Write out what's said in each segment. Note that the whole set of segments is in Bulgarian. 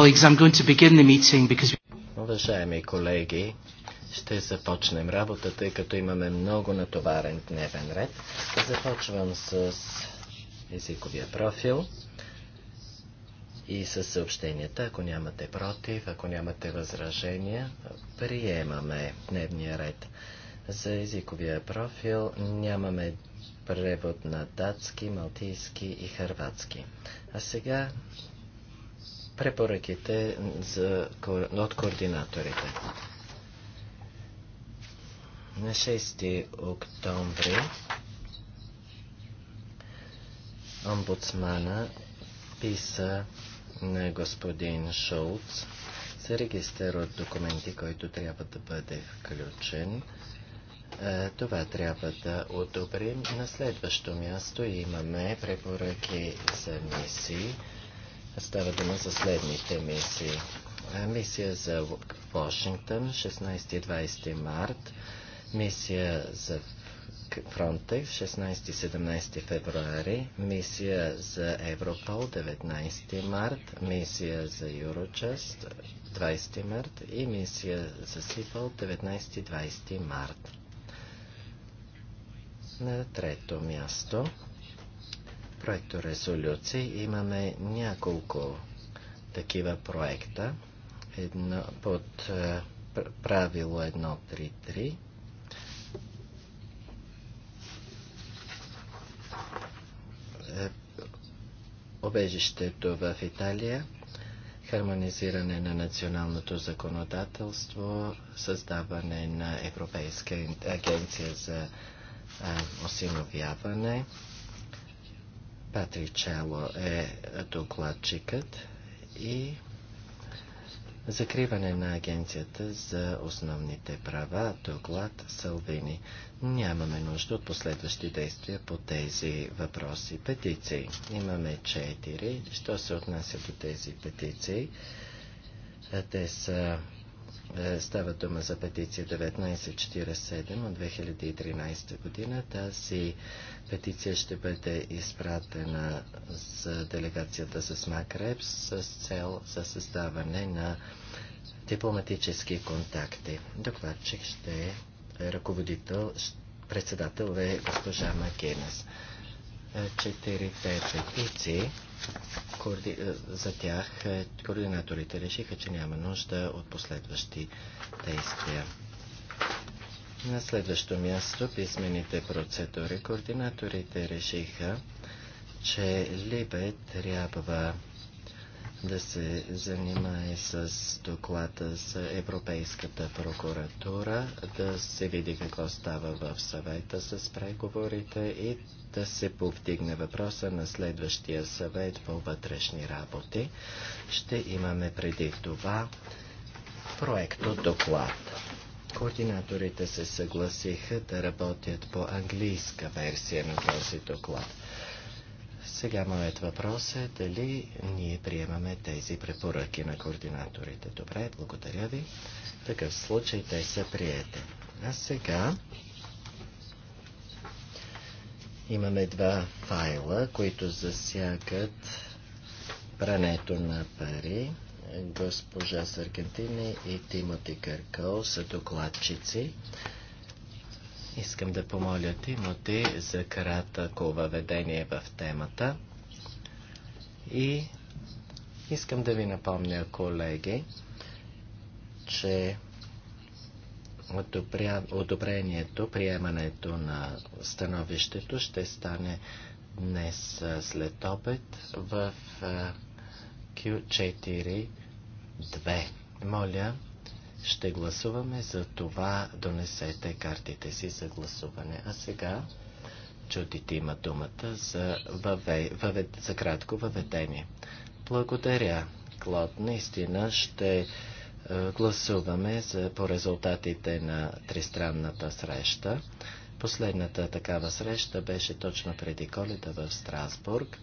colleagues, I'm going to begin the meeting because... Уважаеми колеги, ще започнем работа, тъй като имаме много натоварен дневен ред. Започвам с езиковия профил и с съобщенията. Ако нямате против, ако нямате възражения, приемаме дневния ред. За езиковия профил нямаме превод на датски, малтийски и хърватски. А сега препоръките за, от координаторите. На 6 октомври омбудсмана писа на господин Шоуц за регистър от документи, който трябва да бъде включен. Е, това трябва да одобрим. На следващо място имаме препоръки за мисии. Става дума за следните мисии. Мисия за Вашингтон 16-20 март, мисия за Frontex 16-17 февруари, мисия за Европол 19 март, мисия за Eurojust 20 март и мисия за СИПОЛ 19-20 март. На трето място Проекто резолюции Имаме няколко такива проекта Едно, под е, правило 1.3.3. Е, обежището в Италия хармонизиране на националното законодателство, създаване на Европейска агенция за а, е, осиновяване, Чело е докладчикът и закриване на Агенцията за основните права, доклад Салвини. Нямаме нужда от последващи действия по тези въпроси. Петиции. Имаме четири. Що се отнася до тези петиции? Те са е, става дума за петиция 1947 от 2013 година. Тази петиция ще бъде изпратена за делегацията с Макреб с цел за създаване на дипломатически контакти. Докладчик ще е ръководител, председател е госпожа Макенес. Е, четирите петиции е, за тях е, координаторите решиха, че няма нужда от последващи действия. На следващо място писмените процедури. Координаторите решиха, че Либе трябва да се занимае с доклада с Европейската прокуратура, да се види какво става в съвета с преговорите и да се повдигне въпроса на следващия съвет по вътрешни работи. Ще имаме преди това проекто доклад. Координаторите се съгласиха да работят по английска версия на този доклад. Сега моят въпрос е дали ние приемаме тези препоръки на координаторите. Добре, благодаря ви. В такъв случай те са приете. А сега имаме два файла, които засягат прането на пари. Госпожа Саргентини и Тимоти Къркъл са докладчици. Искам да помоля Тимоти за кратко въведение в темата и искам да ви напомня, колеги, че одобрението, приемането на становището ще стане днес след обед в Q4.2. Моля, ще гласуваме за това донесете картите си за гласуване. А сега чудите има думата за, въве, въвед, за кратко въведение. Благодаря, Клод. Наистина ще е, гласуваме за, по резултатите на тристранната среща. Последната такава среща беше точно преди коледа в Страсбург.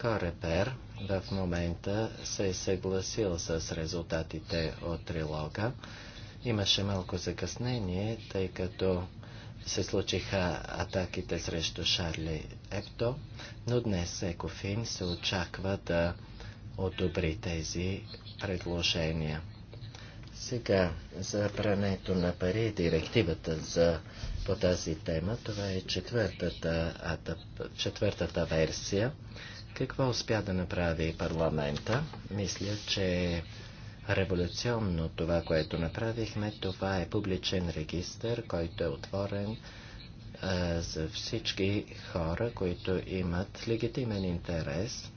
Корепер в момента се е съгласил с резултатите от трилога. Имаше малко закъснение, тъй като се случиха атаките срещу Шарли Епто, но днес Екофин се очаква да одобри тези предложения. Сега за прането на пари, директивата за, по тази тема, това е четвъртата, четвъртата версия. Какво успя да направи парламента? Мисля, че революционно това, което направихме, това е публичен регистр, който е отворен а, за всички хора, които имат легитимен интерес.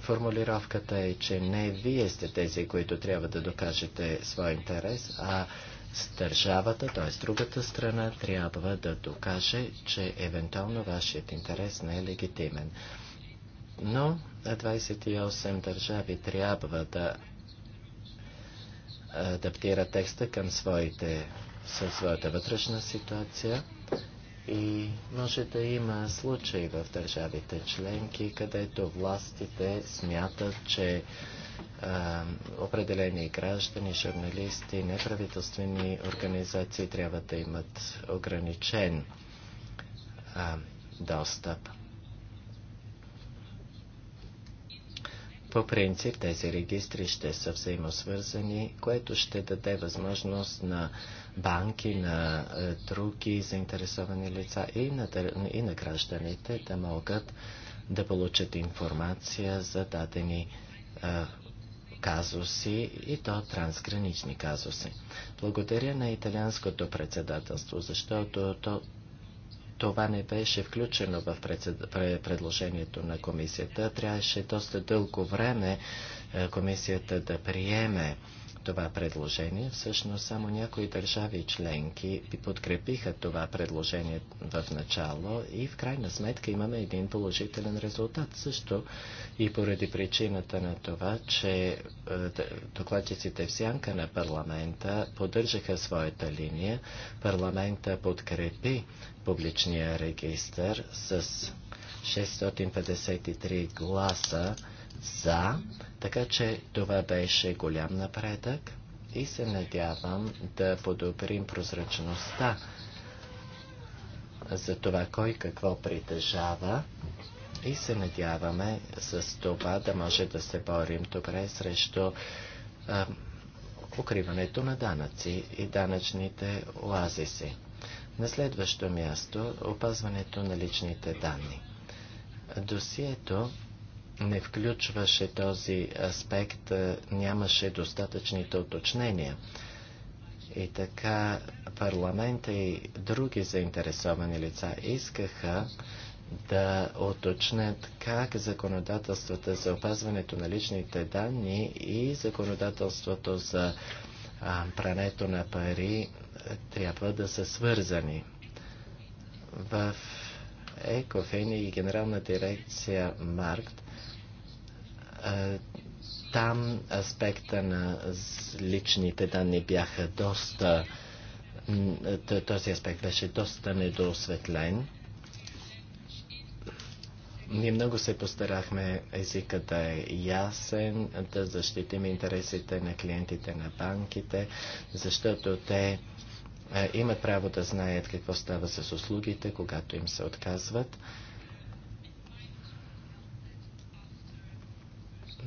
Формулировката е, че не вие сте тези, които трябва да докажете своя интерес, а държавата, т.е. другата страна, трябва да докаже, че евентуално вашият интерес не е легитимен. Но 28 държави трябва да адаптира текста към своите, със своята вътрешна ситуация и може да има случаи в държавите членки, където властите смятат, че определени граждани, журналисти, неправителствени организации трябва да имат ограничен а, достъп. По принцип тези регистри ще са взаимосвързани, което ще даде възможност на банки, на е, други заинтересовани лица и на, и на гражданите да могат да получат информация за дадени е, казуси и то трансгранични казуси. Благодаря на италианското председателство, защото то, това не беше включено в председ... предложението на комисията. Трябваше доста дълго време е, комисията да приеме това предложение. Всъщност само някои държави членки подкрепиха това предложение в начало и в крайна сметка имаме един положителен резултат също и поради причината на това, че е, докладчиците в сянка на парламента поддържаха своята линия. Парламента подкрепи публичния регистр с 653 гласа за, така че това беше голям напредък и се надявам да подобрим прозрачността за това кой какво притежава и се надяваме с това да може да се борим добре срещу а, укриването на данъци и данъчните оазиси. На следващо място опазването на личните данни. Досието не включваше този аспект, нямаше достатъчните уточнения. И така парламента и други заинтересовани лица искаха да оточнят как законодателствата за опазването на личните данни и законодателството за прането на пари трябва да са свързани. В ЕКОФИН и Генерална дирекция МАРКТ там аспекта на личните данни бяха доста. Този аспект беше доста недоосветлен. Ние много се постарахме езика да е ясен, да защитим интересите на клиентите на банките, защото те имат право да знаят какво става с услугите, когато им се отказват.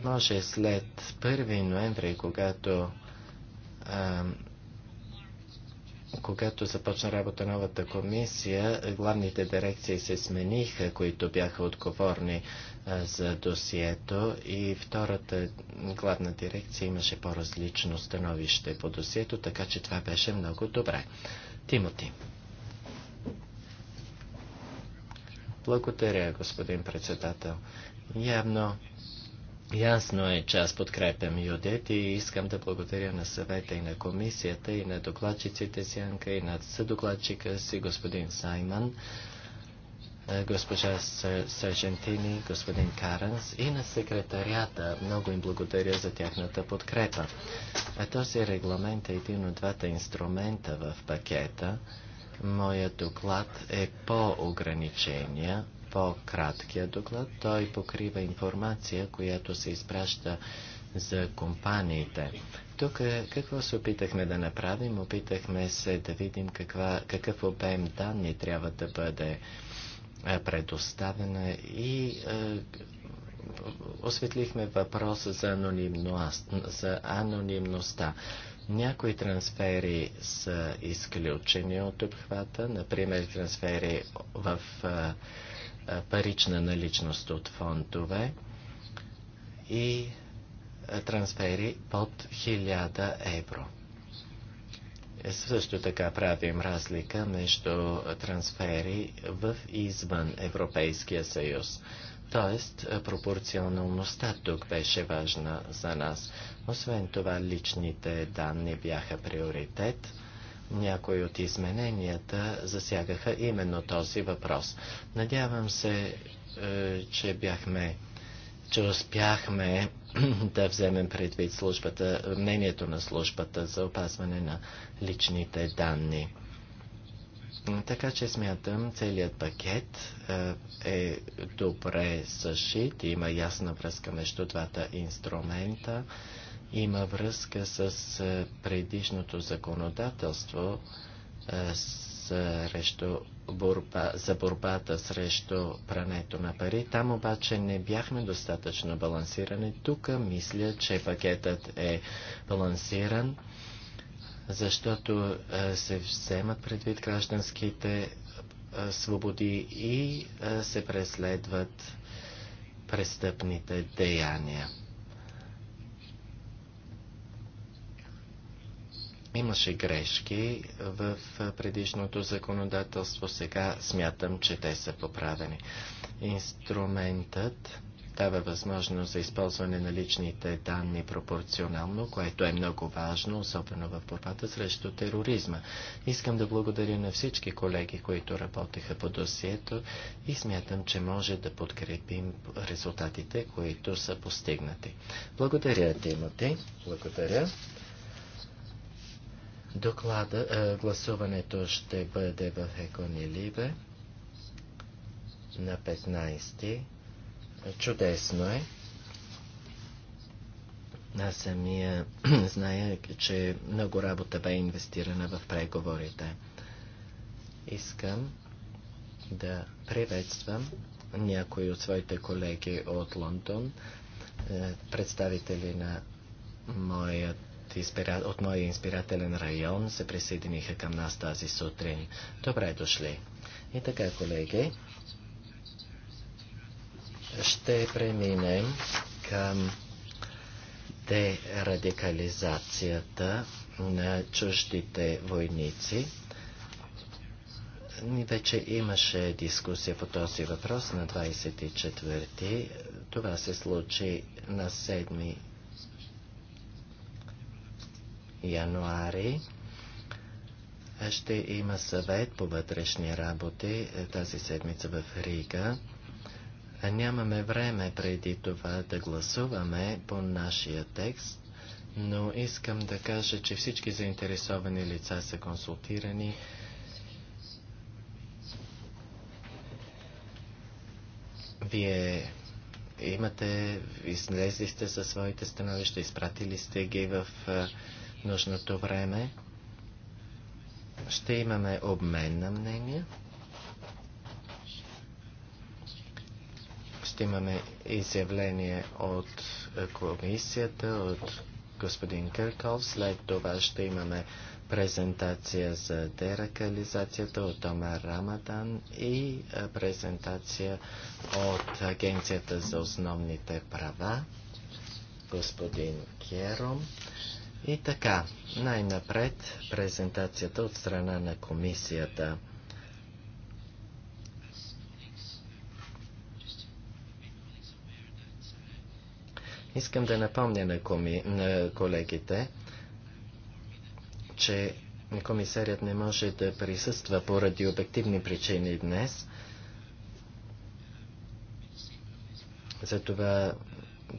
може след 1 ноември, когато а, когато започна работа новата комисия, главните дирекции се смениха, които бяха отговорни а, за досието и втората главна дирекция имаше по-различно становище по досието, така че това беше много добре. Тимоти. Благодаря, господин председател. Явно Ясно е, че аз подкрепям Юдит и искам да благодаря на съвета и на комисията и на докладчиците Сянка и на съдокладчика си господин Сайман, е, госпожа Сержентини, господин Каранс и на секретарията. Много им благодаря за тяхната подкрепа. А този регламент е един от двата инструмента в пакета. Моят доклад е по ограничения по-краткия доклад. Той покрива информация, която се изпраща за компаниите. Тук е, какво се опитахме да направим? Опитахме се да видим каква, какъв обем данни трябва да бъде е, предоставена и е, осветлихме въпроса за, анонимно, за анонимността. Някои трансфери са изключени от обхвата, например трансфери в е, парична наличност от фондове и трансфери под 1000 евро. Е, също така правим разлика между трансфери в извън Европейския съюз. Тоест, пропорционалността тук беше важна за нас. Освен това, личните данни бяха приоритет. Някои от измененията засягаха именно този въпрос. Надявам се, е, че бяхме че успяхме да вземем предвид службата, мнението на службата за опазване на личните данни. Така че смятам, целият пакет е, е добре съшит, има ясна връзка между двата инструмента има връзка с е, предишното законодателство е, срещу борба, за борбата срещу прането на пари. Там обаче не бяхме достатъчно балансирани. Тук мисля, че пакетът е балансиран, защото е, се вземат предвид гражданските свободи и се преследват престъпните деяния. Имаше грешки в предишното законодателство, сега смятам, че те са поправени. Инструментът дава възможност за използване на личните данни пропорционално, което е много важно, особено в борбата срещу тероризма. Искам да благодаря на всички колеги, които работеха по досието и смятам, че може да подкрепим резултатите, които са постигнати. Благодаря, Тимоти. Благодаря. Доклада, е, гласуването ще бъде в Екон Либе на 15. Чудесно е. Аз самия зная, че много работа бе инвестирана в преговорите. Искам да приветствам някои от своите колеги от Лондон, е, представители на моят избира... от моя избирателен район се присъединиха към нас тази сутрин. Добре дошли. И така, колеги, ще преминем към дерадикализацията на чуждите войници. Ни вече имаше дискусия по този въпрос на 24. Това се случи на 7 януари ще има съвет по вътрешни работи е, тази седмица в Рига. Нямаме време преди това да гласуваме по нашия текст, но искам да кажа, че всички заинтересовани лица са консултирани. Вие имате, излезли сте със своите становища, изпратили сте ги в е, нужното време. Ще имаме обмен на мнения. Ще имаме изявление от комисията, от господин Кърков. След това ще имаме презентация за деракализацията от Омар Рамадан и презентация от Агенцията за основните права, господин Кером. И така, най-напред презентацията от страна на комисията. Искам да напомня на, коми... на колегите, че комисарят не може да присъства поради обективни причини днес. Затова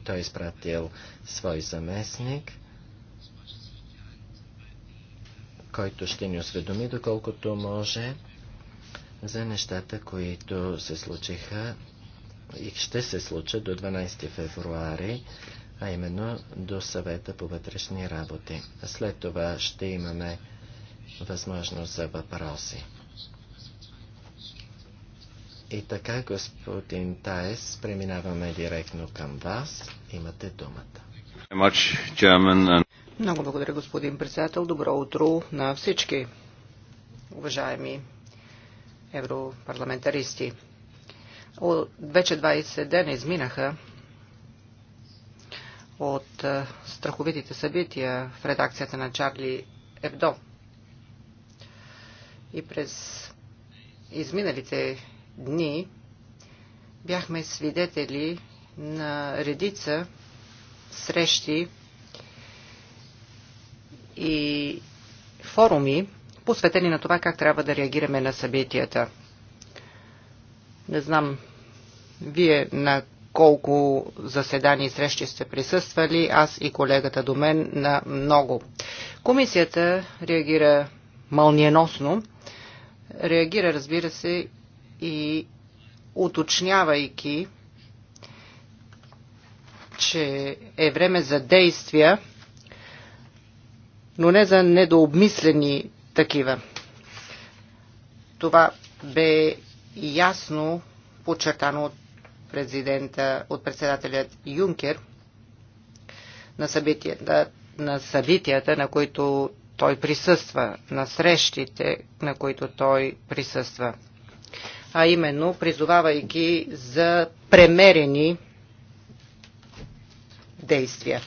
той е изпратил свой заместник – който ще ни осведоми доколкото може за нещата, които се случиха и ще се случат до 12 февруари, а именно до съвета по вътрешни работи. След това ще имаме възможност за въпроси. И така, господин Таес, преминаваме директно към вас. Имате думата. Много благодаря, господин председател. Добро утро на всички, уважаеми европарламентаристи. вече 20 дена изминаха от страховитите събития в редакцията на Чарли Евдо. И през изминалите дни бяхме свидетели на редица срещи и форуми, посветени на това как трябва да реагираме на събитията. Не знам, вие на колко заседания и срещи сте присъствали, аз и колегата до мен на много. Комисията реагира мълниеносно, реагира, разбира се, и уточнявайки, че е време за действия, но не за недообмислени такива. Това бе ясно подчертано от президента, от председателят Юнкер на събитията, на събитията, на които той присъства, на срещите, на които той присъства. А именно, призовавайки за премерени действия.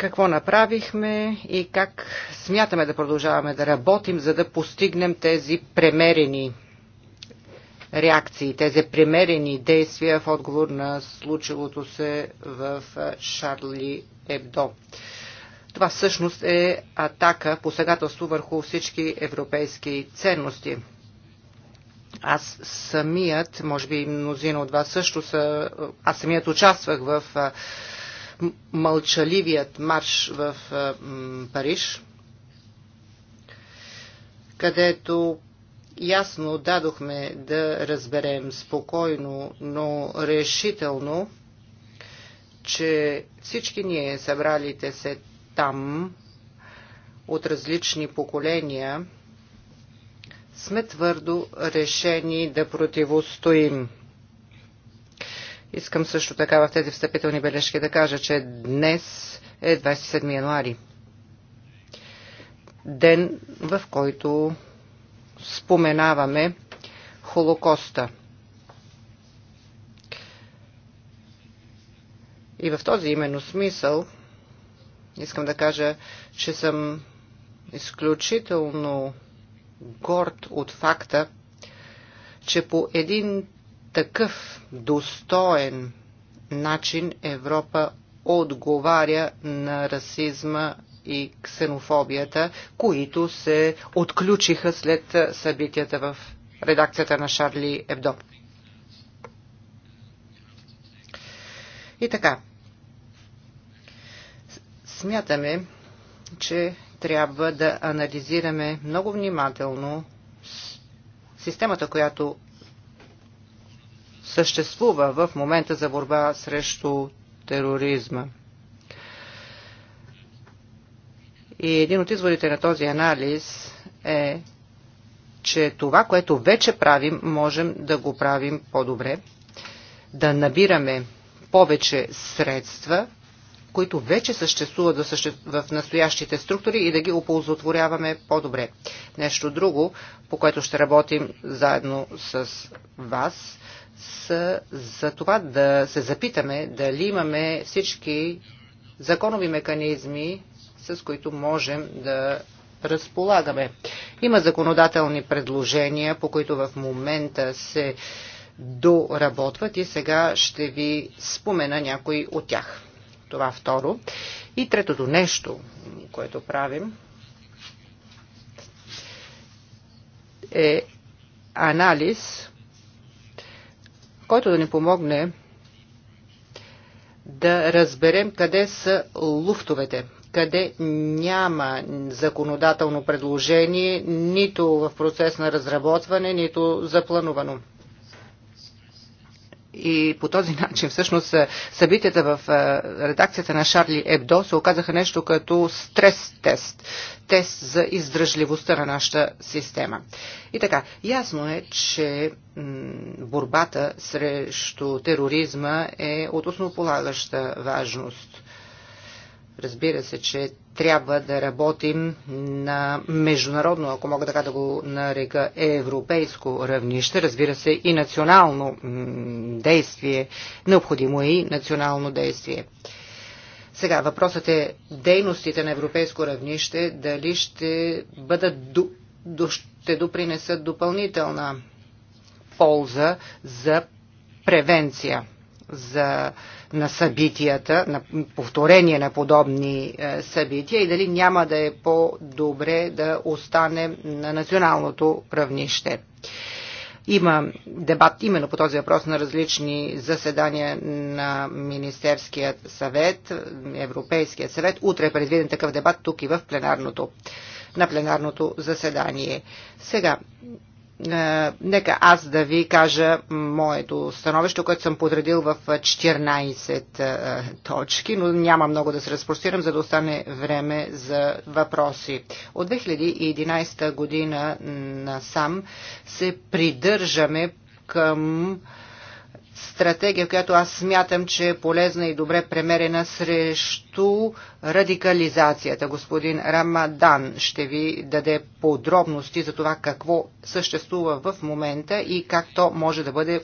какво направихме и как смятаме да продължаваме да работим, за да постигнем тези премерени реакции, тези премерени действия в отговор на случилото се в Шарли Ебдо. Това всъщност е атака, посегателство върху всички европейски ценности. Аз самият, може би мнозина от вас също са, аз самият участвах в мълчаливият марш в е, Париж, където ясно дадохме да разберем спокойно, но решително, че всички ние събралите се там от различни поколения сме твърдо решени да противостоим Искам също така в тези встъпителни бележки да кажа, че днес е 27 януари. Ден, в който споменаваме Холокоста. И в този именно смисъл искам да кажа, че съм изключително горд от факта, че по един такъв достоен начин Европа отговаря на расизма и ксенофобията, които се отключиха след събитията в редакцията на Шарли Ебдо. И така, смятаме, че трябва да анализираме много внимателно системата, която съществува в момента за борба срещу тероризма. И един от изводите на този анализ е, че това, което вече правим, можем да го правим по-добре, да набираме повече средства, които вече съществуват в настоящите структури и да ги оползотворяваме по-добре. Нещо друго, по което ще работим заедно с вас – са за това да се запитаме дали имаме всички законови механизми, с които можем да разполагаме. Има законодателни предложения, по които в момента се доработват и сега ще ви спомена някои от тях. Това второ. И третото нещо, което правим, е анализ който да ни помогне да разберем къде са луфтовете, къде няма законодателно предложение, нито в процес на разработване, нито запланувано. И по този начин всъщност е, събитията в е, редакцията на Шарли Ебдо се оказаха нещо като стрес-тест. Тест за издръжливостта на нашата система. И така, ясно е, че борбата срещу тероризма е от основополагаща важност – Разбира се, че трябва да работим на международно, ако мога така да го нарека, европейско равнище, разбира се, и национално действие. Необходимо е и национално действие. Сега, въпросът е дейностите на европейско равнище дали ще бъдат до, до, ще допринесат допълнителна полза за превенция, за на събитията, на повторение на подобни е, събития и дали няма да е по-добре да остане на националното равнище. Има дебат именно по този въпрос на различни заседания на Министерският съвет, Европейския съвет. Утре е предвиден такъв дебат тук и в пленарното, на пленарното заседание. Сега, е, нека аз да ви кажа моето становище, което съм подредил в 14 е, точки, но няма много да се разпростирам, за да остане време за въпроси. От 2011 година насам се придържаме към стратегия, която аз смятам, че е полезна и добре премерена срещу радикализацията. Господин Рамадан ще ви даде подробности за това какво съществува в момента и как то може да бъде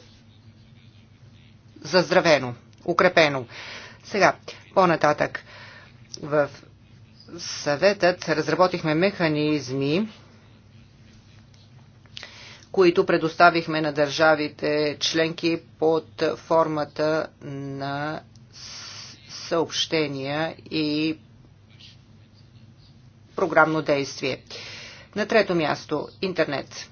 заздравено, укрепено. Сега, по-нататък в съветът разработихме механизми, които предоставихме на държавите членки под формата на съобщения и програмно действие. На трето място – интернет.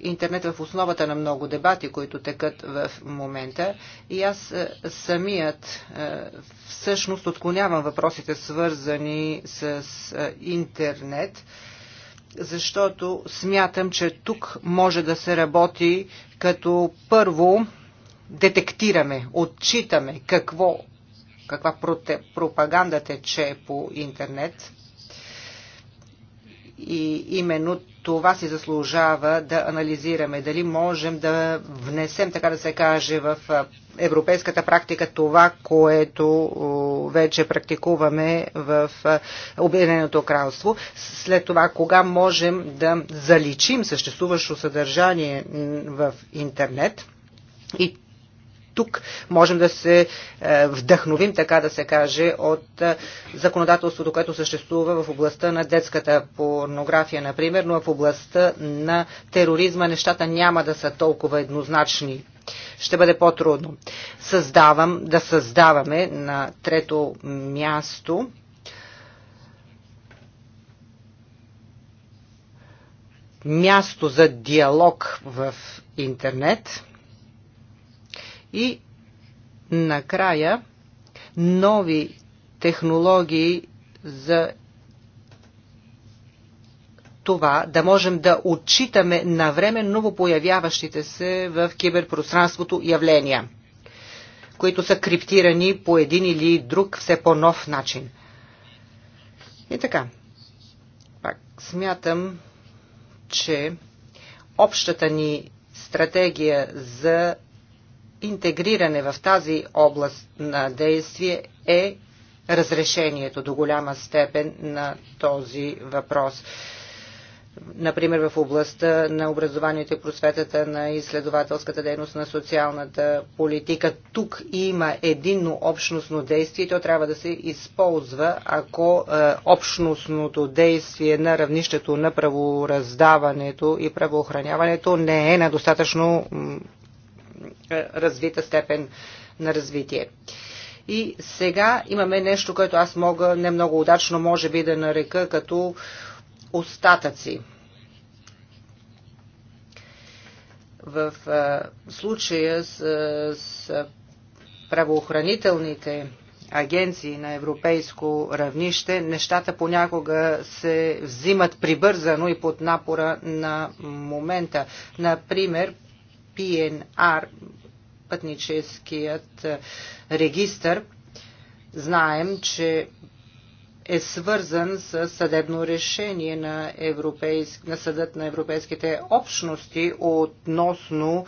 Интернет в основата на много дебати, които текат в момента. И аз е, самият е, всъщност отклонявам въпросите свързани с е, интернет защото смятам, че тук може да се работи като първо детектираме, отчитаме какво, каква пропаганда тече по интернет. И именно това си заслужава да анализираме, дали можем да внесем, така да се каже, в европейската практика това, което вече практикуваме в Обединеното кралство. След това, кога можем да заличим съществуващо съдържание в интернет и тук можем да се е, вдъхновим, така да се каже, от е, законодателството, което съществува в областта на детската порнография, например, но в областта на тероризма нещата няма да са толкова еднозначни ще бъде по-трудно. Създавам, да създаваме на трето място място за диалог в интернет – и накрая нови технологии за това да можем да отчитаме навреме новопоявяващите се в киберпространството явления, които са криптирани по един или друг все по-нов начин. И така, пак смятам, че общата ни стратегия за интегриране в тази област на действие е разрешението до голяма степен на този въпрос. Например, в областта на образованието и просветата, на изследователската дейност, на социалната политика. Тук има единно общностно действие и то трябва да се използва, ако е, общностното действие на равнището на правораздаването и правоохраняването не е на достатъчно е, развита степен на развитие. И сега имаме нещо, което аз мога не много удачно може би да нарека като остатъци. В е, случая с, е, с правоохранителните агенции на европейско равнище, нещата понякога се взимат прибързано и под напора на момента. Например, PNR пътническият е, регистр, знаем, че е свързан с съдебно решение на, европейск, на съдът на европейските общности относно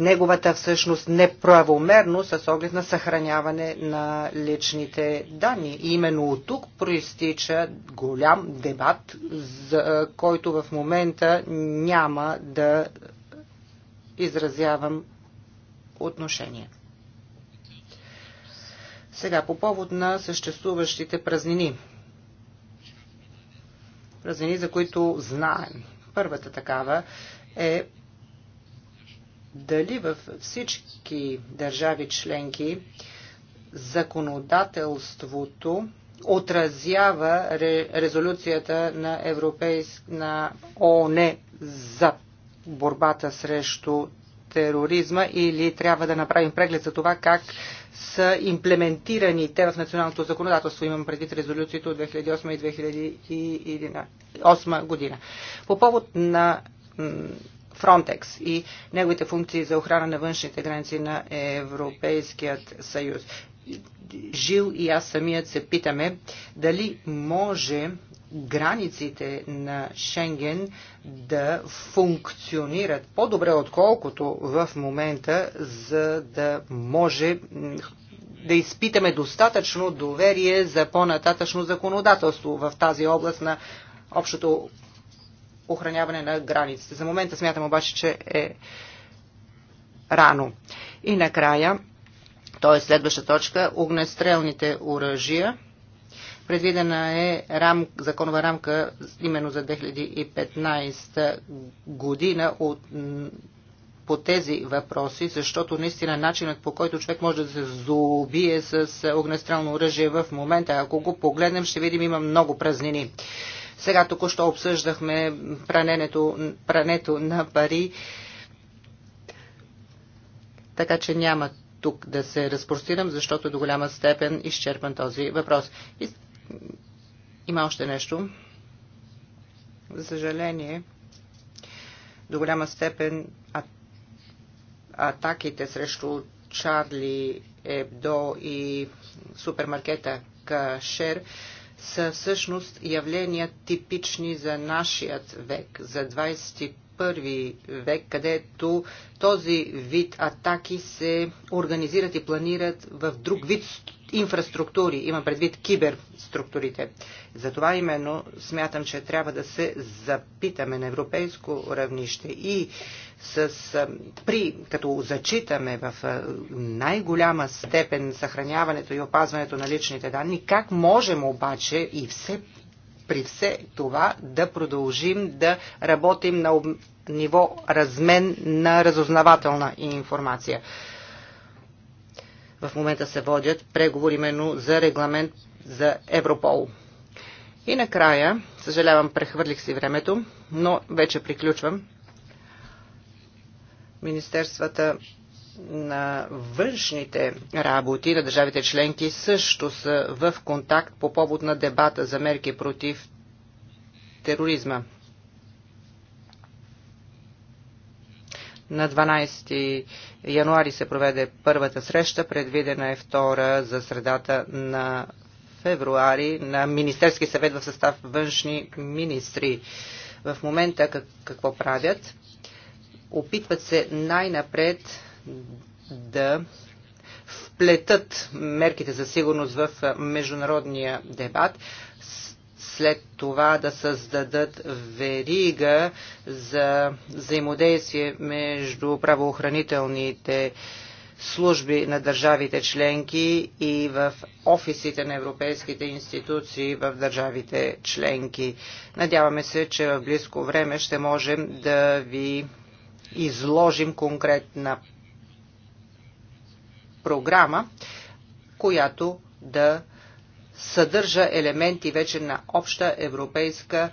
неговата всъщност неправомерно с оглед на съхраняване на личните данни. И именно от тук проистича голям дебат, за е, който в момента няма да изразявам отношения. Сега по повод на съществуващите празнини. Празнини, за които знаем. Първата такава е дали във всички държави членки законодателството отразява резолюцията на, Европейск на ООН за борбата срещу тероризма или трябва да направим преглед за това как са имплементирани те в националното законодателство. Имам предвид резолюциите от 2008 и 2008 година. По повод на Фронтекс и неговите функции за охрана на външните граници на Европейският съюз. Жил и аз самият се питаме дали може границите на Шенген да функционират по-добре, отколкото в момента, за да може да изпитаме достатъчно доверие за по-нататъчно законодателство в тази област на общото охраняване на границите. За момента смятам обаче, че е рано. И накрая, т.е. следваща точка, огнестрелните оръжия. Предвидена е рам, законова рамка именно за 2015 година от по тези въпроси, защото наистина начинът по който човек може да се зубие с огнестрелно оръжие в момента, ако го погледнем, ще видим има много празнини. Сега току-що обсъждахме прането, прането на пари, така че няма тук да се разпростирам, защото до голяма степен изчерпан този въпрос. Има още нещо. За съжаление, до голяма степен а, атаките срещу Чарли Ебдо и супермаркета Кашер са всъщност явления типични за нашият век, за 21 Първи век, където този вид атаки се организират и планират в друг вид инфраструктури, има предвид киберструктурите. Затова именно смятам, че трябва да се запитаме на европейско равнище и с, при, като зачитаме в най-голяма степен съхраняването и опазването на личните данни, как можем обаче и все при все това да продължим да работим на ниво размен на разузнавателна информация. В момента се водят преговори именно за регламент за Европол. И накрая, съжалявам, прехвърлих си времето, но вече приключвам. Министерствата на външните работи на държавите членки също са в контакт по повод на дебата за мерки против тероризма. На 12 януари се проведе първата среща, предвидена е втора за средата на февруари на Министерски съвет в състав външни министри. В момента какво правят? Опитват се най-напред да вплетат мерките за сигурност в международния дебат, след това да създадат верига за взаимодействие между правоохранителните служби на държавите членки и в офисите на европейските институции в държавите членки. Надяваме се, че в близко време ще можем да ви изложим конкретна програма, която да съдържа елементи вече на обща европейска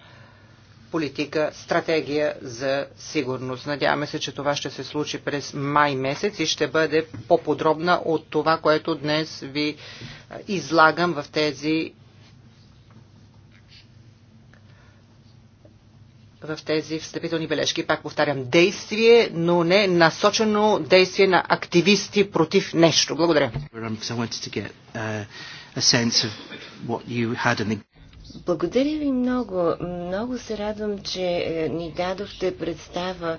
политика, стратегия за сигурност. Надяваме се, че това ще се случи през май месец и ще бъде по-подробна от това, което днес ви излагам в тези в тези встъпителни бележки. Пак повтарям, действие, но не насочено действие на активисти против нещо. Благодаря. Um, uh, Благодаря ви много. Много се радвам, че е, ни дадохте представа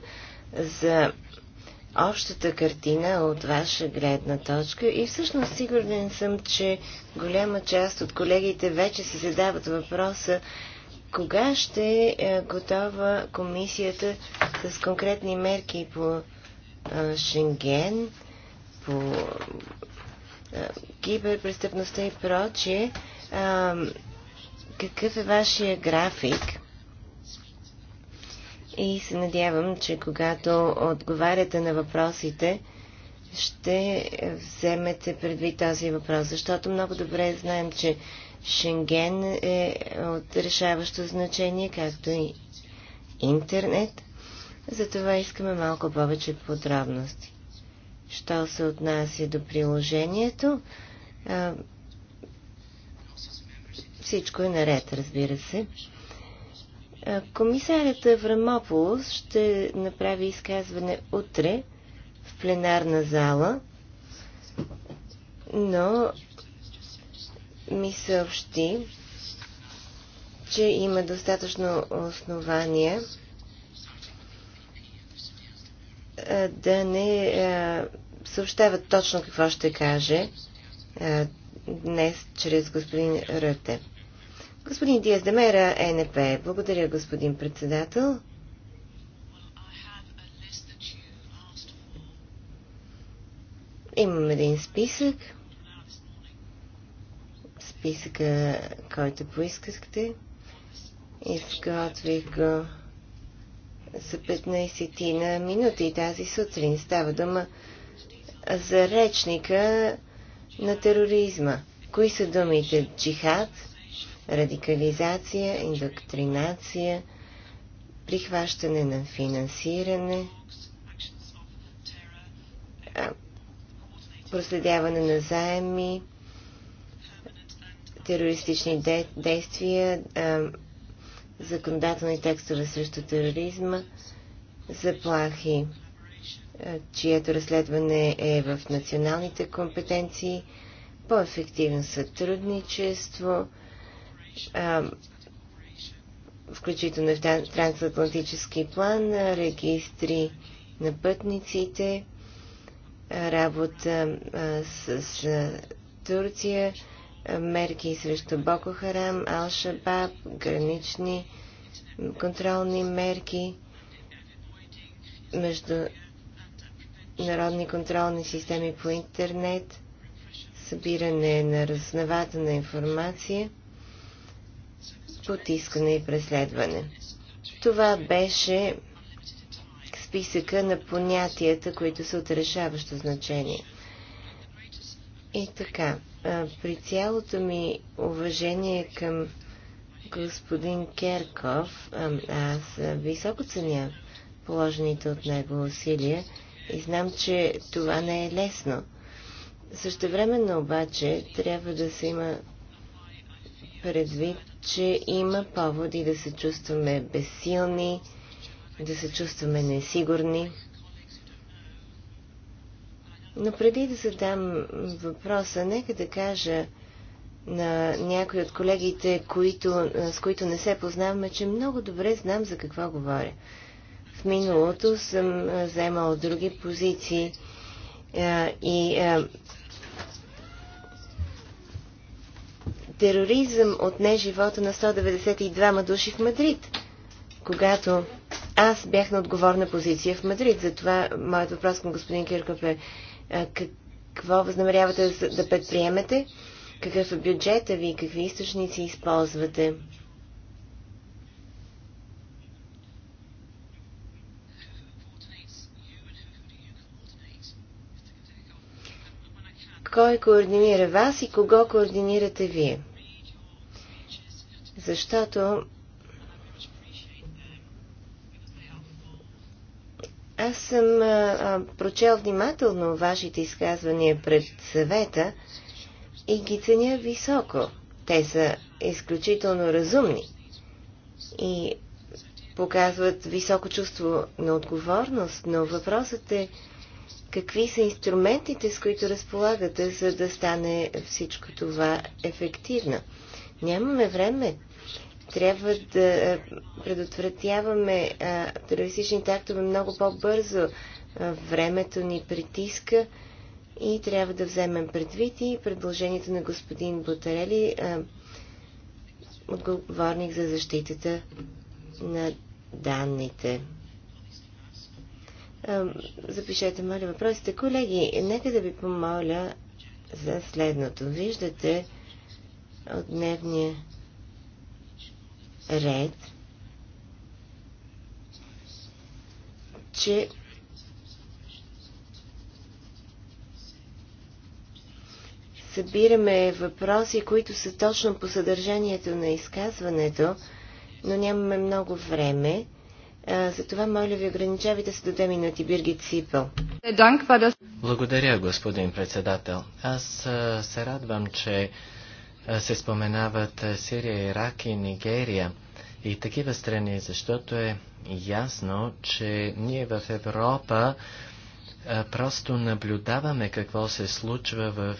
за общата картина от ваша гледна точка и всъщност сигурен съм, че голяма част от колегите вече се задават въпроса кога ще е готова комисията с конкретни мерки по е, Шенген, по е, киберпрестъпността и прочие? Е, какъв е вашия график? И се надявам, че когато отговаряте на въпросите, ще вземете предвид този въпрос, защото много добре знаем, че Шенген е от решаващо значение, както и интернет. Затова искаме малко повече подробности. Що се отнася до приложението, всичко е наред, разбира се. Комисарят Еврамополос ще направи изказване утре в пленарна зала, но ми съобщи, че има достатъчно основания да не съобщава точно какво ще каже днес чрез господин Ръте. Господин Диас Демера, е НП. Благодаря, господин председател. Имам един списък списъка, който поискахте. Изготвих го за 15 на минути тази сутрин. Става дума за речника на тероризма. Кои са думите? Джихад, радикализация, индоктринация, прихващане на финансиране, проследяване на заеми, терористични де, действия, а, законодателни текстове срещу тероризма, заплахи, а, чието разследване е в националните компетенции, по-ефективно сътрудничество, а, включително в трансатлантически план, регистри на пътниците, работа а, с, с Турция, мерки срещу Боко Харам, Ал-Шабаб, гранични контролни мерки, между народни контролни системи по интернет, събиране на разнавателна информация, потискане и преследване. Това беше списъка на понятията, които са от решаващо значение. И така, при цялото ми уважение към господин Керков, аз високо ценя положените от него усилия и знам, че това не е лесно. времено обаче трябва да се има предвид, че има поводи да се чувстваме безсилни, да се чувстваме несигурни. Но преди да задам въпроса, нека да кажа на някои от колегите, които, с които не се познаваме, че много добре знам за какво говоря. В миналото съм вземал други позиции и тероризъм отне живота на 192 души в Мадрид, когато аз бях на отговорна позиция в Мадрид. Затова моят въпрос към господин Киркоп е какво възнамерявате да предприемете? Какъв е бюджета ви? Какви източници използвате? кой координира вас и кого координирате вие. Защото Аз съм а, а, прочел внимателно вашите изказвания пред съвета и ги ценя високо. Те са изключително разумни и показват високо чувство на отговорност, но въпросът е какви са инструментите, с които разполагате, за да стане всичко това ефективно. Нямаме време. Трябва да е, предотвратяваме е, терористичните актове много по-бързо. Е, времето ни притиска и трябва да вземем предвид и предложението на господин Ботарели, отговорник за защитата на данните. Запишете, моля, въпросите. Колеги, нека да ви помоля за следното. Виждате от дневния ред, че събираме въпроси, които са точно по съдържанието на изказването, но нямаме много време. Затова, моля ви, ограничавайте се до две минути, Биргит Сипел. Е, Благодаря, господин председател. Аз се радвам, че се споменават Сирия, Ирак и Нигерия и такива страни, защото е ясно, че ние в Европа просто наблюдаваме какво се случва в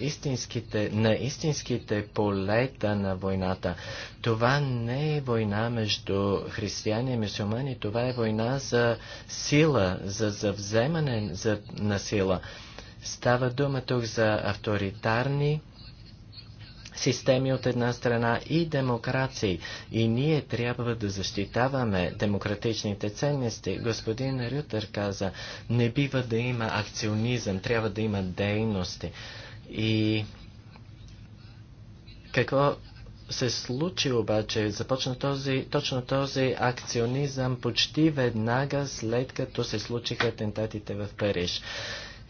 истинските, на истинските полета на войната. Това не е война между християни и мусулмани, това е война за сила, за завземане за, на сила. Става дума тук за авторитарни системи от една страна и демокрации. И ние трябва да защитаваме демократичните ценности. Господин Рютер каза, не бива да има акционизъм, трябва да има дейности. И какво се случи обаче, започна този, точно този акционизъм почти веднага след като се случиха атентатите в Париж.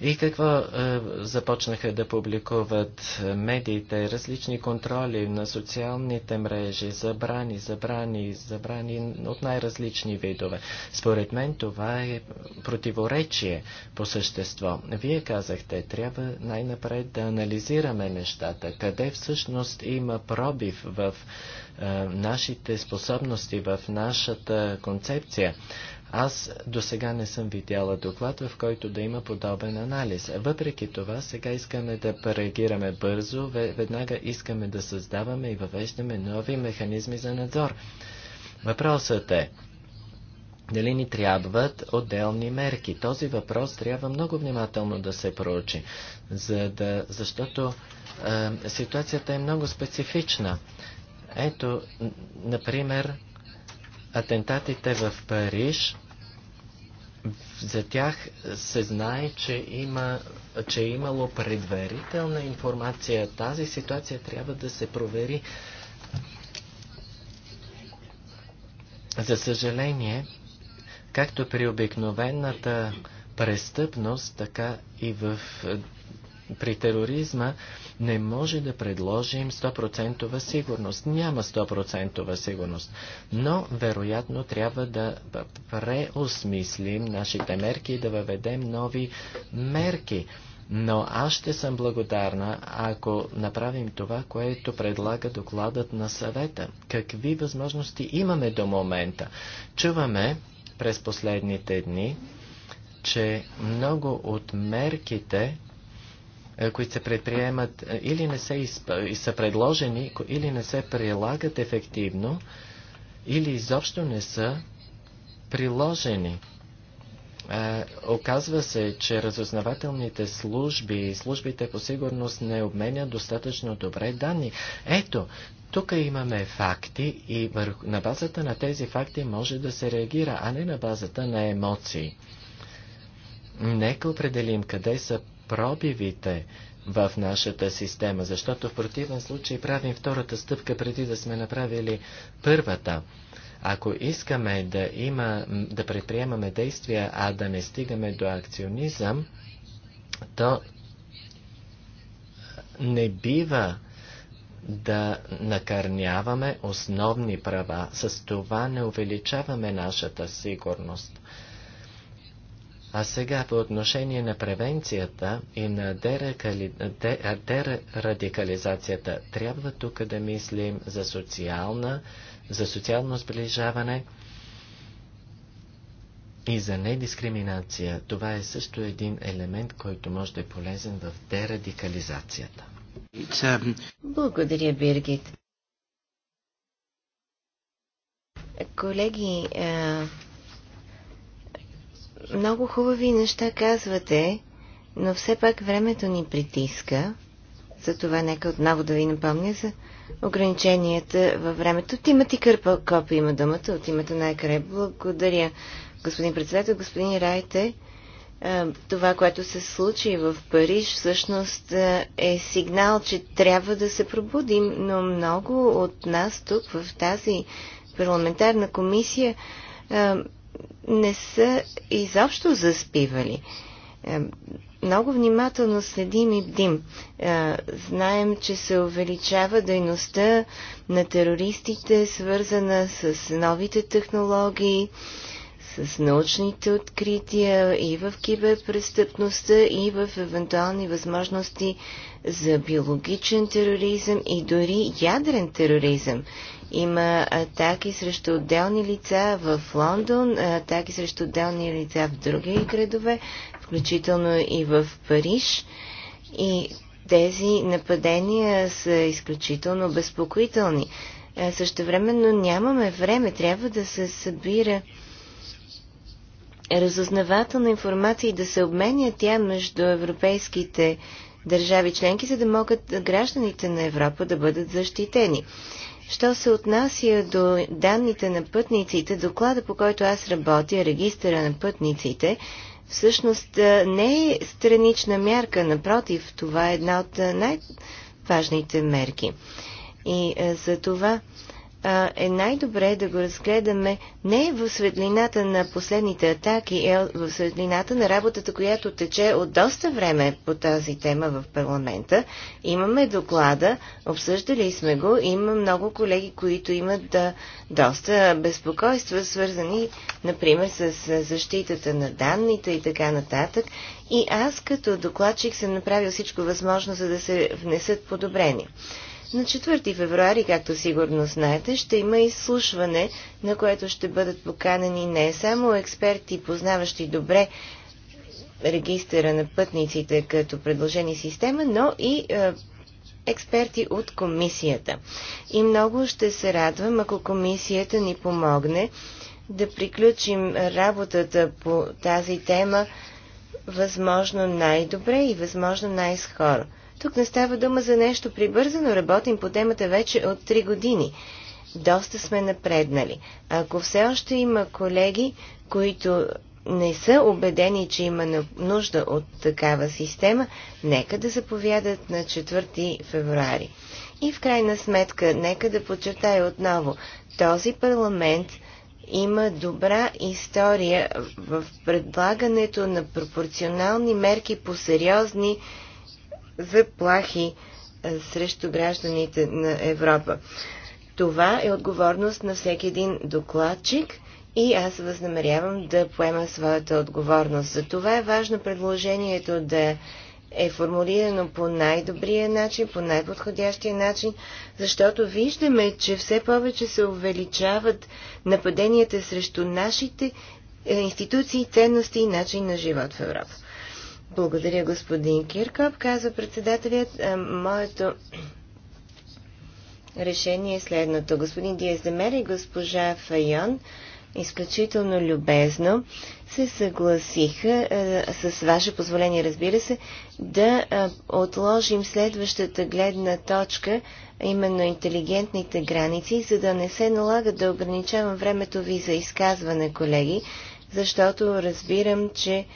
И какво е, започнаха да публикуват е, медиите? Различни контроли на социалните мрежи, забрани, забрани, забрани от най-различни видове. Според мен това е противоречие по същество. Вие казахте, трябва най-напред да анализираме нещата. Къде всъщност има пробив в е, нашите способности, в нашата концепция? Аз до сега не съм видяла доклад, в който да има подобен анализ. Въпреки това, сега искаме да реагираме бързо, веднага искаме да създаваме и въвеждаме нови механизми за надзор. Въпросът е, дали ни трябват отделни мерки? Този въпрос трябва много внимателно да се проучи, за да, защото е, ситуацията е много специфична. Ето, например, Атентатите в Париж, за тях се знае, че, има, че е имало предварителна информация. Тази ситуация трябва да се провери. За съжаление, както при обикновената престъпност, така и в, при тероризма, не може да предложим 100% сигурност. Няма 100% сигурност. Но, вероятно, трябва да преосмислим нашите мерки и да въведем нови мерки. Но аз ще съм благодарна, ако направим това, което предлага докладът на съвета. Какви възможности имаме до момента? Чуваме през последните дни, че много от мерките е, които се предприемат е, или не се изп... са предложени, или не се прилагат ефективно, или изобщо не са приложени. Е, оказва се, че разузнавателните служби и службите по сигурност не обменят достатъчно добре данни. Ето, тук имаме факти и върху, на базата на тези факти може да се реагира, а не на базата на емоции. Нека определим къде са пробивите в нашата система, защото в противен случай правим втората стъпка преди да сме направили първата. Ако искаме да, има, да предприемаме действия, а да не стигаме до акционизъм, то не бива да накърняваме основни права. С това не увеличаваме нашата сигурност. А сега по отношение на превенцията и на дерадикализацията, трябва тук да мислим за, социална, за социално сближаване и за недискриминация. Това е също един елемент, който може да е полезен в дерадикализацията. Um, Благодаря, Биргит. Колеги, е, много хубави неща казвате, но все пак времето ни притиска. Затова нека отново да ви напомня за ограниченията във времето. Тимати Кърпа Копи има думата от името на Екаре. Благодаря, господин председател, господин Райте. Това, което се случи в Париж, всъщност е сигнал, че трябва да се пробудим, но много от нас тук в тази парламентарна комисия не са изобщо заспивали. Е, много внимателно следим и бдим. Е, знаем, че се увеличава дейността на терористите, свързана с новите технологии, с научните открития и в киберпрестъпността, и в евентуални възможности за биологичен тероризъм и дори ядрен тероризъм. Има атаки срещу отделни лица в Лондон, атаки срещу отделни лица в други градове, включително и в Париж. И тези нападения са изключително безпокоителни. Също времено нямаме време, трябва да се събира разузнавателна информация и да се обменя тя между европейските държави членки, за да могат гражданите на Европа да бъдат защитени. Що се отнася до данните на пътниците, доклада по който аз работя, регистъра на пътниците, всъщност не е странична мярка, напротив, това е една от най-важните мерки. И за това а, е най-добре да го разгледаме не в светлината на последните атаки, а в светлината на работата, която тече от доста време по тази тема в парламента. Имаме доклада, обсъждали сме го, има много колеги, които имат да, доста безпокойства, свързани, например, с защитата на данните и така нататък. И аз като докладчик съм направил всичко възможно, за да се внесат подобрения. На 4 февруари, както сигурно знаете, ще има изслушване, на което ще бъдат поканени не само експерти, познаващи добре регистъра на пътниците като предложени система, но и е, експерти от комисията. И много ще се радвам, ако комисията ни помогне да приключим работата по тази тема възможно най-добре и възможно най-скоро. Тук не става дума за нещо прибързано. Работим по темата вече от 3 години. Доста сме напреднали. Ако все още има колеги, които не са убедени, че има нужда от такава система, нека да заповядат на 4 февруари. И в крайна сметка, нека да подчертая отново, този парламент има добра история в предлагането на пропорционални мерки по сериозни заплахи срещу гражданите на Европа. Това е отговорност на всеки един докладчик и аз възнамерявам да поема своята отговорност. За това е важно предложението да е формулирано по най-добрия начин, по най-подходящия начин, защото виждаме, че все повече се увеличават нападенията срещу нашите е, институции, ценности и начин на живот в Европа. Благодаря, господин Киркоп. Казва председателят, е, моето решение е следното. Господин Диездемер и госпожа Файон изключително любезно се съгласиха е, с ваше позволение, разбира се, да е, отложим следващата гледна точка, именно интелигентните граници, за да не се налага да ограничавам времето ви за изказване, колеги, защото разбирам, че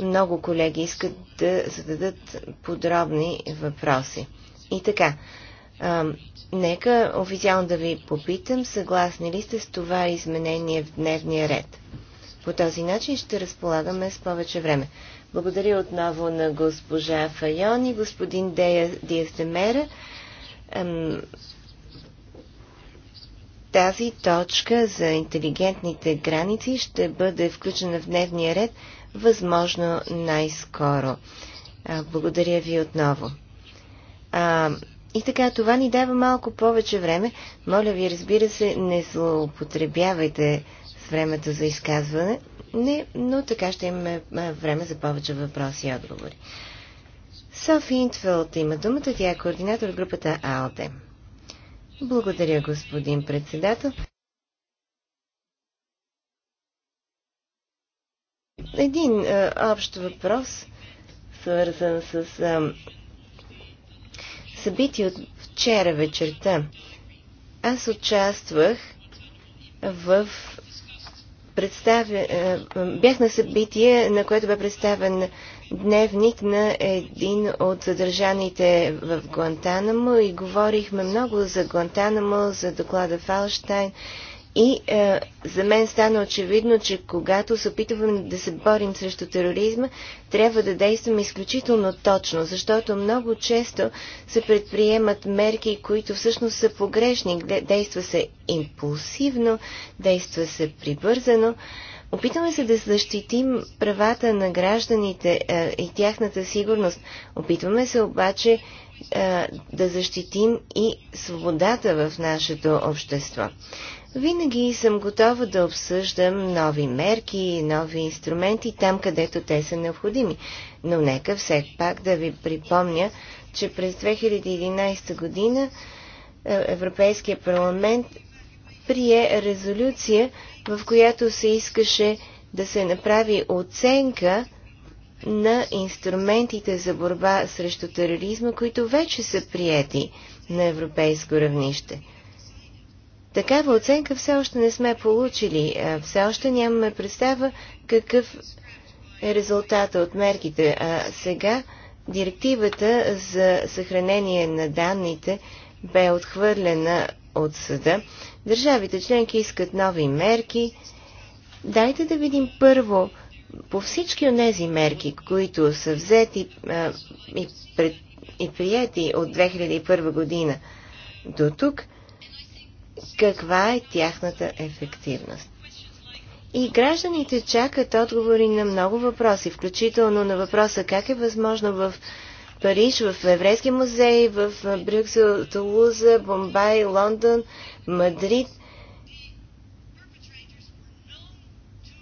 много колеги искат да зададат подробни въпроси. И така, а, нека официално да ви попитам, съгласни ли сте с това изменение в дневния ред? По този начин ще разполагаме с повече време. Благодаря отново на госпожа Файон и господин Дея Диестемера. Тази точка за интелигентните граници ще бъде включена в дневния ред възможно най-скоро. Благодаря ви отново. А, и така, това ни дава малко повече време. Моля ви, разбира се, не злоупотребявайте с времето за изказване, не, но така ще имаме време за повече въпроси и отговори. Софи Интфелд има думата, тя е координатор в групата АЛДЕ. Благодаря, господин председател. Един а, е, общ въпрос, свързан с а, е, събитие от вчера вечерта. Аз участвах в представя... Е, бях на събитие, на което бе представен дневник на един от задържаните в Гуантанамо и говорихме много за Гуантанамо, за доклада Фалштайн, и а, е, за мен стана очевидно, че когато се опитваме да се борим срещу тероризма, трябва да действаме изключително точно, защото много често се предприемат мерки, които всъщност са погрешни. Действа се импулсивно, действа се прибързано. Опитваме се да защитим правата на гражданите а, е, и тяхната сигурност. Опитваме се обаче е, да защитим и свободата в нашето общество. Винаги съм готова да обсъждам нови мерки, нови инструменти там, където те са необходими. Но нека все пак да ви припомня, че през 2011 година е, Европейския парламент прие резолюция, в която се искаше да се направи оценка на инструментите за борба срещу тероризма, които вече са приети на европейско равнище – Такава оценка все още не сме получили. Е, все още нямаме представа какъв е резултата от мерките. А сега директивата за съхранение на данните бе отхвърлена от съда. Държавите членки искат нови мерки. Дайте да видим първо по всички от тези мерки, които са взети а, и, пред, и прияти от 2001 година до тук – каква е тяхната ефективност. И гражданите чакат отговори на много въпроси, включително на въпроса как е възможно в Париж, в еврейски музей, в Брюксел, Тулуза, Бомбай, Лондон, Мадрид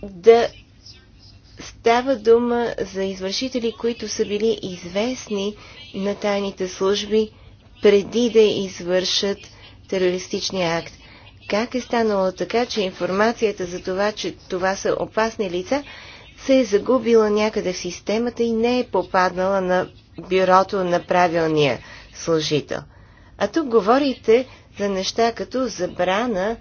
да става дума за извършители, които са били известни на тайните служби преди да извършат терористичния акт. Как е станало така, че информацията за това, че това са опасни лица, се е загубила някъде в системата и не е попаднала на бюрото на правилния служител? А тук говорите за неща като забрана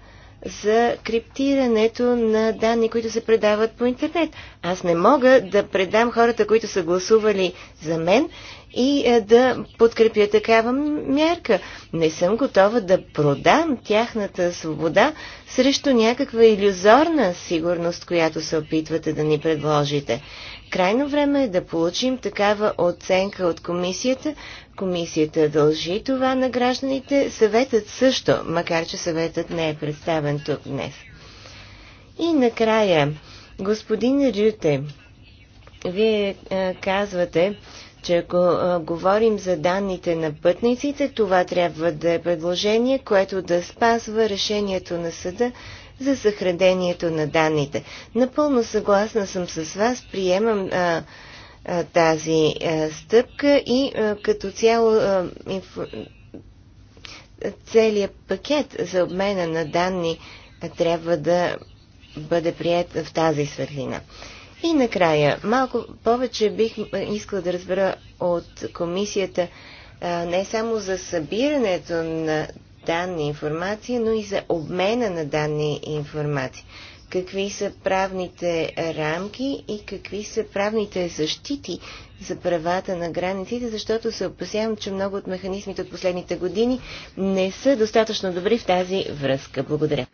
за криптирането на данни, които се предават по интернет. Аз не мога да предам хората, които са гласували за мен и е, да подкрепя такава мярка. Не съм готова да продам тяхната свобода срещу някаква иллюзорна сигурност, която се опитвате да ни предложите. Крайно време е да получим такава оценка от комисията. Комисията дължи това на гражданите, съветът също, макар че съветът не е представен тук днес. И накрая, господин Рюте, вие е, казвате, че ако а, говорим за данните на пътниците, това трябва да е предложение, което да спазва решението на съда за съхранението на данните. Напълно съгласна съм с вас, приемам а, а, тази а, стъпка и а, като цяло а, инф... целият пакет за обмена на данни а, трябва да бъде прият в тази светлина. И накрая, малко повече бих искала да разбера от комисията не само за събирането на данни и информация, но и за обмена на данни и информация. Какви са правните рамки и какви са правните защити за правата на границите, защото се опасявам, че много от механизмите от последните години не са достатъчно добри в тази връзка. Благодаря.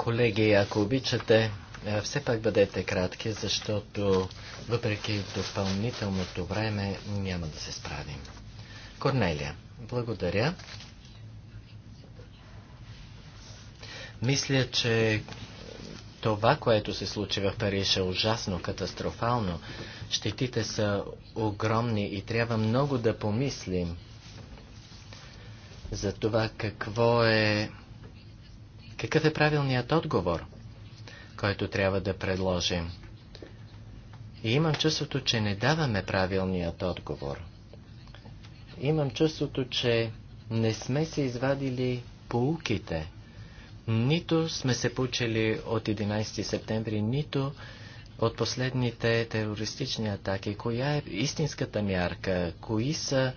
Колеги, ако обичате, е, все пак бъдете кратки, защото въпреки допълнителното време няма да се справим. Корнелия, благодаря. Мисля, че това, което се случи в Париж е ужасно, катастрофално. Щетите са огромни и трябва много да помислим за това какво е какъв е правилният отговор, който трябва да предложим? И имам чувството, че не даваме правилният отговор. Имам чувството, че не сме се извадили поуките. Нито сме се получили от 11 септември, нито от последните терористични атаки. Коя е истинската мярка? Кои са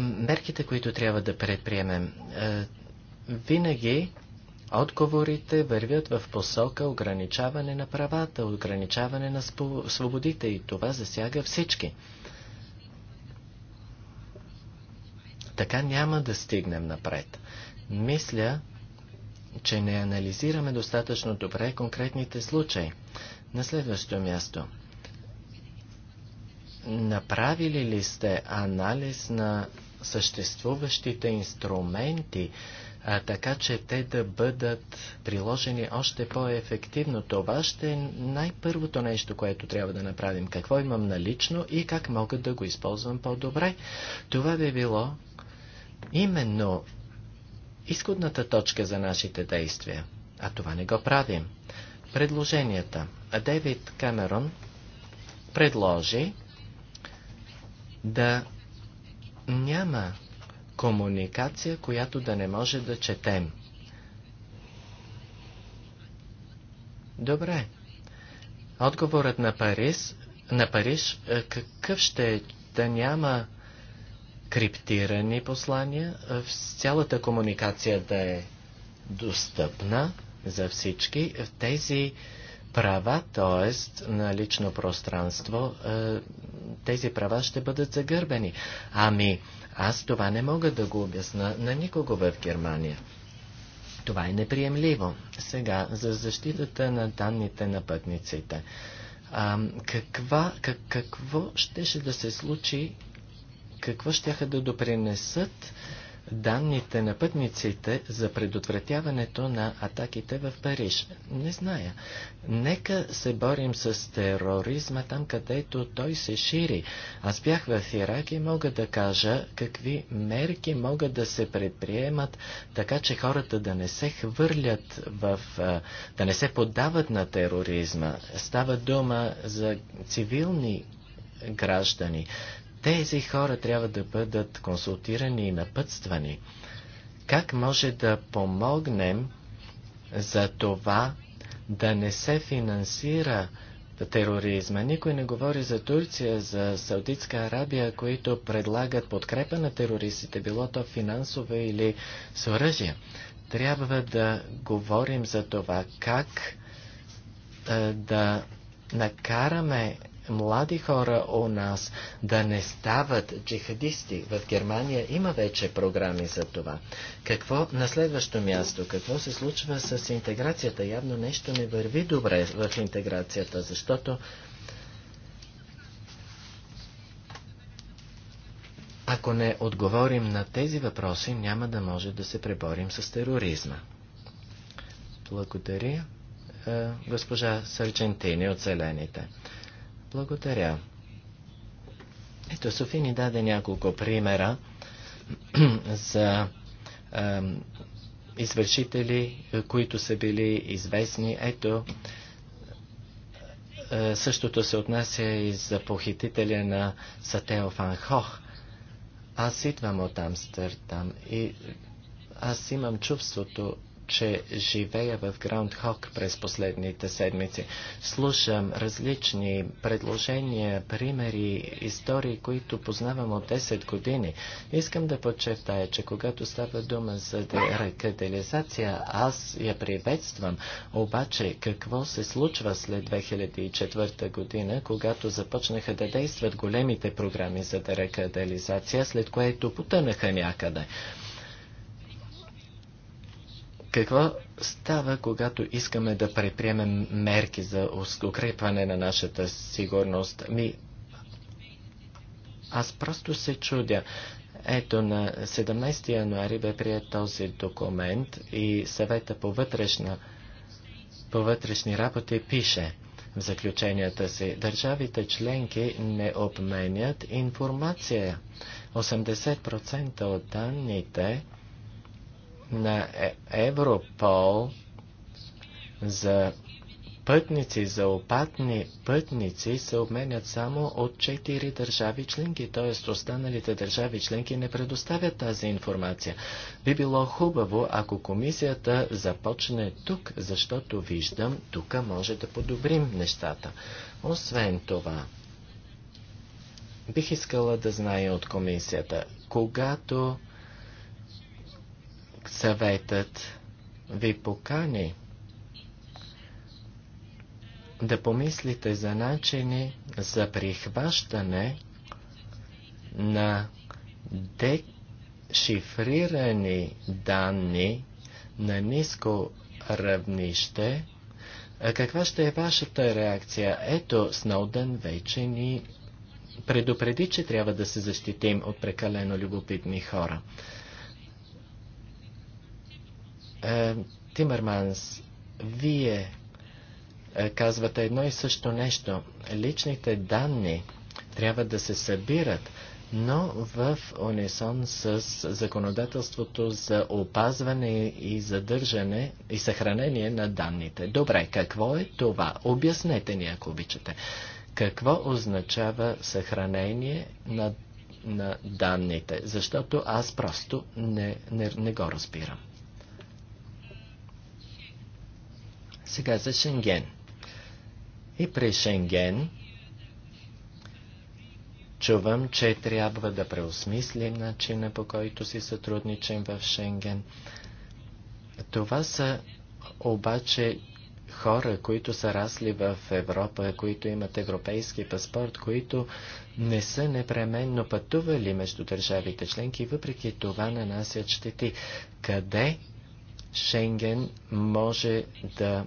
мерките, които трябва да предприемем винаги отговорите вървят в посока ограничаване на правата, ограничаване на свободите и това засяга всички. Така няма да стигнем напред. Мисля, че не анализираме достатъчно добре конкретните случаи. На следващо място. Направили ли сте анализ на съществуващите инструменти, а, така че те да бъдат приложени още по-ефективно. Това ще е най-първото нещо, което трябва да направим. Какво имам налично и как мога да го използвам по-добре. Това би било именно изходната точка за нашите действия. А това не го правим. Предложенията. Дейвид Камерон предложи да няма комуникация, която да не може да четем. Добре. Отговорът на Париж, на Париж е, какъв ще е да няма криптирани послания, е, цялата комуникация да е достъпна за всички, в е, тези права, т.е. на лично пространство, тези права ще бъдат загърбени. Ами, аз това не мога да го обясна на никого в Германия. Това е неприемливо. Сега, за защитата на данните на пътниците. А, каква, как, какво щеше да се случи, какво щяха да допринесат данните на пътниците за предотвратяването на атаките в Париж? Не зная. Нека се борим с тероризма там, където той се шири. Аз бях в Ирак и мога да кажа какви мерки могат да се предприемат, така че хората да не се хвърлят в... да не се поддават на тероризма. Става дума за цивилни граждани. Тези хора трябва да бъдат консултирани и напътствани. Как може да помогнем за това да не се финансира тероризма. Никой не говори за Турция, за Саудитска Арабия, които предлагат подкрепа на терористите, било то финансово или с оръжие. Трябва да говорим за това как да накараме млади хора у нас да не стават джихадисти. В Германия има вече програми за това. Какво на следващо място? Какво се случва с интеграцията? Явно нещо не върви добре в интеграцията, защото Ако не отговорим на тези въпроси, няма да може да се преборим с тероризма. Благодаря, е, госпожа Сърчентини от Зелените. Благодаря. Ето, Софи ни даде няколко примера за е, извършители, които са били известни. Ето, е, същото се отнася и за похитителя на Сатео Фан Хох. Аз идвам от Амстердам и аз имам чувството, че живея в Граундхок през последните седмици. Слушам различни предложения, примери, истории, които познавам от 10 години. Искам да подчертая, че когато става дума за рекаделизация, аз я приветствам. Обаче, какво се случва след 2004 година, когато започнаха да действат големите програми за дерекаделизация, след което потънаха някъде? Какво става, когато искаме да предприемем мерки за укрепване на нашата сигурност? Ми, аз просто се чудя. Ето на 17 януари бе прият този документ и съвета по, вътрешна, по вътрешни работи пише в заключенията си. Държавите членки не обменят информация. 80% от данните на е- Европол за пътници, за опатни пътници се обменят само от 4 държави членки, т.е. останалите държави членки не предоставят тази информация. Би било хубаво, ако комисията започне тук, защото виждам, тук може да подобрим нещата. Освен това, бих искала да знае от комисията, когато съветът ви покани да помислите за начини за прихващане на дешифрирани данни на ниско равнище, каква ще е вашата реакция? Ето, Сноуден вече ни предупреди, че трябва да се защитим от прекалено любопитни хора. Е, Тимерманс, вие е, казвате едно и също нещо. Личните данни трябва да се събират, но в унисон с законодателството за опазване и задържане и съхранение на данните. Добре, какво е това? Обяснете ни, ако обичате. Какво означава съхранение на, на данните? Защото аз просто не, не, не го разбирам. Сега за Шенген. И при Шенген чувам, че трябва да преосмислим начина по който си сътрудничим в Шенген. Това са обаче хора, които са расли в Европа, които имат европейски паспорт, които не са непременно пътували между държавите членки, въпреки това нанасят щети. Къде Шенген може да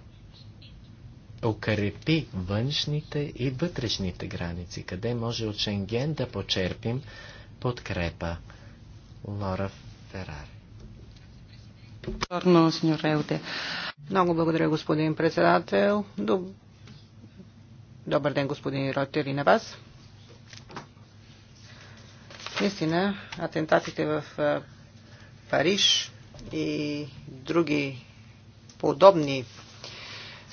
укрепи външните и вътрешните граници, къде може от Шенген да почерпим подкрепа. Лора Ферари. Много благодаря, господин председател. Добър ден, господин Ротер и на вас. Наистина, атентатите в Париж и други подобни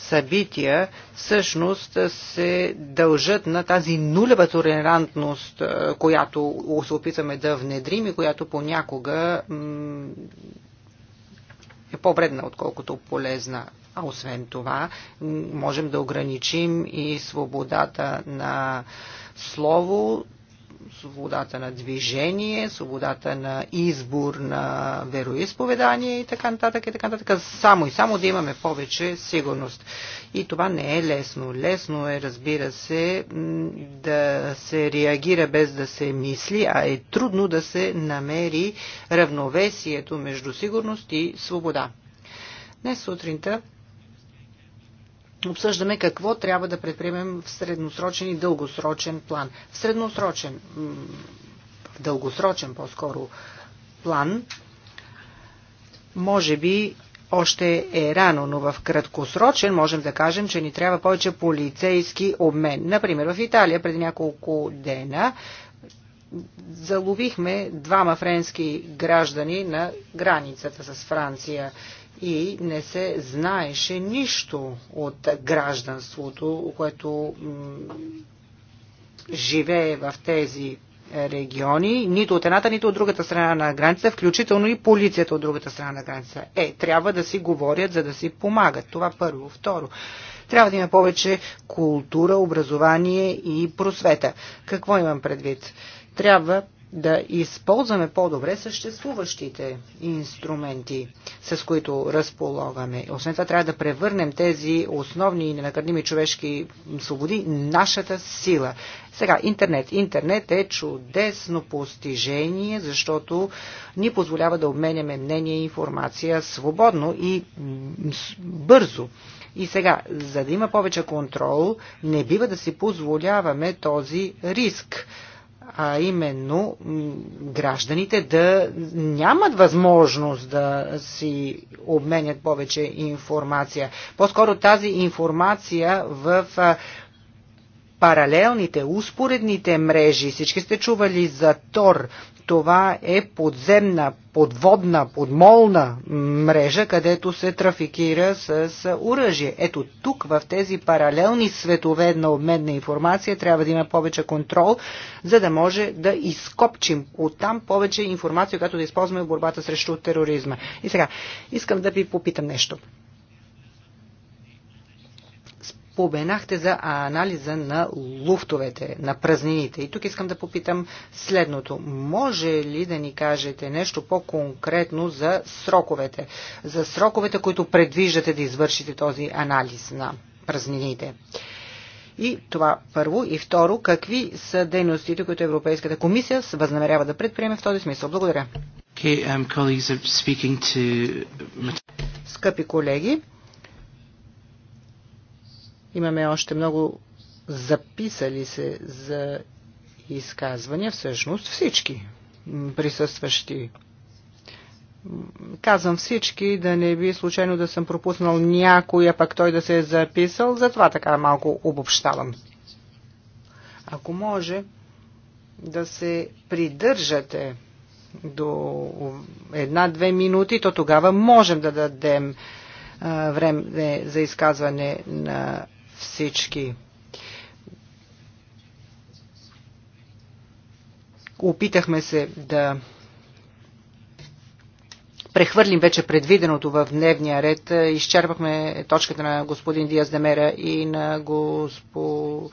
събития всъщност се дължат на тази нулева толерантност, която се опитваме да внедрим и която понякога е по-вредна, отколкото полезна. А освен това, можем да ограничим и свободата на слово, свободата на движение, свободата на избор на вероисповедание и така нататък и така нататък. Само и само да имаме повече сигурност. И това не е лесно. Лесно е, разбира се, да се реагира без да се мисли, а е трудно да се намери равновесието между сигурност и свобода. Днес сутринта обсъждаме какво трябва да предприемем в средносрочен и дългосрочен план. В средносрочен, в дългосрочен по-скоро план, може би още е рано, но в краткосрочен можем да кажем, че ни трябва повече полицейски обмен. Например, в Италия преди няколко дена заловихме двама френски граждани на границата с Франция и не се знаеше нищо от гражданството, което живее в тези региони, нито от едната, нито от другата страна на граница, включително и полицията от другата страна на граница. Е, трябва да си говорят, за да си помагат. Това първо. Второ, трябва да има повече култура, образование и просвета. Какво имам предвид? Трябва да използваме по-добре съществуващите инструменти, с които разполагаме. Освен това трябва да превърнем тези основни и ненакърними човешки свободи нашата сила. Сега, интернет. Интернет е чудесно постижение, защото ни позволява да обменяме мнение и информация свободно и бързо. И сега, за да има повече контрол, не бива да си позволяваме този риск а именно гражданите да нямат възможност да си обменят повече информация. По-скоро тази информация в паралелните, успоредните мрежи. Всички сте чували за Тор това е подземна, подводна, подмолна мрежа, където се трафикира с оръжие. Ето тук, в тези паралелни светове на обмен на информация, трябва да има повече контрол, за да може да изкопчим оттам повече информация, която да използваме в борбата срещу тероризма. И сега, искам да ви попитам нещо. Побенахте за анализа на луфтовете, на празнините. И тук искам да попитам следното. Може ли да ни кажете нещо по-конкретно за сроковете? За сроковете, които предвиждате да извършите този анализ на празнините? И това първо. И второ, какви са дейностите, които Европейската комисия възнамерява да предприеме в този смисъл? Благодаря. Okay, um, to... Скъпи колеги, Имаме още много записали се за изказвания, всъщност всички присъстващи. Казвам всички, да не би случайно да съм пропуснал някой, а пък той да се е записал, затова така малко обобщавам. Ако може да се придържате до една-две минути, то тогава можем да дадем време за изказване на всички. Опитахме се да прехвърлим вече предвиденото в дневния ред. Изчерпахме точката на господин Диас Демера и на господин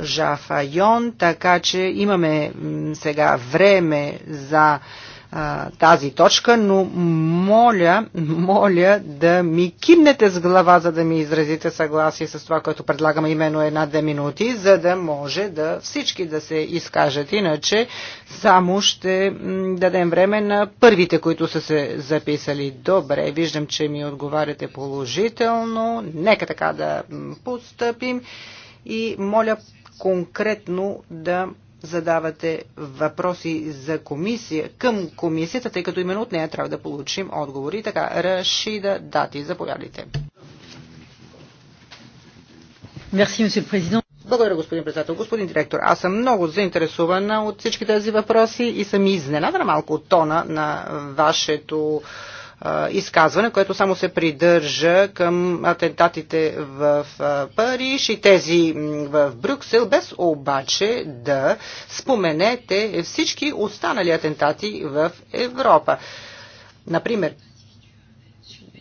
Жафайон, така че имаме сега време за а, тази точка, но моля, моля да ми кимнете с глава, за да ми изразите съгласие с това, което предлагам, именно една-две минути, за да може да всички да се изкажат. Иначе само ще дадем време на първите, които са се записали. Добре, виждам, че ми отговаряте положително. Нека така да постъпим и моля конкретно да задавате въпроси за комисия, към комисията, тъй като именно от нея трябва да получим отговори. така, Рашида Дати, заповядайте. Мерси, месье президент. Благодаря, господин председател. Господин директор, аз съм много заинтересувана от всички тези въпроси и съм изненадана малко от тона на вашето изказване, което само се придържа към атентатите в Париж и тези в Брюксел, без обаче да споменете всички останали атентати в Европа. Например,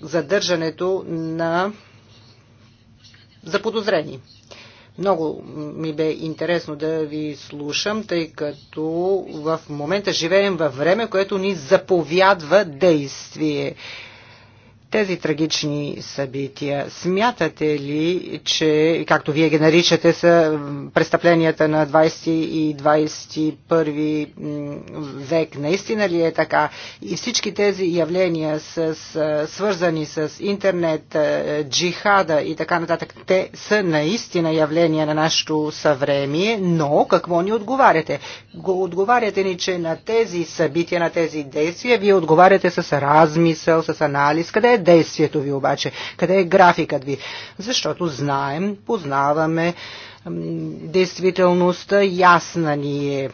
задържането на заподозрени. Много ми бе интересно да ви слушам, тъй като в момента живеем във време, което ни заповядва действие тези трагични събития. Смятате ли, че, както вие ги наричате, са престъпленията на 20 и 21 век? Наистина ли е така? И всички тези явления, с, свързани с интернет, е, джихада и така нататък, те са наистина явления на нашето съвремие, но какво ни отговаряте? Отговаряте ни, че на тези събития, на тези действия, вие отговаряте с размисъл, с анализ. Къде е действието ви обаче? Къде е графикът ви? Защото знаем, познаваме действителността, ясна ни е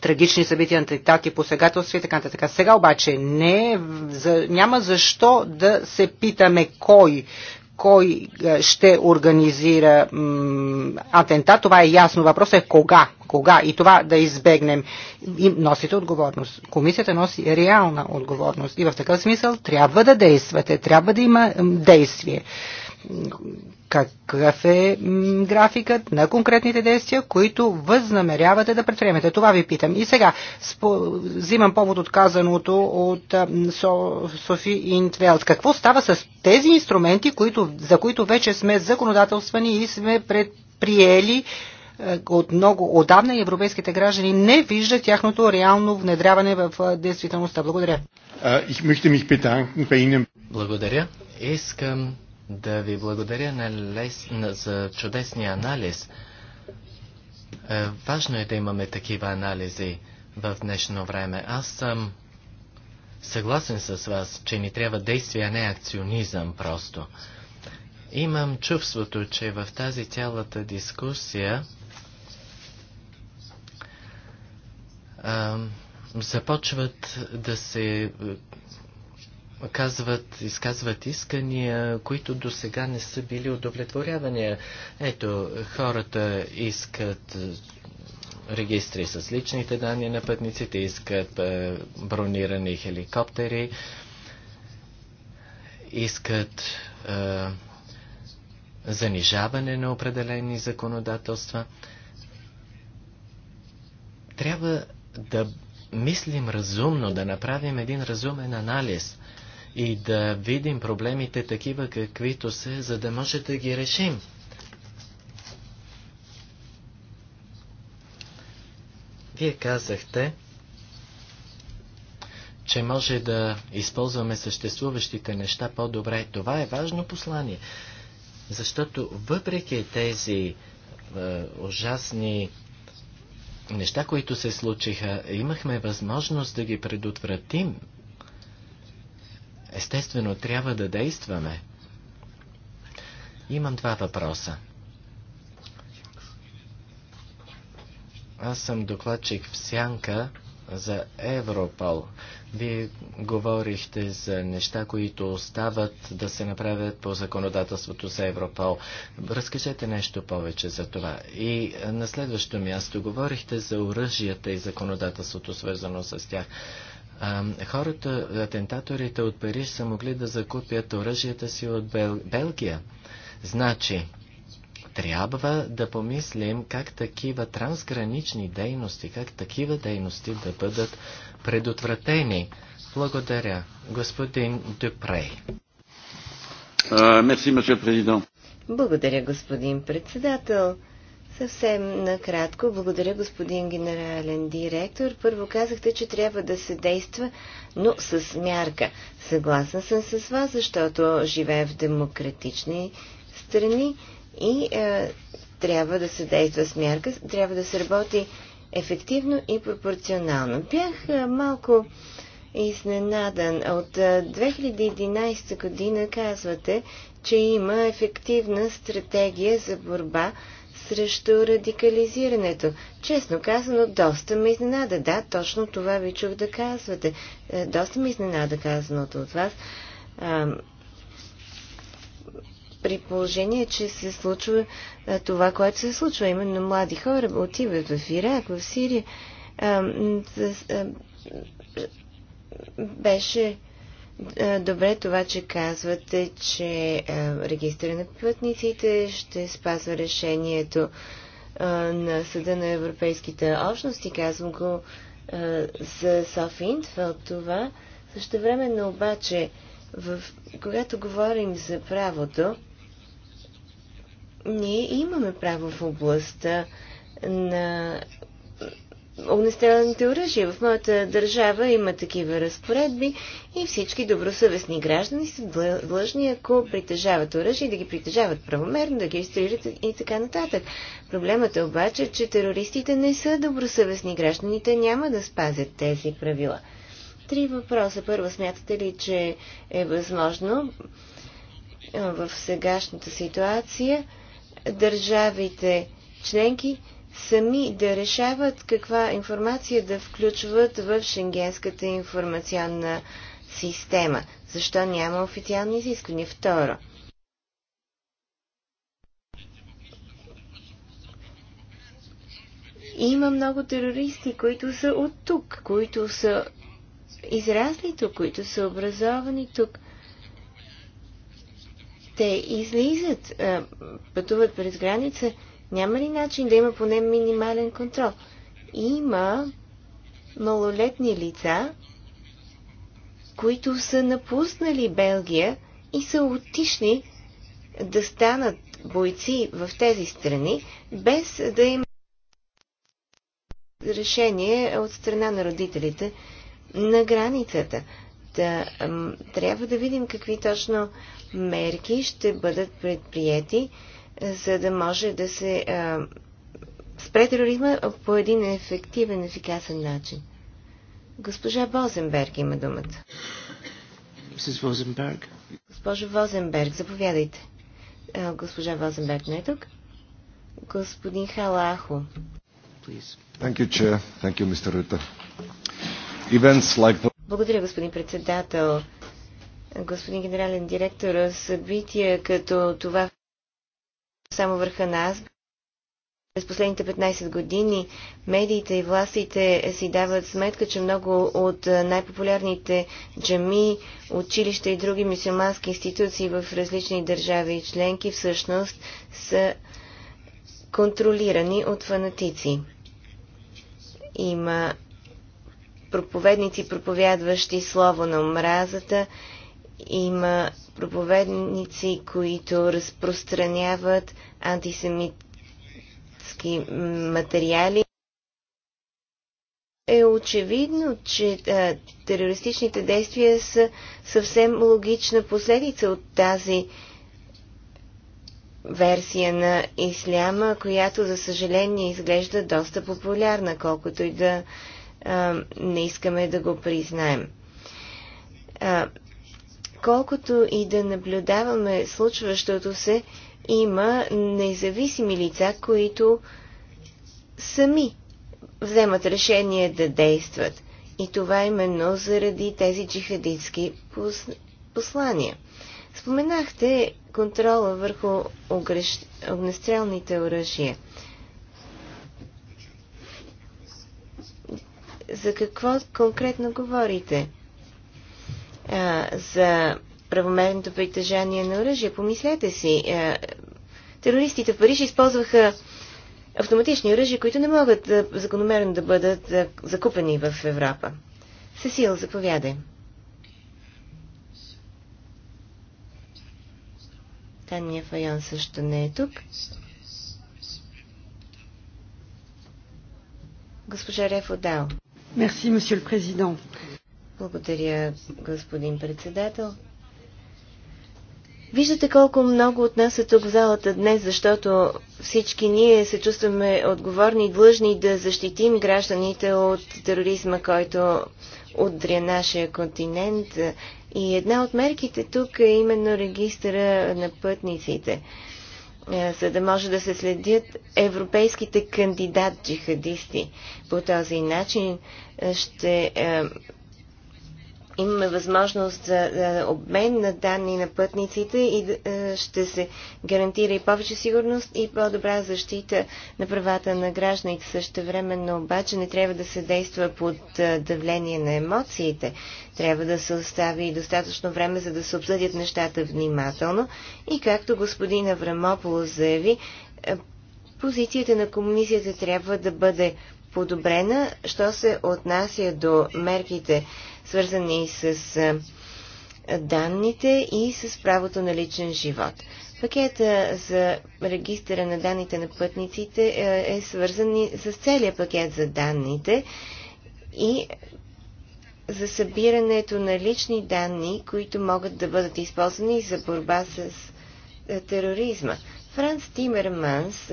трагични събития, атентати, посегателства и така нататък. Сега обаче не, е за, няма защо да се питаме кой, кой е, ще организира атентат, това е ясно. Въпросът е кога. Кога и това да избегнем. И носите отговорност. Комисията носи реална отговорност. И в такъв смисъл трябва да действате, трябва да има действие какъв е графикът на конкретните действия, които възнамерявате да предприемете. Това ви питам. И сега спо, взимам повод от казаното от Со, Софи Интвелт. Какво става с тези инструменти, които, за които вече сме законодателствани и сме предприели е, от много отдавна и европейските граждани не виждат тяхното реално внедряване в е, действителността. Благодаря. Благодаря. Искам да ви благодаря на лес, на, за чудесния анализ. Е, важно е да имаме такива анализи в днешно време. Аз съм съгласен с вас, че ни трябва действие, а не акционизъм просто. Имам чувството, че в тази цялата дискусия а, започват да се казват, изказват искания, които до сега не са били удовлетворявания. Ето, хората искат е, регистри с личните данни на пътниците, искат е, бронирани хеликоптери, искат е, занижаване на определени законодателства. Трябва да мислим разумно, да направим един разумен анализ и да видим проблемите такива каквито са, за да може да ги решим. Вие казахте, че може да използваме съществуващите неща по-добре. Това е важно послание, защото въпреки тези е, ужасни неща, които се случиха, имахме възможност да ги предотвратим. Естествено, трябва да действаме. Имам два въпроса. Аз съм докладчик в Сянка за Европол. Вие говорихте за неща, които остават да се направят по законодателството за Европол. Разкажете нещо повече за това. И е, на следващо място говорихте за оръжията и законодателството, свързано с тях хората, атентаторите от Париж са могли да закупят оръжията си от Бел... Белгия. Значи, трябва да помислим как такива трансгранични дейности, как такива дейности да бъдат предотвратени. Благодаря, господин Дюпрей. Благодаря, господин председател. Съвсем накратко, благодаря господин генерален директор. Първо казахте, че трябва да се действа, но с мярка. Съгласна съм с вас, защото живея в демократични страни и е, трябва да се действа с мярка, трябва да се работи ефективно и пропорционално. Бях е, малко изненадан. От е, 2011 година казвате, че има ефективна стратегия за борба срещу радикализирането. Честно казано, доста ме изненада. Да, точно това ви чух да казвате. Е, доста ме изненада казаното от вас. при положение, че се случва е, това, което се случва, именно млади хора отиват в Ирак, в Сирия. беше е, добре това, че казвате, че е, регистъра на пътниците ще спазва решението е, на Съда на Европейските общности. Казвам го за Софи Интфелд това. Също но обаче, в... когато говорим за правото, ние имаме право в областта на огнестрелните оръжия. В моята държава има такива разпоредби и всички добросъвестни граждани са длъжни, ако притежават оръжие, да ги притежават правомерно, да ги инсталират и така нататък. Проблемът е обаче, че терористите не са добросъвестни граждани, те няма да спазят тези правила. Три въпроса. Първо, смятате ли, че е възможно в сегашната ситуация държавите членки сами да решават каква информация да включват в Шенгенската информационна система. Защо няма официални изисквания? Второ. Има много терористи, които са от тук, които са израсли тук, които са образовани тук. Те излизат, пътуват през граница няма ли начин да има поне минимален контрол? Има малолетни лица, които са напуснали Белгия и са отишли да станат бойци в тези страни, без да има решение от страна на родителите на границата. Да, трябва да видим какви точно мерки ще бъдат предприяти, за да може да се а, спре тероризма по един ефективен, ефикасен начин. Госпожа Бозенберг има думата. Возенберг. Госпожа Возенберг, заповядайте. А, госпожа Возенберг не е тук. Господин Халахо. You, you, like... Благодаря, господин председател. Господин генерален директор, събития като това само върха на аз. През последните 15 години медиите и властите си дават сметка, че много от най-популярните джами, училища и други мусулмански институции в различни държави и членки всъщност са контролирани от фанатици. Има проповедници, проповядващи слово на омразата, има проповедници, които разпространяват антисемитски материали. Е очевидно, че а, терористичните действия са съвсем логична последица от тази версия на исляма, която за съжаление изглежда доста популярна, колкото и да а, не искаме да го признаем. А, колкото и да наблюдаваме случващото се, има независими лица, които сами вземат решение да действат. И това именно заради тези джихадитски послания. Споменахте контрола върху огнестрелните оръжия. За какво конкретно говорите? а, за правомерното притежание на оръжие. Помислете си. А, терористите в Париж използваха автоматични оръжия, които не могат а, закономерно да бъдат а, закупени в Европа. Сесил, заповядай. Тания Файон също не е тук. Госпожа Рефодал. Мерси, месье президент. Благодаря, господин председател. Виждате колко много от нас е тук в залата днес, защото всички ние се чувстваме отговорни и длъжни да защитим гражданите от тероризма, който удря нашия континент. И една от мерките тук е именно регистъра на пътниците, е, за да може да се следят европейските кандидат-джихадисти. По този начин е, ще е, имаме възможност за е, обмен на данни на пътниците и е, ще се гарантира и повече сигурност и по-добра защита на правата на гражданите. Също времено обаче не трябва да се действа под е, давление на емоциите. Трябва да се остави достатъчно време, за да се обсъдят нещата внимателно. И както господин Аврамополо заяви, позицията на комисията трябва да бъде подобрена, що се отнася до мерките свързани с данните и с правото на личен живот. Пакета за регистъра на данните на пътниците е свързан с целият пакет за данните и за събирането на лични данни, които могат да бъдат използвани за борба с тероризма. Франц Тимерманс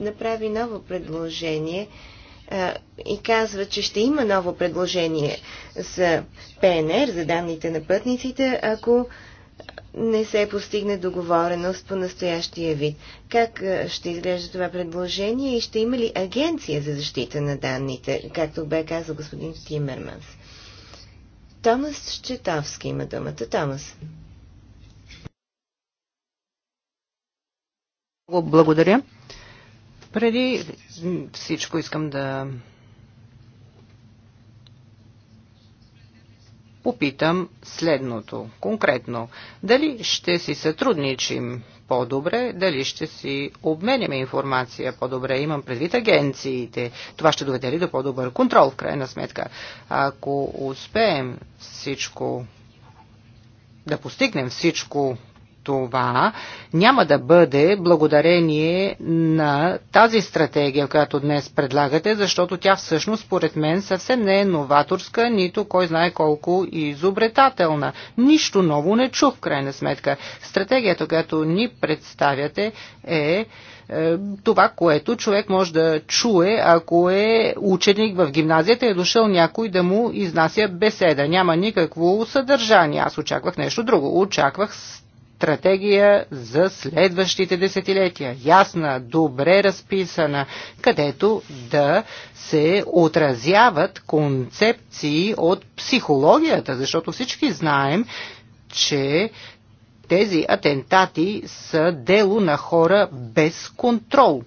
направи ново предложение – и казва, че ще има ново предложение за ПНР, за данните на пътниците, ако не се постигне договореност по настоящия вид. Как ще изглежда това предложение и ще има ли агенция за защита на данните, както бе казал господин Тимерманс? Томас Щетовски има думата. Томас. Благодаря. Преди всичко искам да попитам следното. Конкретно, дали ще си сътрудничим по-добре, дали ще си обменяме информация по-добре. Имам предвид агенциите. Това ще доведе ли до по-добър контрол, в крайна сметка. Ако успеем всичко да постигнем всичко това няма да бъде благодарение на тази стратегия, която днес предлагате, защото тя всъщност, според мен, съвсем не е новаторска, нито кой знае колко изобретателна. Нищо ново не чух, в крайна сметка. Стратегията, която ни представяте е, е това, което човек може да чуе, ако е ученик в гимназията, и е дошъл някой да му изнася беседа. Няма никакво съдържание. Аз очаквах нещо друго. Очаквах стратегия за следващите десетилетия. Ясна, добре разписана, където да се отразяват концепции от психологията, защото всички знаем, че тези атентати са дело на хора без контрол.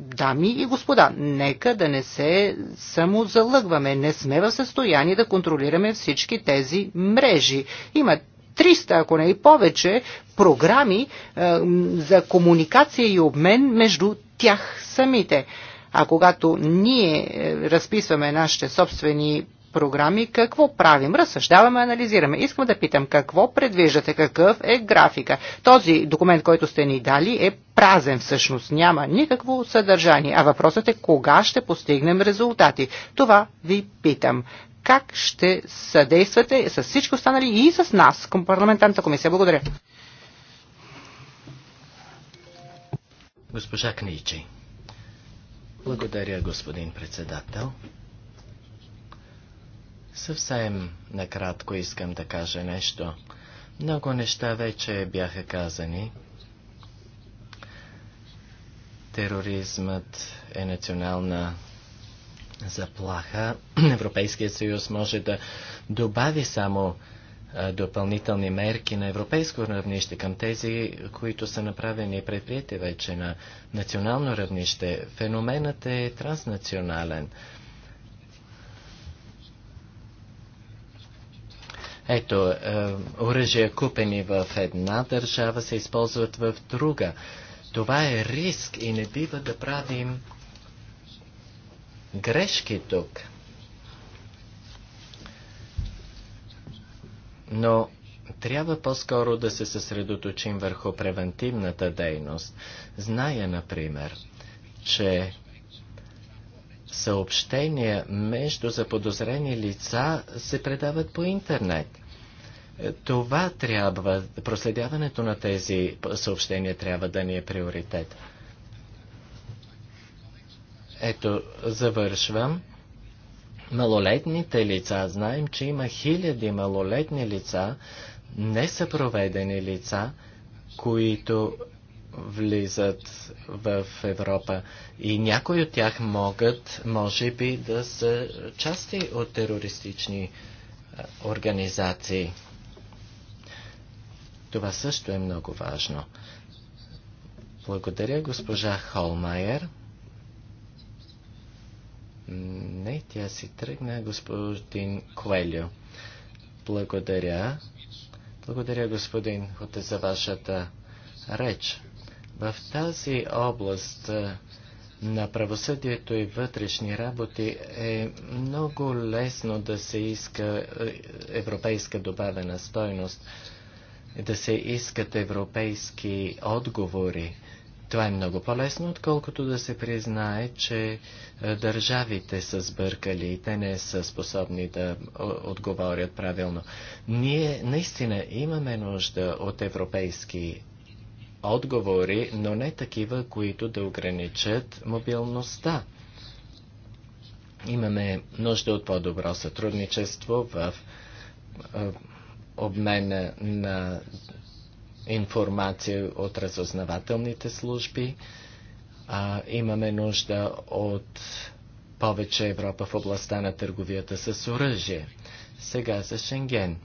Дами и господа, нека да не се само залъгваме. Не сме в състояние да контролираме всички тези мрежи. Има 300, ако не и повече, програми е, за комуникация и обмен между тях самите. А когато ние е, разписваме нашите собствени програми, какво правим? Разсъждаваме, анализираме. Искам да питам, какво предвиждате, какъв е графика? Този документ, който сте ни дали, е празен всъщност, няма никакво съдържание. А въпросът е, кога ще постигнем резултати? Това ви питам как ще съдействате с всички останали и с нас, към парламентарната комисия. Благодаря. Госпожа Кничи. Благодаря, господин председател. Съвсем накратко искам да кажа нещо. Много неща вече бяха казани. Тероризмът е национална заплаха. Европейският съюз може да добави само допълнителни мерки на европейско равнище към тези, които са направени и предприяти вече на национално равнище. Феноменът е транснационален. Ето, оръжия купени в една държава се използват в друга. Това е риск и не бива да правим грешки тук. Но трябва по-скоро да се съсредоточим върху превентивната дейност. Зная, например, че съобщения между заподозрени лица се предават по интернет. Това трябва, проследяването на тези съобщения трябва да ни е приоритет. Ето, завършвам. Малолетните лица, знаем, че има хиляди малолетни лица, несъпроведени лица, които влизат в Европа. И някои от тях могат, може би, да са части от терористични организации. Това също е много важно. Благодаря, госпожа Холмайер. Не, тя си тръгна, господин Коелио. Благодаря. Благодаря, господин Хоте, за вашата реч. В тази област на правосъдието и вътрешни работи е много лесно да се иска европейска добавена стойност, да се искат европейски отговори. Това е много по-лесно, отколкото да се признае, че е, държавите са сбъркали и те не са способни да отговорят правилно. Ние наистина имаме нужда от европейски отговори, но не такива, които да ограничат мобилността. Имаме нужда от по-добро сътрудничество в е, обмена на информация от разузнавателните служби. А, имаме нужда от повече Европа в областта на търговията с оръжие. Сега за Шенген.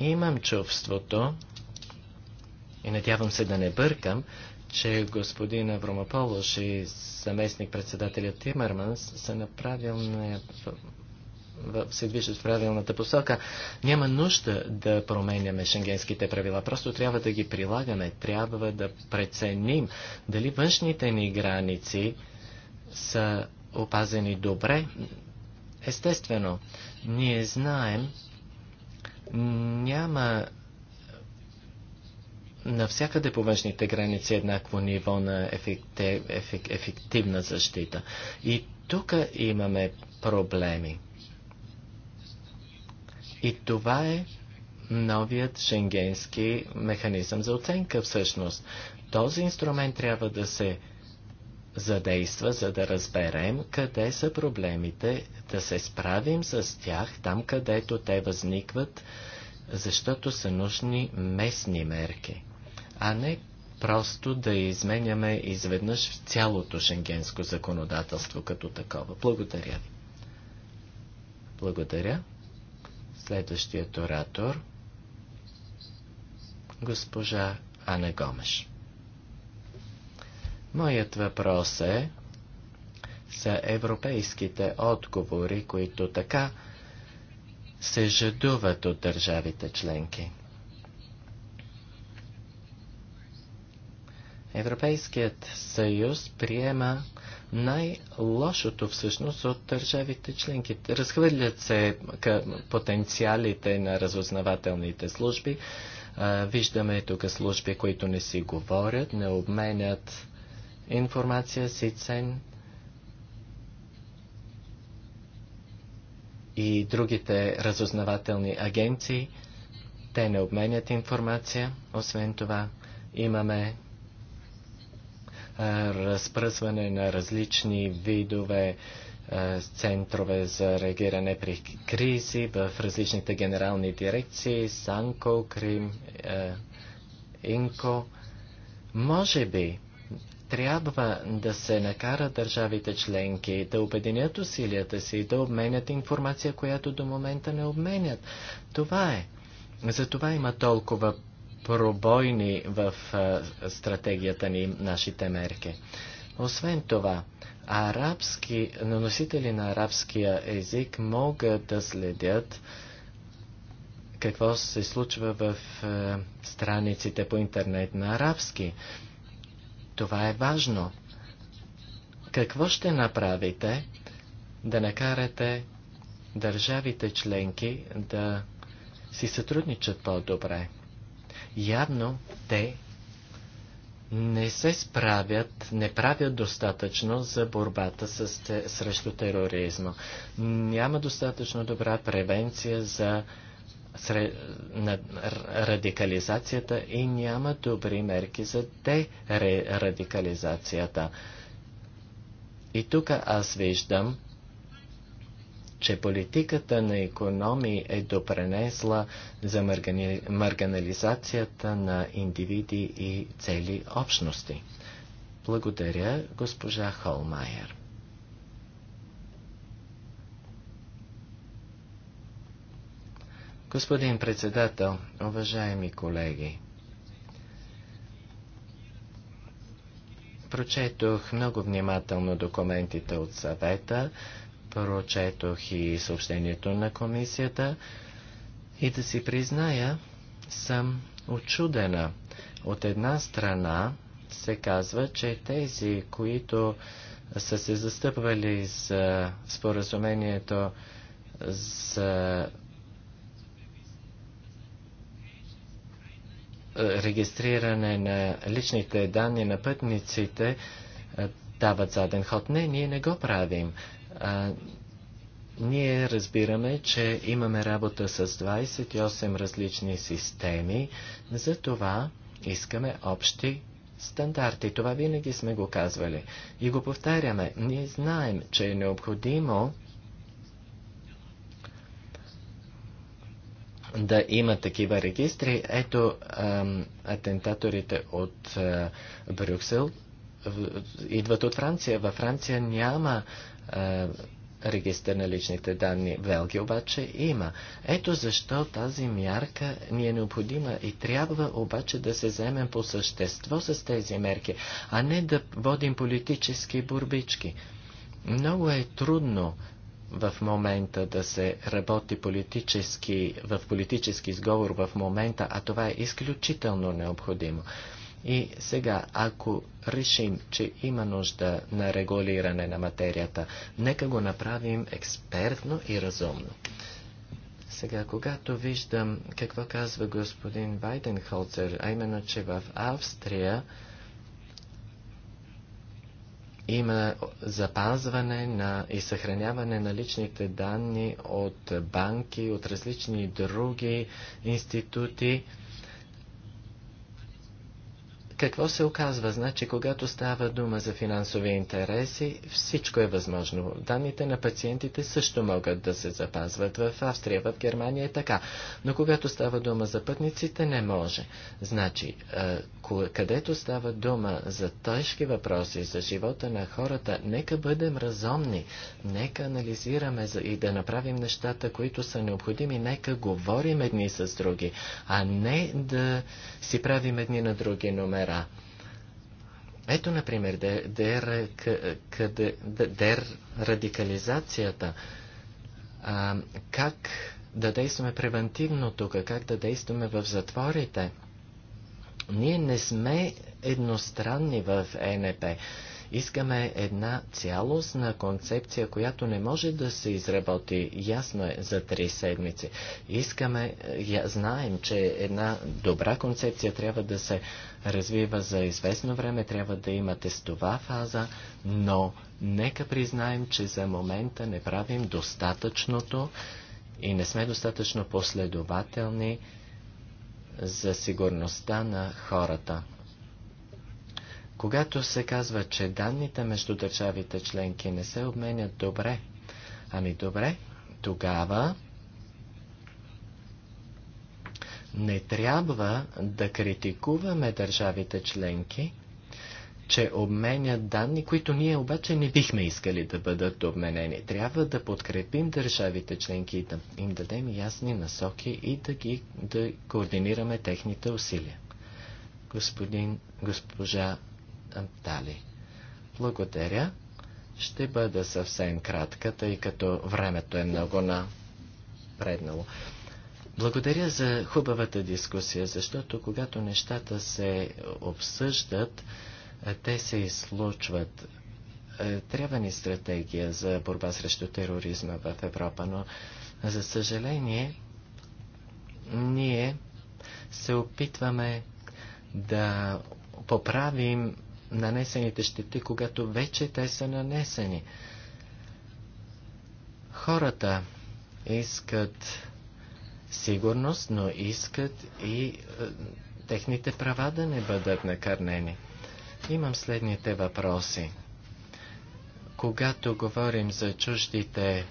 Имам чувството, и надявам се да не бъркам, че господин Авромополош и заместник председателя Тимърманс са направил се движат в правилната посока. Няма нужда да променяме шенгенските правила, просто трябва да ги прилагаме, трябва да преценим дали външните ни граници са опазени добре. Естествено, ние знаем, няма навсякъде по външните граници еднакво ниво на ефективна защита. И тук имаме проблеми. И това е новият шенгенски механизъм за оценка всъщност. Този инструмент трябва да се задейства, за да разберем къде са проблемите, да се справим с тях там, където те възникват, защото са нужни местни мерки, а не просто да изменяме изведнъж в цялото шенгенско законодателство като такова. Благодаря ви. Благодаря. Следващият оратор госпожа Ана Гомеш. Моят въпрос е за европейските отговори, които така се жадуват от държавите членки. Европейският съюз приема най-лошото всъщност от държавите членки. Разхвърлят се към потенциалите на разузнавателните служби. Виждаме тук служби, които не си говорят, не обменят информация си цен и другите разузнавателни агенции. Те не обменят информация. Освен това, имаме е, разпръсване на различни видове е, центрове за реагиране при кризи в различните генерални дирекции, Санко, Крим, е, Инко. Може би трябва да се накара държавите членки да обединят усилията си и да обменят информация, която до момента не обменят. Това е. Затова има толкова пробойни в стратегията ни, нашите мерки. Освен това, арабски, носители на арабския език могат да следят какво се случва в страниците по интернет на арабски. Това е важно. Какво ще направите да накарате държавите членки да си сътрудничат по-добре? Явно те не се справят, не правят достатъчно за борбата с, срещу тероризма. Няма достатъчно добра превенция за на радикализацията и няма добри мерки за дерадикализацията. И тук аз виждам че политиката на економии е допренесла за марганализацията на индивиди и цели общности. Благодаря, госпожа Холмайер. Господин председател, уважаеми колеги, прочетох много внимателно документите от съвета, прочетох и съобщението на комисията и да си призная, съм очудена. От една страна се казва, че тези, които са се застъпвали за споразумението за е, регистриране на личните данни на пътниците, е, дават заден ход. Не, ние не го правим. А, ние разбираме, че имаме работа с 28 различни системи, за това искаме общи стандарти. Това винаги сме го казвали. И го повтаряме. Ние знаем, че е необходимо да има такива регистри. Ето ам, атентаторите от а, Брюксел идват от Франция. Във Франция няма е, регистър на личните данни. Велги обаче има. Ето защо тази мярка ни е необходима и трябва обаче да се вземем по същество с тези мерки, а не да водим политически борбички. Много е трудно в момента да се работи политически, в политически сговор в момента, а това е изключително необходимо. И сега, ако решим, че има нужда на регулиране на материята, нека го направим експертно и разумно. Сега, когато виждам какво казва господин Вайденхолцер, а именно, че в Австрия има запазване на и съхраняване на личните данни от банки, от различни други институти, какво се оказва? Значи, когато става дума за финансови интереси, всичко е възможно. Данните на пациентите също могат да се запазват в Австрия, в Германия е така. Но когато става дума за пътниците, не може. Значи, където става дума за тъжки въпроси, за живота на хората, нека бъдем разумни, нека анализираме и да направим нещата, които са необходими, нека говорим едни с други, а не да си правим едни на други номера пера. Ето, например, дер, дер радикализацията. А, как да действаме превентивно тук, как да действаме в затворите. Ние не сме едностранни в ЕНП. Искаме една цялостна концепция, която не може да се изработи ясно е за три седмици. Искаме, я, знаем, че една добра концепция трябва да се развива за известно време, трябва да има тестова фаза, но нека признаем, че за момента не правим достатъчното и не сме достатъчно последователни за сигурността на хората. Когато се казва, че данните между държавите членки не се обменят добре, ами добре, тогава не трябва да критикуваме държавите членки, че обменят данни, които ние обаче не бихме искали да бъдат обменени. Трябва да подкрепим държавите членки и да им дадем ясни насоки и да, ги, да координираме техните усилия. Господин, госпожа дали. Благодаря. Ще бъда съвсем кратка, тъй като времето е много напреднало. Благодаря за хубавата дискусия, защото когато нещата се обсъждат, те се излучват. Трябва ни стратегия за борба срещу тероризма в Европа, но за съжаление ние се опитваме да поправим нанесените щети, когато вече те са нанесени. Хората искат сигурност, но искат и е, техните права да не бъдат накърнени. Имам следните въпроси. Когато говорим за чуждите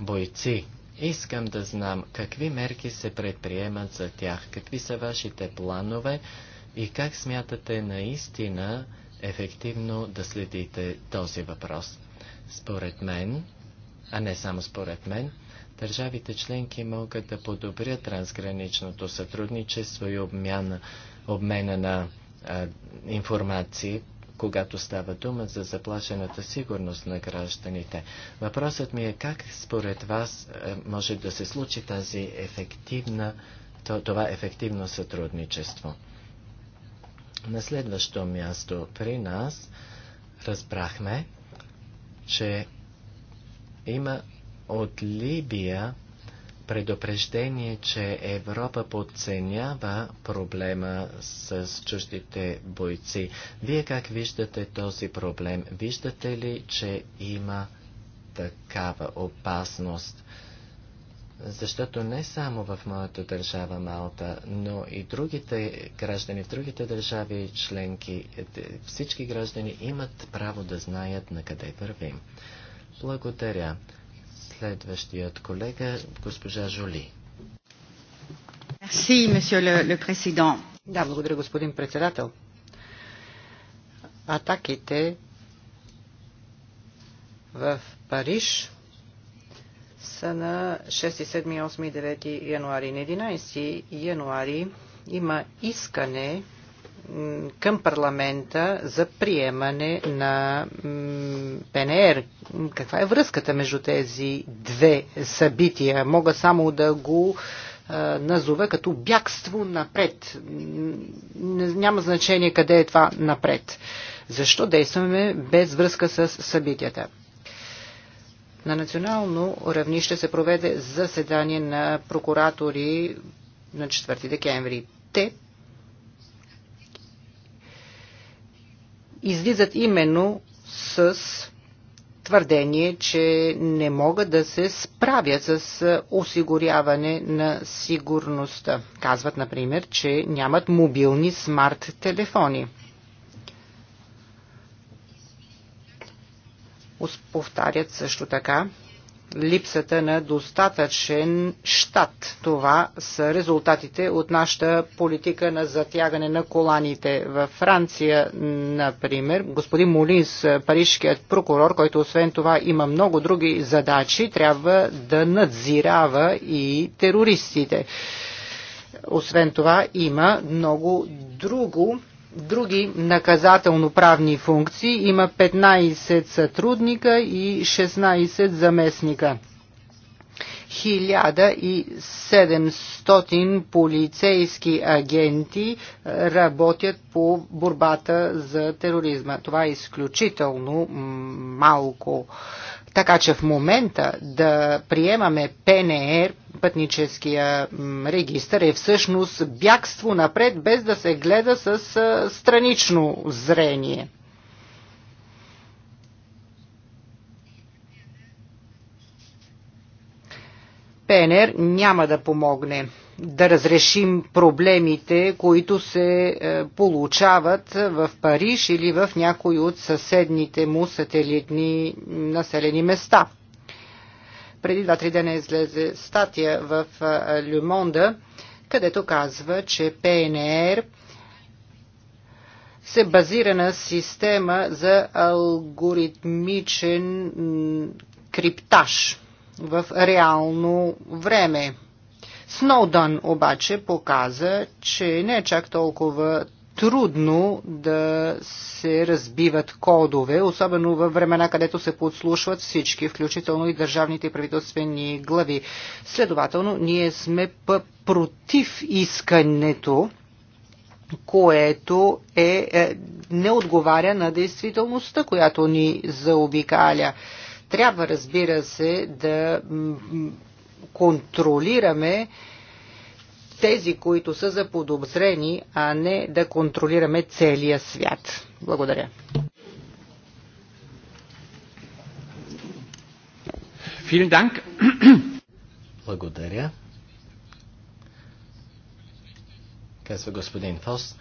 бойци, искам да знам какви мерки се предприемат за тях, какви са вашите планове и как смятате наистина ефективно да следите този въпрос? Според мен, а не само според мен, държавите членки могат да подобрят трансграничното сътрудничество и обмяна, обмена на а, информации, когато става дума за заплашената сигурност на гражданите. Въпросът ми е как според вас може да се случи тази ефективна, това ефективно сътрудничество. На следващо място при нас разбрахме, че има от Либия предупреждение, че Европа подценява проблема с чуждите бойци. Вие как виждате този проблем? Виждате ли, че има такава опасност? Защото не само в моята държава Малта, но и другите граждани в другите държави членки, всички граждани имат право да знаят на къде вървим. Благодаря. Следващият колега, госпожа Жоли. Merci, monsieur le, le président. Да, благодаря, господин председател. Атаките в Париж са на 6, 7, 8 и 9 януари. На 11 януари има искане към парламента за приемане на ПНР. Каква е връзката между тези две събития? Мога само да го назова като бягство напред. Няма значение къде е това напред. Защо действаме без връзка с събитията? На национално равнище се проведе заседание на прокуратори на 4 декември. Те излизат именно с твърдение, че не могат да се справят с осигуряване на сигурността. Казват, например, че нямат мобилни смарт телефони. повтарят също така липсата на достатъчен щат. Това са резултатите от нашата политика на затягане на коланите. Във Франция, например, господин Молинс, парижкият прокурор, който освен това има много други задачи, трябва да надзирава и терористите. Освен това има много друго други наказателно-правни функции. Има 15 сътрудника и 16 заместника. 1700 полицейски агенти е, работят по борбата за тероризма. Това е изключително малко. Така че в момента да приемаме ПНР, пътническия регистр, е всъщност бягство напред, без да се гледа с странично зрение. ПНР няма да помогне да разрешим проблемите, които се е, получават в Париж или в някои от съседните му сателитни населени места. Преди два-три дена излезе статия в Люмонда, е, където казва, че ПНР се базира на система за алгоритмичен криптаж в реално време. Сноудън обаче показа, че не е чак толкова трудно да се разбиват кодове, особено във времена, където се подслушват всички, включително и държавните правителствени глави. Следователно, ние сме против искането, което е, е, не отговаря на действителността, която ни заобикаля. Трябва, разбира се, да контролираме тези, които са заподозрени, а не да контролираме целия свят. Благодаря. Благодаря. Казва господин Фос.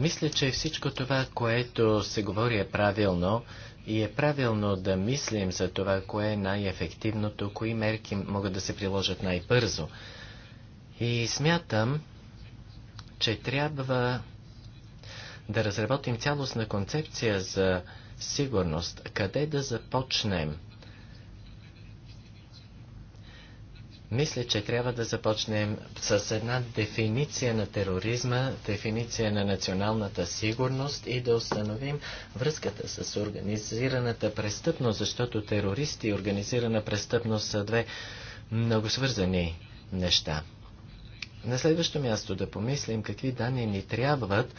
Мисля, че всичко това, което се говори е правилно. И е правилно да мислим за това, кое е най-ефективното, кои мерки могат да се приложат най-бързо. И смятам, че трябва да разработим цялостна концепция за сигурност. Къде да започнем? Мисля, че трябва да започнем с една дефиниция на тероризма, дефиниция на националната сигурност и да установим връзката с организираната престъпност, защото терористи и организирана престъпност са две много свързани неща. На следващо място да помислим какви данни ни трябват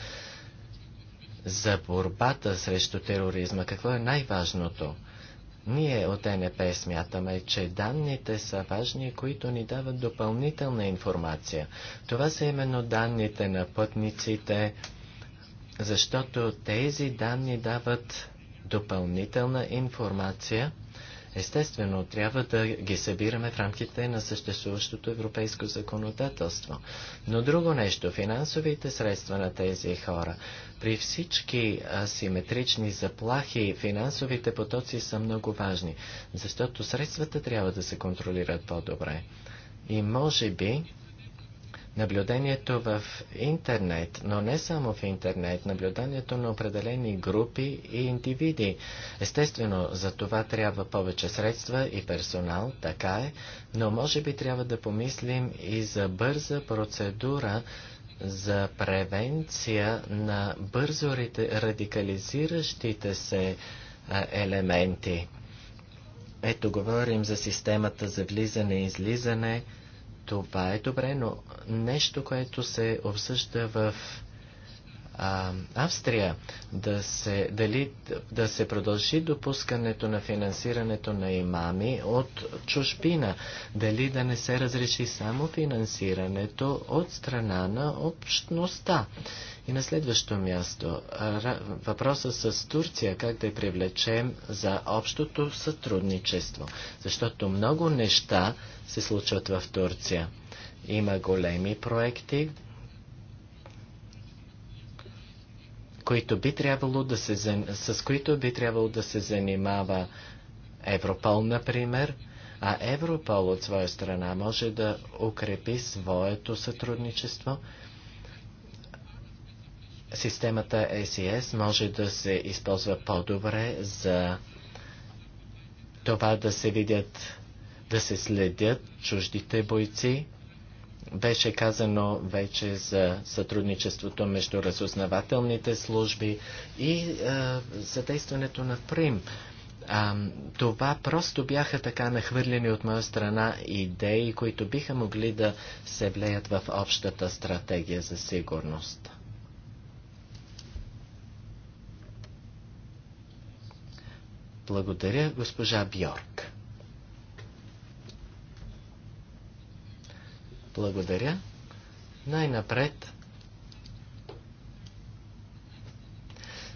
за борбата срещу тероризма, какво е най-важното. Ние от НП смятаме, че данните са важни, които ни дават допълнителна информация. Това са именно данните на пътниците, защото тези данни дават допълнителна информация – Естествено, трябва да ги събираме в рамките на съществуващото европейско законодателство. Но друго нещо, финансовите средства на тези хора. При всички асиметрични заплахи финансовите потоци са много важни, защото средствата трябва да се контролират по-добре. И може би Наблюдението в интернет, но не само в интернет, наблюдението на определени групи и индивиди. Естествено, за това трябва повече средства и персонал, така е, но може би трябва да помислим и за бърза процедура за превенция на бързо радикализиращите се е, елементи. Ето говорим за системата за влизане и излизане, това е добре, но нещо, което се обсъжда в а, Австрия, да се, дали, да се продължи допускането на финансирането на имами от чужбина, дали да не се разреши само финансирането от страна на общността. И на следващо място, въпроса с Турция, как да я привлечем за общото сътрудничество. Защото много неща се случват в Турция. Има големи проекти, които би трябвало да се, с които би трябвало да се занимава Европол, например, а Европол от своя страна може да укрепи своето сътрудничество. Системата SES може да се използва по-добре за това да се видят да се следят чуждите бойци. Беше казано вече за сътрудничеството между разузнавателните служби и е, задействането на Прим. А, това просто бяха така нахвърлени от моя страна идеи, които биха могли да се влеят в общата стратегия за сигурност. Благодаря, госпожа Бьорк. Благодаря. Най-напред,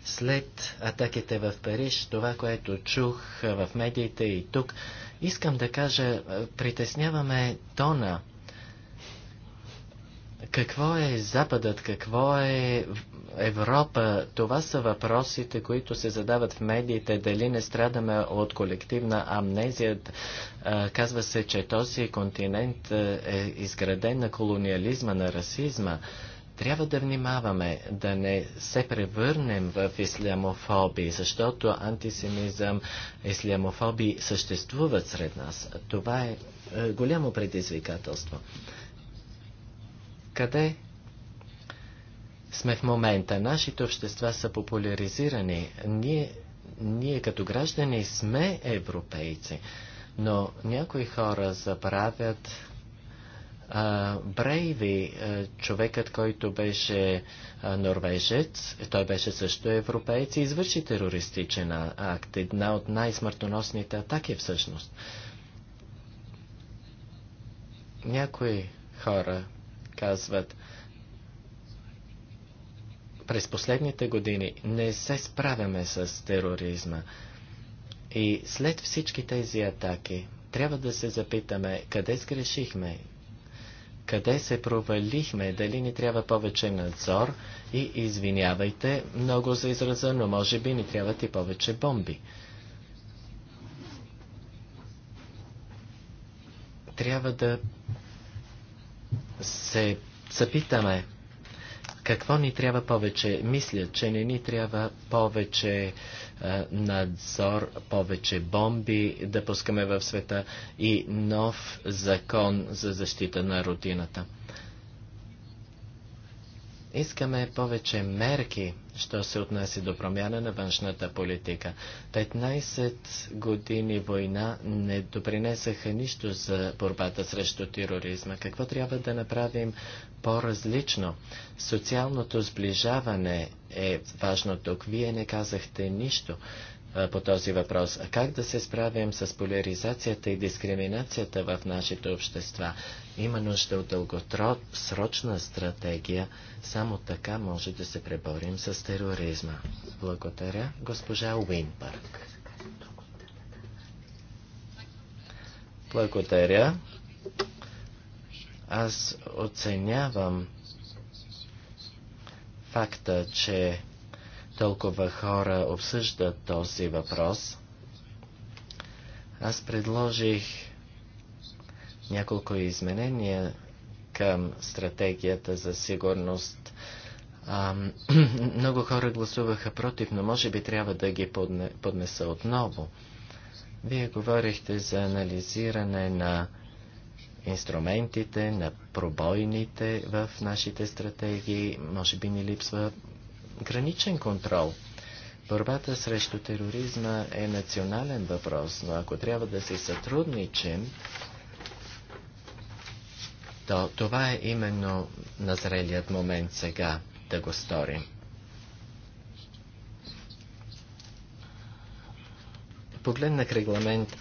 след атаките в Париж, това, което чух в медиите и тук, искам да кажа, притесняваме тона. Какво е Западът, какво е Европа, това са въпросите, които се задават в медиите. Дали не страдаме от колективна амнезия? Казва се, че този континент е изграден на колониализма, на расизма. Трябва да внимаваме да не се превърнем в ислямофоби, защото антисемизъм, ислямофоби съществуват сред нас. Това е, е голямо предизвикателство. Къде сме в момента. Нашите общества са популяризирани. Ние, ние като граждани сме европейци, но някои хора забравят а, Брейви, а, човекът, който беше а, норвежец, той беше също европеец и извърши терористичен акт. Една от най-смъртоносните атаки е всъщност. Някои хора казват, през последните години не се справяме с тероризма. И след всички тези атаки, трябва да се запитаме къде сгрешихме, къде се провалихме, дали ни трябва повече надзор и извинявайте много за израза, но може би ни трябват и повече бомби. Трябва да се запитаме какво ни трябва повече? Мисля, че не ни трябва повече е, надзор, повече бомби да пускаме в света и нов закон за защита на родината. Искаме повече мерки, що се отнася до промяна на външната политика. 15 години война не допринесаха нищо за борбата срещу тероризма. Какво трябва да направим по-различно? Социалното сближаване е важно тук. Вие не казахте нищо по този въпрос. Как да се справим с поляризацията и дискриминацията в нашите общества? Има нужда от дългосрочна стратегия. Само така може да се преборим с тероризма. Благодаря, госпожа Уинбърг. Благодаря. Аз оценявам факта, че толкова хора обсъждат този въпрос. Аз предложих няколко изменения към стратегията за сигурност. А, много хора гласуваха против, но може би трябва да ги подне, поднеса отново. Вие говорихте за анализиране на инструментите, на пробойните в нашите стратегии. Може би ни липсва граничен контрол. Борбата срещу тероризма е национален въпрос, но ако трябва да се сътрудничим, то това е именно назрелият момент сега да го сторим. Погледнах регламент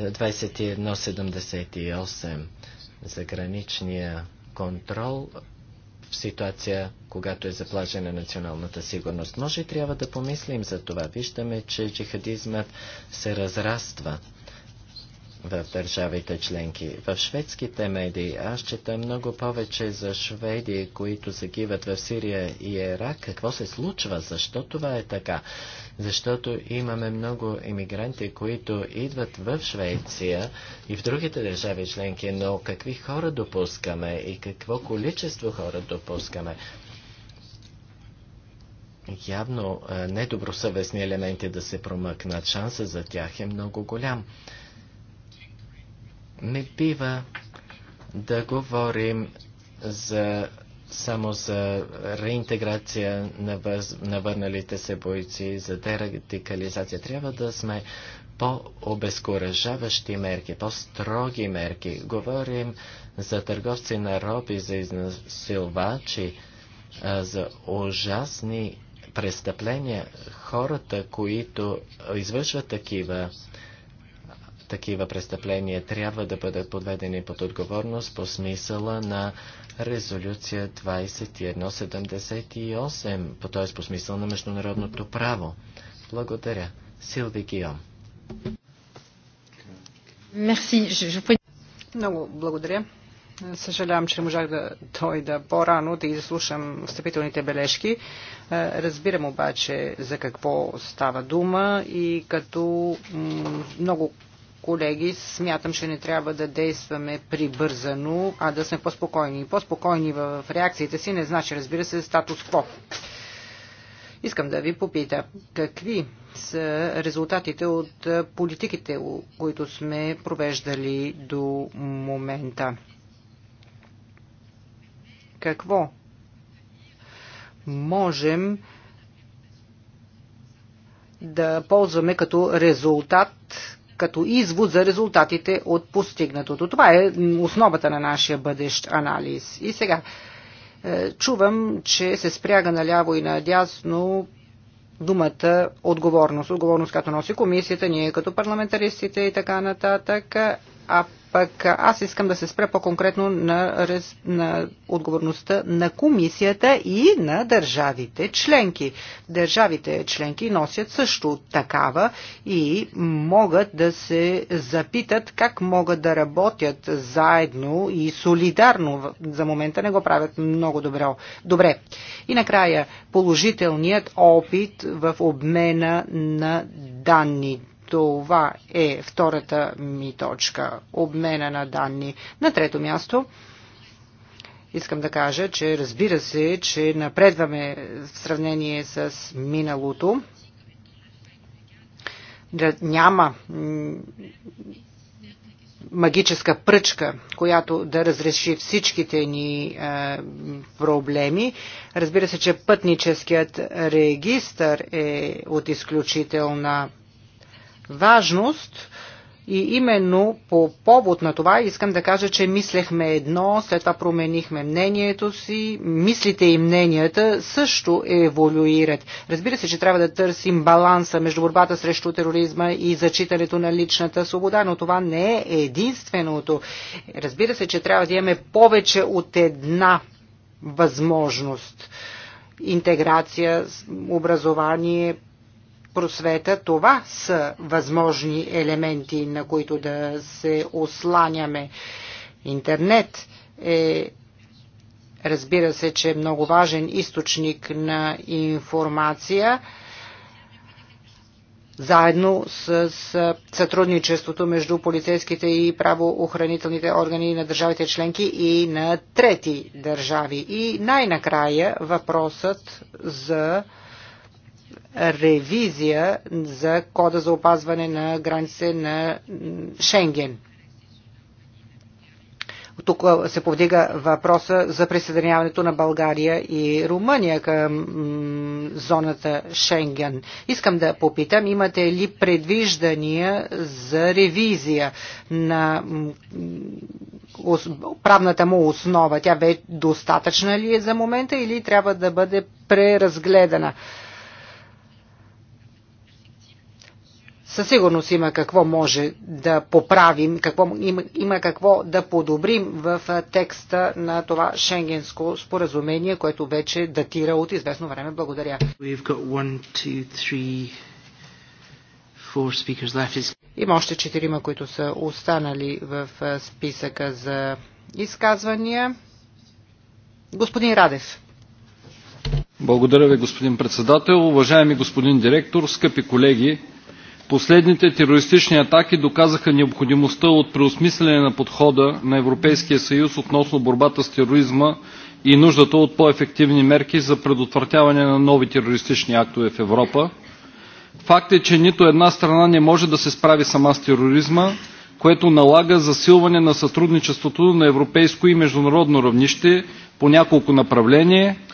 2178 е, за граничния контрол в ситуация, когато е заплажена националната сигурност. Може и трябва да помислим за това. Виждаме, че джихадизмът се разраства в държавите членки. В шведските медии аз чета много повече за шведи, които загиват в Сирия и Ирак. Какво се случва? Защо това е така? Защото имаме много иммигранти, които идват в Швеция и в другите държави членки, но какви хора допускаме и какво количество хора допускаме? Явно е, недобросъвестни елементи да се промъкнат. Шанса за тях е много голям. Не бива да говорим за, само за реинтеграция на, въз, на върналите се бойци, за дерадикализация. Трябва да сме по-обезкуражаващи мерки, по-строги мерки. Говорим за търговци на роби, за изнасилвачи, за ужасни престъпления. Хората, които извършват такива такива престъпления трябва да бъдат подведени под отговорност по смисъла на резолюция 2178, т.е. по смисъл на международното право. Благодаря. Силви Гиом. Много благодаря. Съжалявам, че не можах да дойда по-рано да изслушам встъпителните бележки. Е, разбирам обаче за какво става дума и като много колеги, смятам, че не трябва да действаме прибързано, а да сме по-спокойни. По-спокойни в реакциите си не значи, разбира се, статус-кво. Искам да ви попита, какви са резултатите от политиките, които сме провеждали до момента? Какво можем да ползваме като резултат като извод за резултатите от постигнатото. Това е основата на нашия бъдещ анализ. И сега, е, чувам, че се спряга наляво и надясно думата отговорност. Отговорност, като носи комисията, ние като парламентаристите и така нататък. А пък аз искам да се спра по-конкретно на, на отговорността на комисията и на държавите членки. Държавите членки носят също такава и могат да се запитат как могат да работят заедно и солидарно. За момента не го правят много добро. добре. И накрая положителният опит в обмена на данни. Това е втората ми точка – обмена на данни. На трето място искам да кажа, че разбира се, че напредваме в сравнение с миналото. Да, няма магическа пръчка, която да разреши всичките ни е, проблеми. Разбира се, че пътническият регистр е от изключителна важност и именно по повод на това искам да кажа, че мислехме едно, след това променихме мнението си, мислите и мненията също еволюират. Разбира се, че трябва да търсим баланса между борбата срещу тероризма и зачитането на личната свобода, но това не е единственото. Разбира се, че трябва да имаме повече от една възможност. Интеграция, образование, просвета. Това са възможни елементи, на които да се осланяме. Интернет е разбира се, че е много важен източник на информация заедно с сътрудничеството между полицейските и правоохранителните органи на държавите членки и на трети държави. И най-накрая въпросът за ревизия за кода за опазване на границите на Шенген. Тук се повдига въпроса за присъединяването на България и Румъния към зоната Шенген. Искам да попитам, имате ли предвиждания за ревизия на правната му основа? Тя бе достатъчна ли е за момента или трябва да бъде преразгледана? Със сигурност има какво може да поправим, какво, има, има какво да подобрим в текста на това шенгенско споразумение, което вече датира от известно време. Благодаря. има още четирима, които са останали в списъка за изказвания. Господин Радев. Благодаря ви, господин председател. Уважаеми господин директор, скъпи колеги, Последните терористични атаки доказаха необходимостта от преосмислене на подхода на Европейския съюз относно борбата с тероризма и нуждата от по-ефективни мерки за предотвратяване на нови терористични актове в Европа. Факт е, че нито една страна не може да се справи сама с тероризма, което налага засилване на сътрудничеството на европейско и международно равнище по няколко направления –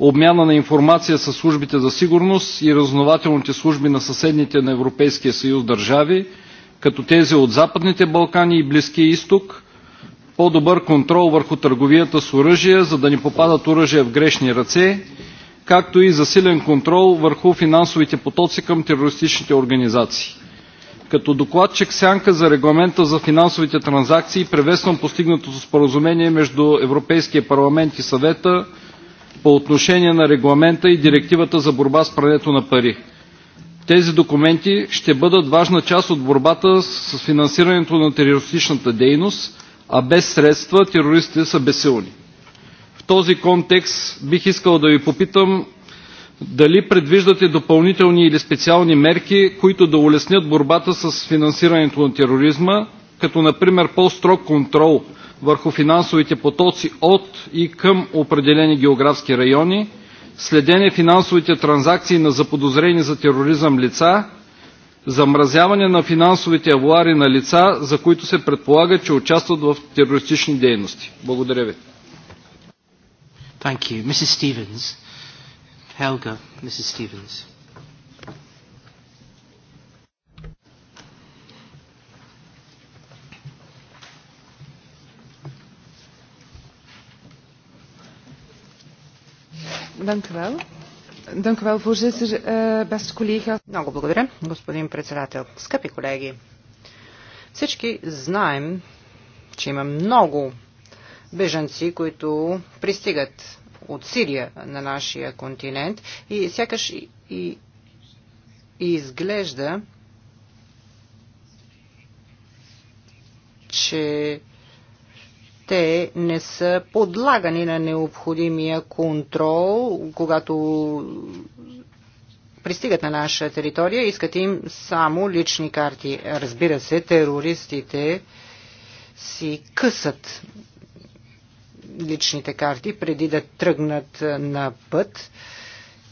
обмяна на информация със службите за сигурност и разнователните служби на съседните на Европейския съюз държави, като тези от Западните Балкани и Близкия изток, по-добър контрол върху търговията с оръжия, за да не попадат оръжия в грешни ръце, както и засилен контрол върху финансовите потоци към терористичните организации. Като докладчик сянка за регламента за финансовите транзакции превествам постигнатото споразумение между Европейския парламент и съвета по отношение на регламента и директивата за борба с прането на пари. Тези документи ще бъдат важна част от борбата с финансирането на терористичната дейност, а без средства терористите са безсилни. В този контекст бих искал да ви попитам дали предвиждате допълнителни или специални мерки, които да улеснят борбата с финансирането на тероризма, като например по-строг контрол върху финансовите потоци от и към определени географски райони, следене финансовите транзакции на заподозрени за тероризъм лица, замразяване на финансовите авуари на лица, за които се предполага, че участват в терористични дейности. Благодаря ви. Thank you. Mrs. Stevens. Helga, Mrs. Stevens. Dank u wel. Dank u wel, voorzitter. Uh, beste Много благодаря, господин председател. Скъпи колеги, всички знаем, че има много бежанци, които пристигат от Сирия на нашия континент и сякаш и, и изглежда, че те не са подлагани на необходимия контрол, когато пристигат на наша територия, искат им само лични карти. Разбира се, терористите си късат личните карти преди да тръгнат на път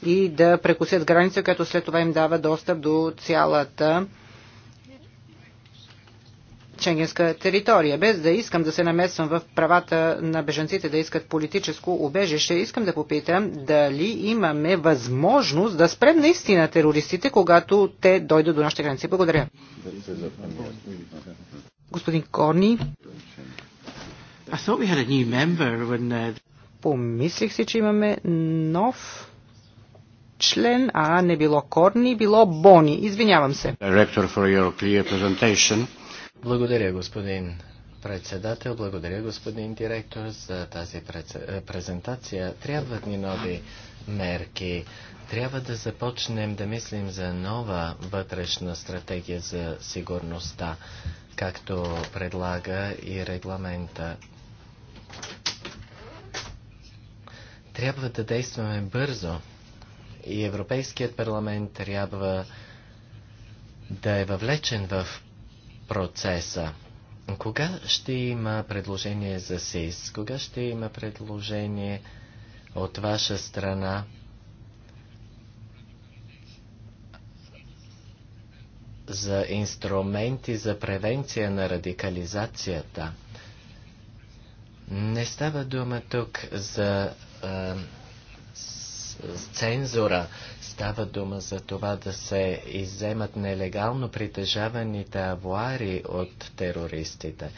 и да прекусят граница, която след това им дава достъп до цялата шенгенска територия. Без да искам да се намесвам в правата на беженците да искат политическо убежище, искам да попитам дали имаме възможност да спрем наистина терористите, когато те дойдат до нашите граници. Благодаря. Господин Корни. Uh, Помислих си, че имаме нов член, а не било Корни, било Бони. Извинявам се. Благодаря, господин председател, благодаря, господин директор, за тази е, презентация. Трябват ни нови мерки. Трябва да започнем да мислим за нова вътрешна стратегия за сигурността, както предлага и регламента. Трябва да действаме бързо и Европейският парламент трябва да е въвлечен в процеса. Кога ще има предложение за СИС? Кога ще има предложение от ваша страна за инструменти за превенция на радикализацията? Не става дума тук за а, с, с цензура. Става дума за това да се изземат нелегално притежаваните авуари от терористите.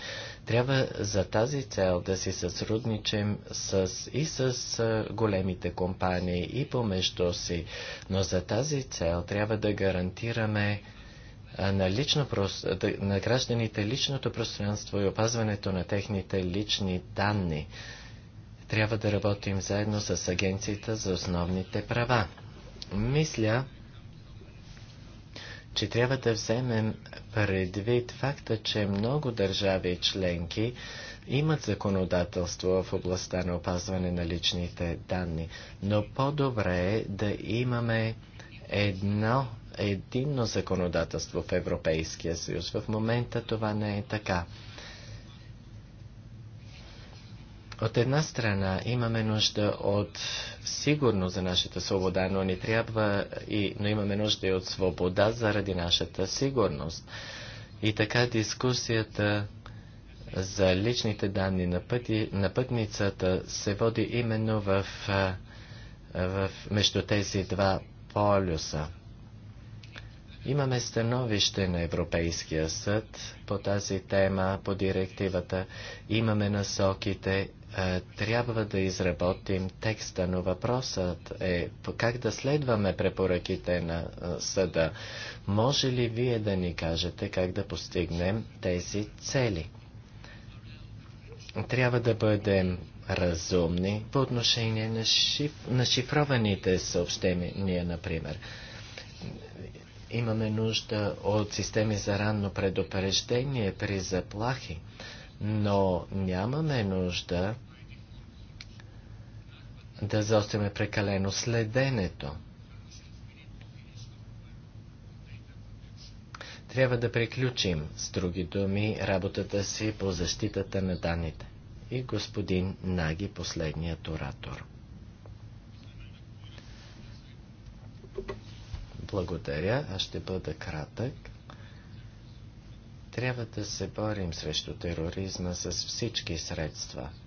Трябва за тази цел да си сътрудничим с, и с големите компании и помежду си, но за тази цел трябва да гарантираме на, лично, на гражданите личното пространство и опазването на техните лични данни. Трябва да работим заедно с Агенцията за основните права. Мисля, че трябва да вземем предвид факта, че много държави членки имат законодателство в областта на опазване на личните данни, но по-добре е да имаме едно единно законодателство в Европейския съюз. В момента това не е така. От една страна имаме нужда от сигурност за нашата свобода, но ни трябва и, но имаме нужда и от свобода заради нашата сигурност. И така дискусията за личните данни на, пъти, на пътницата се води именно в, в, между тези два полюса. Имаме становище на Европейския съд по тази тема, по директивата, имаме насоките е, трябва да изработим текста, но въпросът е как да следваме препоръките на е, съда. Може ли вие да ни кажете как да постигнем тези цели? Трябва да бъдем разумни по отношение на, шиф... на шифрованите съобщения, например. Имаме нужда от системи за ранно предупреждение при заплахи но нямаме нужда да заостряме прекалено следенето. Трябва да приключим, с други думи, работата си по защитата на данните. И господин Наги, последният оратор. Благодаря, аз ще бъда кратък. Трябва да се борим срещу тероризма с всички средства –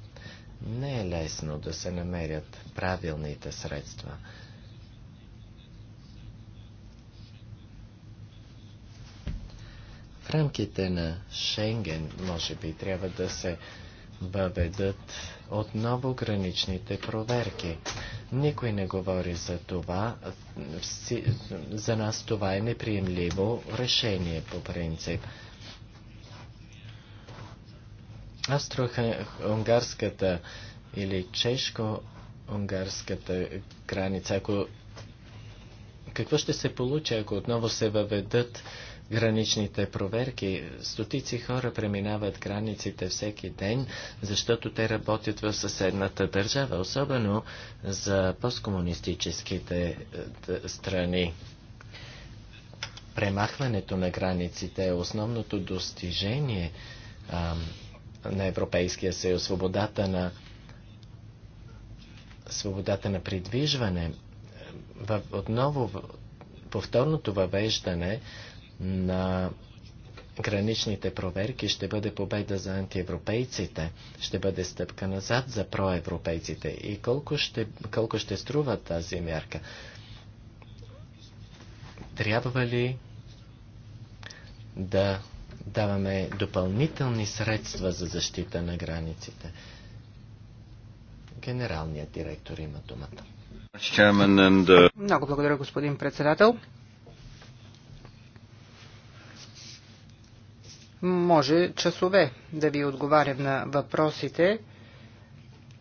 не е лесно да се намерят правилните средства. В рамките на Шенген, може би, трябва да се въведат отново граничните проверки. Никой не говори за това. За нас това е неприемливо решение по принцип. Австро-унгарската или чешко-унгарската граница, ако какво ще се получи, ако отново се въведат граничните проверки? Стотици хора преминават границите всеки ден, защото те работят в съседната държава, особено за посткомунистическите е, страни. Премахването на границите е основното достижение на Европейския съюз, свободата на, свободата на придвижване, отново повторното въвеждане на граничните проверки ще бъде победа за антиевропейците, ще бъде стъпка назад за проевропейците. И колко ще, колко ще струва тази мярка? Трябва ли да даваме допълнителни средства за защита на границите. Генералният директор има думата. Uh, Много благодаря, господин председател. Може часове да ви отговарям на въпросите,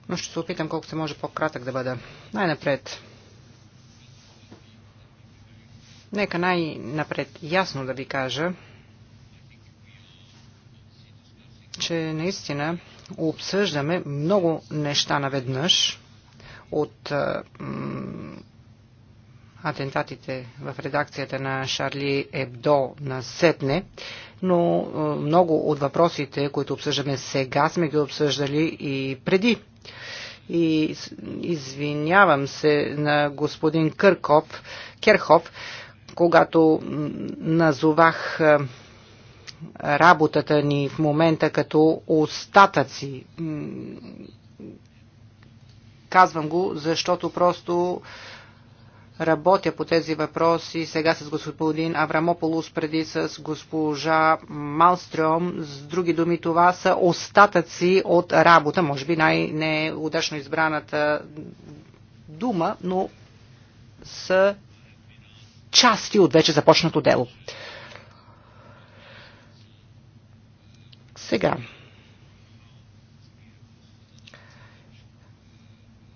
но ще се опитам колко се може по-кратък да бъда. Най-напред. Нека най-напред ясно да ви кажа, че наистина обсъждаме много неща наведнъж от атентатите в редакцията на Шарли Ебдо на Сетне, но много от въпросите, които обсъждаме сега, сме ги обсъждали и преди. И извинявам се на господин Къркоп, Керхоп, когато назовах работата ни в момента като остатъци. Казвам го, защото просто работя по тези въпроси сега с господин Аврамополус, преди с госпожа Малстрем. С други думи, това са остатъци от работа, може би най-неудачно избраната дума, но са части от вече започнато дело. Сега.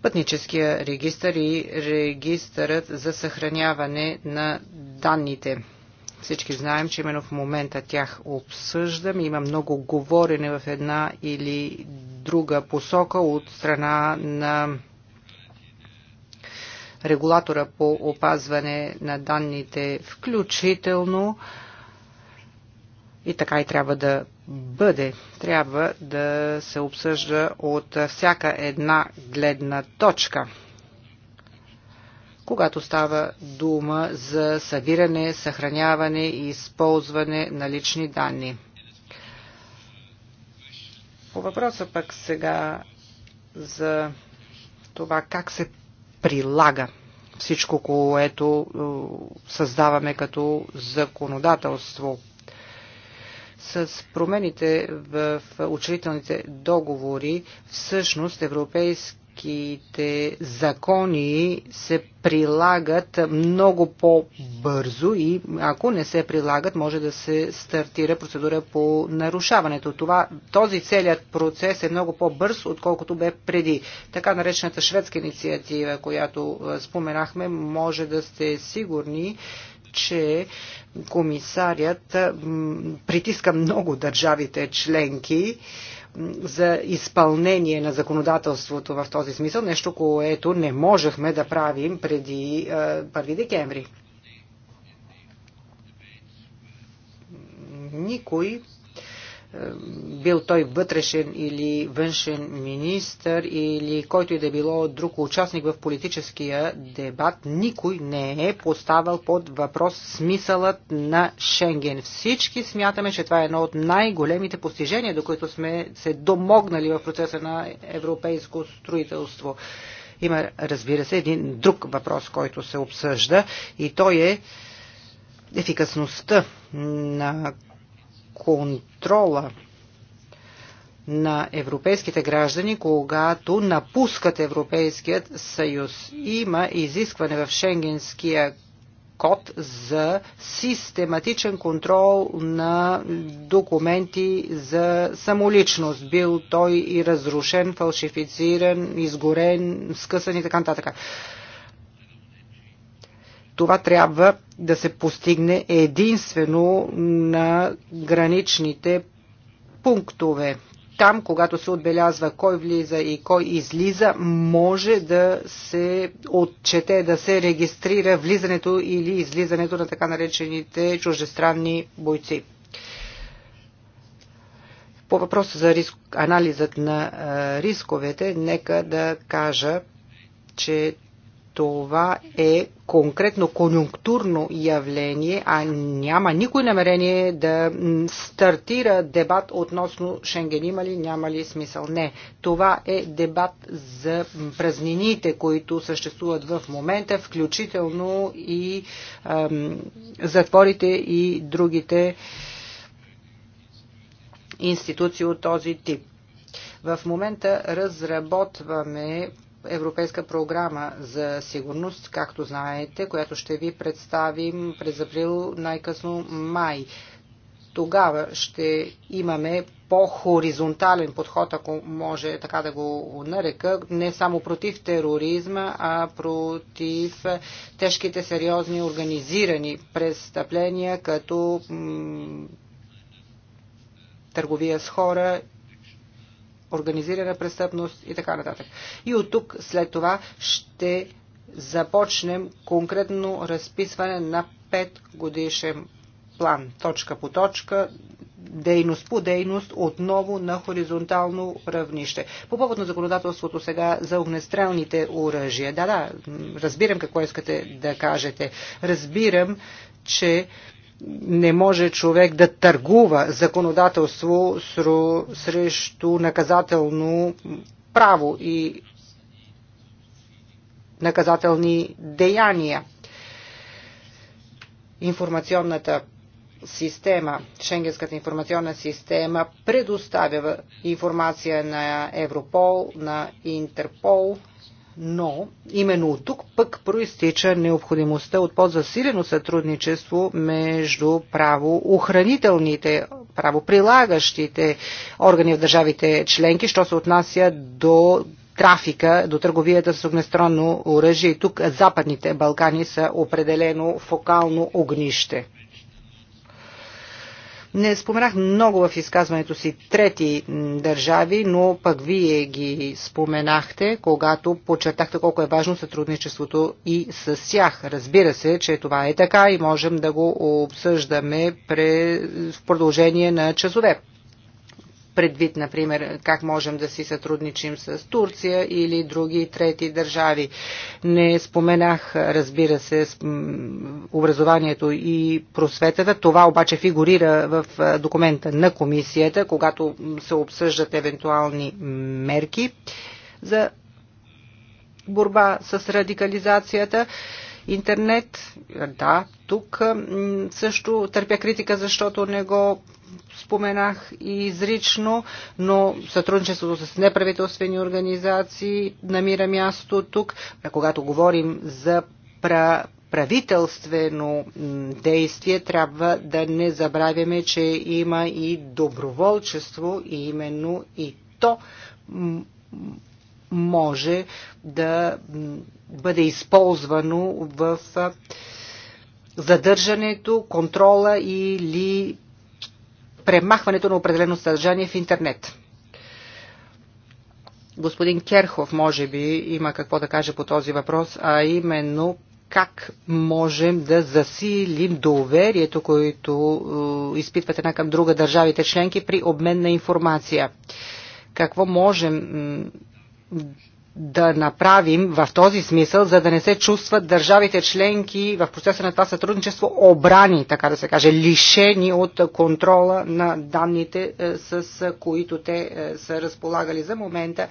Пътническия регистър и регистърът за съхраняване на данните. Всички знаем, че именно в момента тях обсъждам. Има много говорене в една или друга посока от страна на регулатора по опазване на данните, включително и така и трябва да бъде. Трябва да се обсъжда от всяка една гледна точка когато става дума за събиране, съхраняване и използване на лични данни. По въпроса пък сега за това как се прилага всичко, което е, създаваме като законодателство с промените в учредителните договори всъщност европейските закони се прилагат много по-бързо и ако не се прилагат, може да се стартира процедура по нарушаването. Това, този целият процес е много по-бърз, отколкото бе преди. Така наречената шведска инициатива, която споменахме, може да сте сигурни, че комисарят притиска много държавите членки за изпълнение на законодателството в този смисъл, нещо, което не можехме да правим преди 1 е, декември. Никой е, бил той вътрешен или външен министр или който и да е било друг участник в политическия дебат, никой не е поставил под въпрос смисълът на Шенген. Всички смятаме, че това е едно от най-големите постижения, до които сме се домогнали в процеса на европейско строителство. Има, разбира се, един друг въпрос, който се обсъжда и той е ефикасността на контрола на европейските граждани, когато напускат Европейският съюз. Има изискване в Шенгенския код за систематичен контрол на документи за самоличност. Бил той и разрушен, фалшифициран, изгорен, скъсан и така нататък това трябва да се постигне единствено на граничните пунктове. Там, когато се отбелязва кой влиза и кой излиза, може да се отчете, да се регистрира влизането или излизането на така наречените чуждестранни бойци. По въпроса за риск, анализът на рисковете, нека да кажа, че това е конкретно конюнктурно явление, а няма никой намерение да стартира дебат относно Шенген. Има ли, няма ли смисъл? Не. Това е дебат за празнините, които съществуват в момента, включително и ам, затворите и другите институции от този тип. В момента разработваме европейска програма за сигурност, както знаете, която ще ви представим през април, най-късно май. Тогава ще имаме по-хоризонтален подход, ако може така да го нарека, не само против тероризма, а против тежките, сериозни, организирани престъпления, като търговия с хора организирана престъпност и така нататък. И от тук след това ще започнем конкретно разписване на 5 годишен план, точка по точка, дейност по дейност, отново на хоризонтално равнище. По повод на законодателството сега за огнестрелните оръжия. Да, да, разбирам какво искате да кажете. Разбирам, че не може човек да търгува законодателство срещу наказателно право и наказателни деяния. Информационната система, Шенгенската информационна система предоставя информация на Европол, на Интерпол, но именно от тук пък проистича необходимостта от по-засилено сътрудничество между правоохранителните, правоприлагащите органи в държавите членки, що се отнася до трафика, до търговията с огнестронно оръжие. И тук Западните Балкани са определено фокално огнище. Не споменах много в изказването си трети държави, но пък вие ги споменахте, когато подчертахте колко е важно сътрудничеството и с тях. Разбира се, че това е така и можем да го обсъждаме в продължение на часове предвид, например, как можем да си сътрудничим с Турция или други трети държави. Не споменах, разбира се, образованието и просветата. Това обаче фигурира в документа на комисията, когато се обсъждат евентуални мерки за борба с радикализацията интернет. Да, тук също търпя критика, защото не го споменах и изрично, но сътрудничеството с неправителствени организации намира място тук. Когато говорим за правителствено действие, трябва да не забравяме, че има и доброволчество и именно и то може да бъде използвано в задържането, контрола или премахването на определено съдържание в интернет. Господин Керхов, може би, има какво да каже по този въпрос, а именно как можем да засилим доверието, което е, изпитват една към друга държавите членки при обмен на информация. Какво можем да направим в този смисъл, за да не се чувстват държавите членки в процеса на това сътрудничество обрани, така да се каже, лишени от контрола на данните, е, с които те е, са разполагали за момента.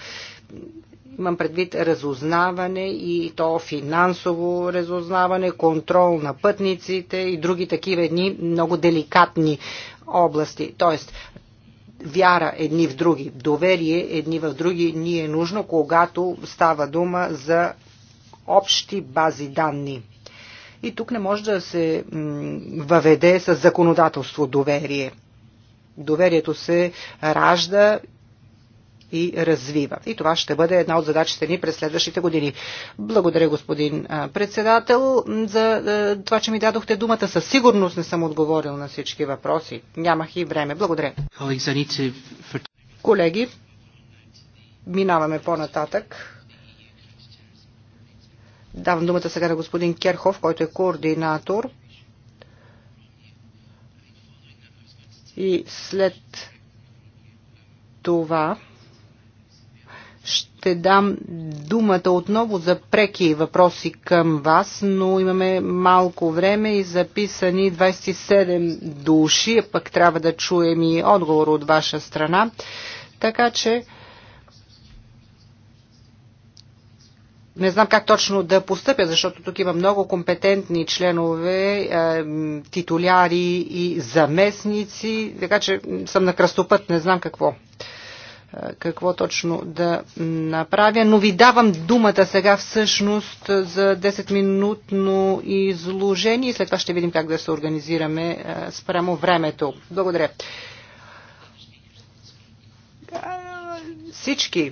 Имам предвид разузнаване и то финансово разузнаване, контрол на пътниците и други такива едни много деликатни области. Тоест, вяра едни в други, доверие едни в други ни е нужно, когато става дума за общи бази данни. И тук не може да се въведе с законодателство доверие. Доверието се ражда и развива. И това ще бъде една от задачите ни през следващите години. Благодаря, господин председател, за това, че ми дадохте думата. Със сигурност не съм отговорил на всички въпроси. Нямах и време. Благодаря. Колеги, минаваме по-нататък. Давам думата сега на господин Керхов, който е координатор. И след това ще дам думата отново за преки въпроси към вас, но имаме малко време и записани 27 души, пък трябва да чуем и отговор от ваша страна. Така че не знам как точно да постъпя, защото тук има много компетентни членове, е, титуляри и заместници, така че съм на кръстопът, не знам какво. Е, какво точно да направя, но ви давам думата сега всъщност за 10-минутно изложение и след това ще видим как да се организираме е, спрямо времето. Благодаря. Всички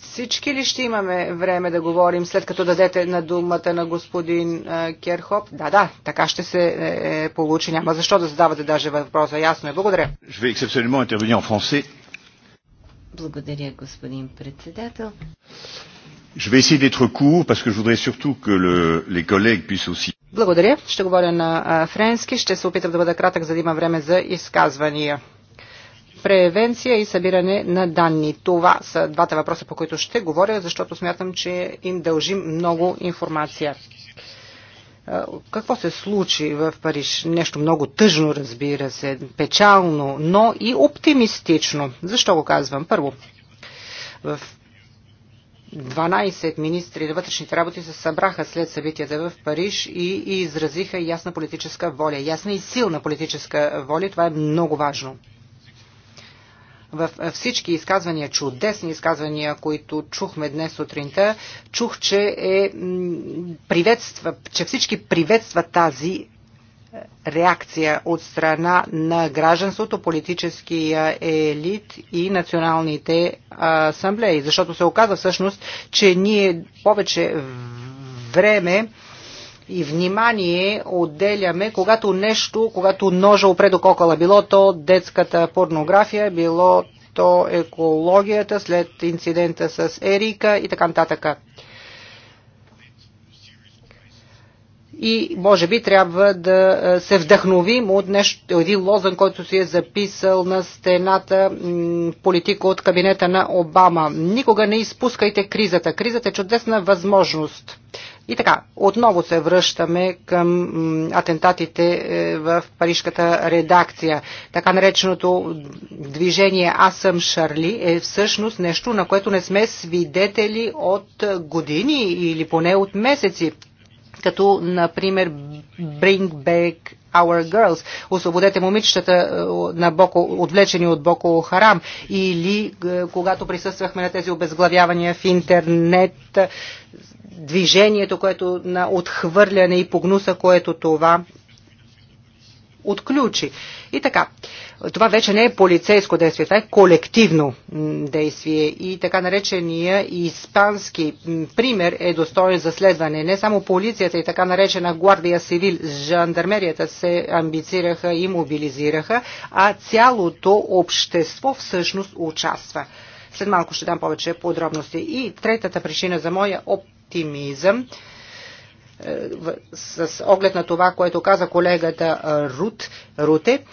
всички ли ще имаме време да говорим, след като дадете на думата на господин е, Керхоп? Да, да, така ще се е, получи. Няма защо да задавате даже въпроса. Ясно е. Благодаря. Благодаря, господин председател. Je vais essayer d'être court parce que je voudrais surtout que le, les collègues puissent aussi. Благодаря. Ще говоря на френски. Ще се опитам да бъда кратък, за да има време за изказвания. Превенция и събиране на данни. Това са двата въпроса, по които ще говоря, защото смятам, че им дължим много информация. Какво се случи в Париж? Нещо много тъжно, разбира се, печално, но и оптимистично. Защо го казвам? Първо, в 12 министри на вътрешните работи се събраха след събитията в Париж и, и изразиха ясна политическа воля. Ясна и силна политическа воля. Това е много важно в всички изказвания, чудесни изказвания, които чухме днес сутринта, чух, че, е, приветства, че всички приветстват тази е, реакция от страна на гражданството, политическия елит и националните асамблеи. Защото се оказа всъщност, че ние повече време и внимание отделяме, когато нещо, когато ножа опре до кокала, било то детската порнография, било то екологията след инцидента с Ерика и така нататък. И може би трябва да се вдъхновим от нещо, един лозен, който си е записал на стената политика от кабинета на Обама. Никога не изпускайте кризата. Кризата е чудесна възможност. И така, отново се връщаме към атентатите е, в парижката редакция. Така нареченото движение Аз съм Шарли е всъщност нещо, на което не сме свидетели от години или поне от месеци. Като, например, Bring Back Our Girls, освободете момичетата е, на Боко, отвлечени от Боко Харам, или е, когато присъствахме на тези обезглавявания в интернет, движението, което на отхвърляне и погнуса, което това отключи. И така, това вече не е полицейско действие, това е колективно действие и така наречения испански пример е достоен за следване. Не само полицията и така наречена гвардия сивил, жандармерията се амбицираха и мобилизираха, а цялото общество всъщност участва. След малко ще дам повече подробности. И третата причина за моя оптимизъм е, с оглед на това, което каза колегата е, Рут, Руте,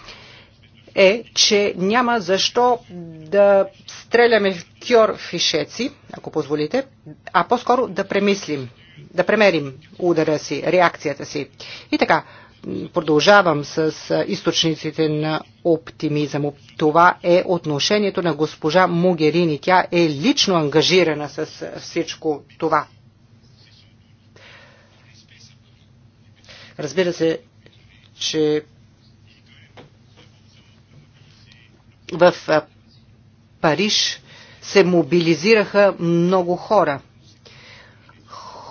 е, че няма защо да стреляме в кьор фишеци, ако позволите, а по-скоро да премислим, да премерим удара си, реакцията си. И така, продължавам с е, източниците на оптимизъм. Това е отношението на госпожа Мугерини. Тя е лично ангажирана с всичко това. Разбира се, че в Париж се мобилизираха много хора –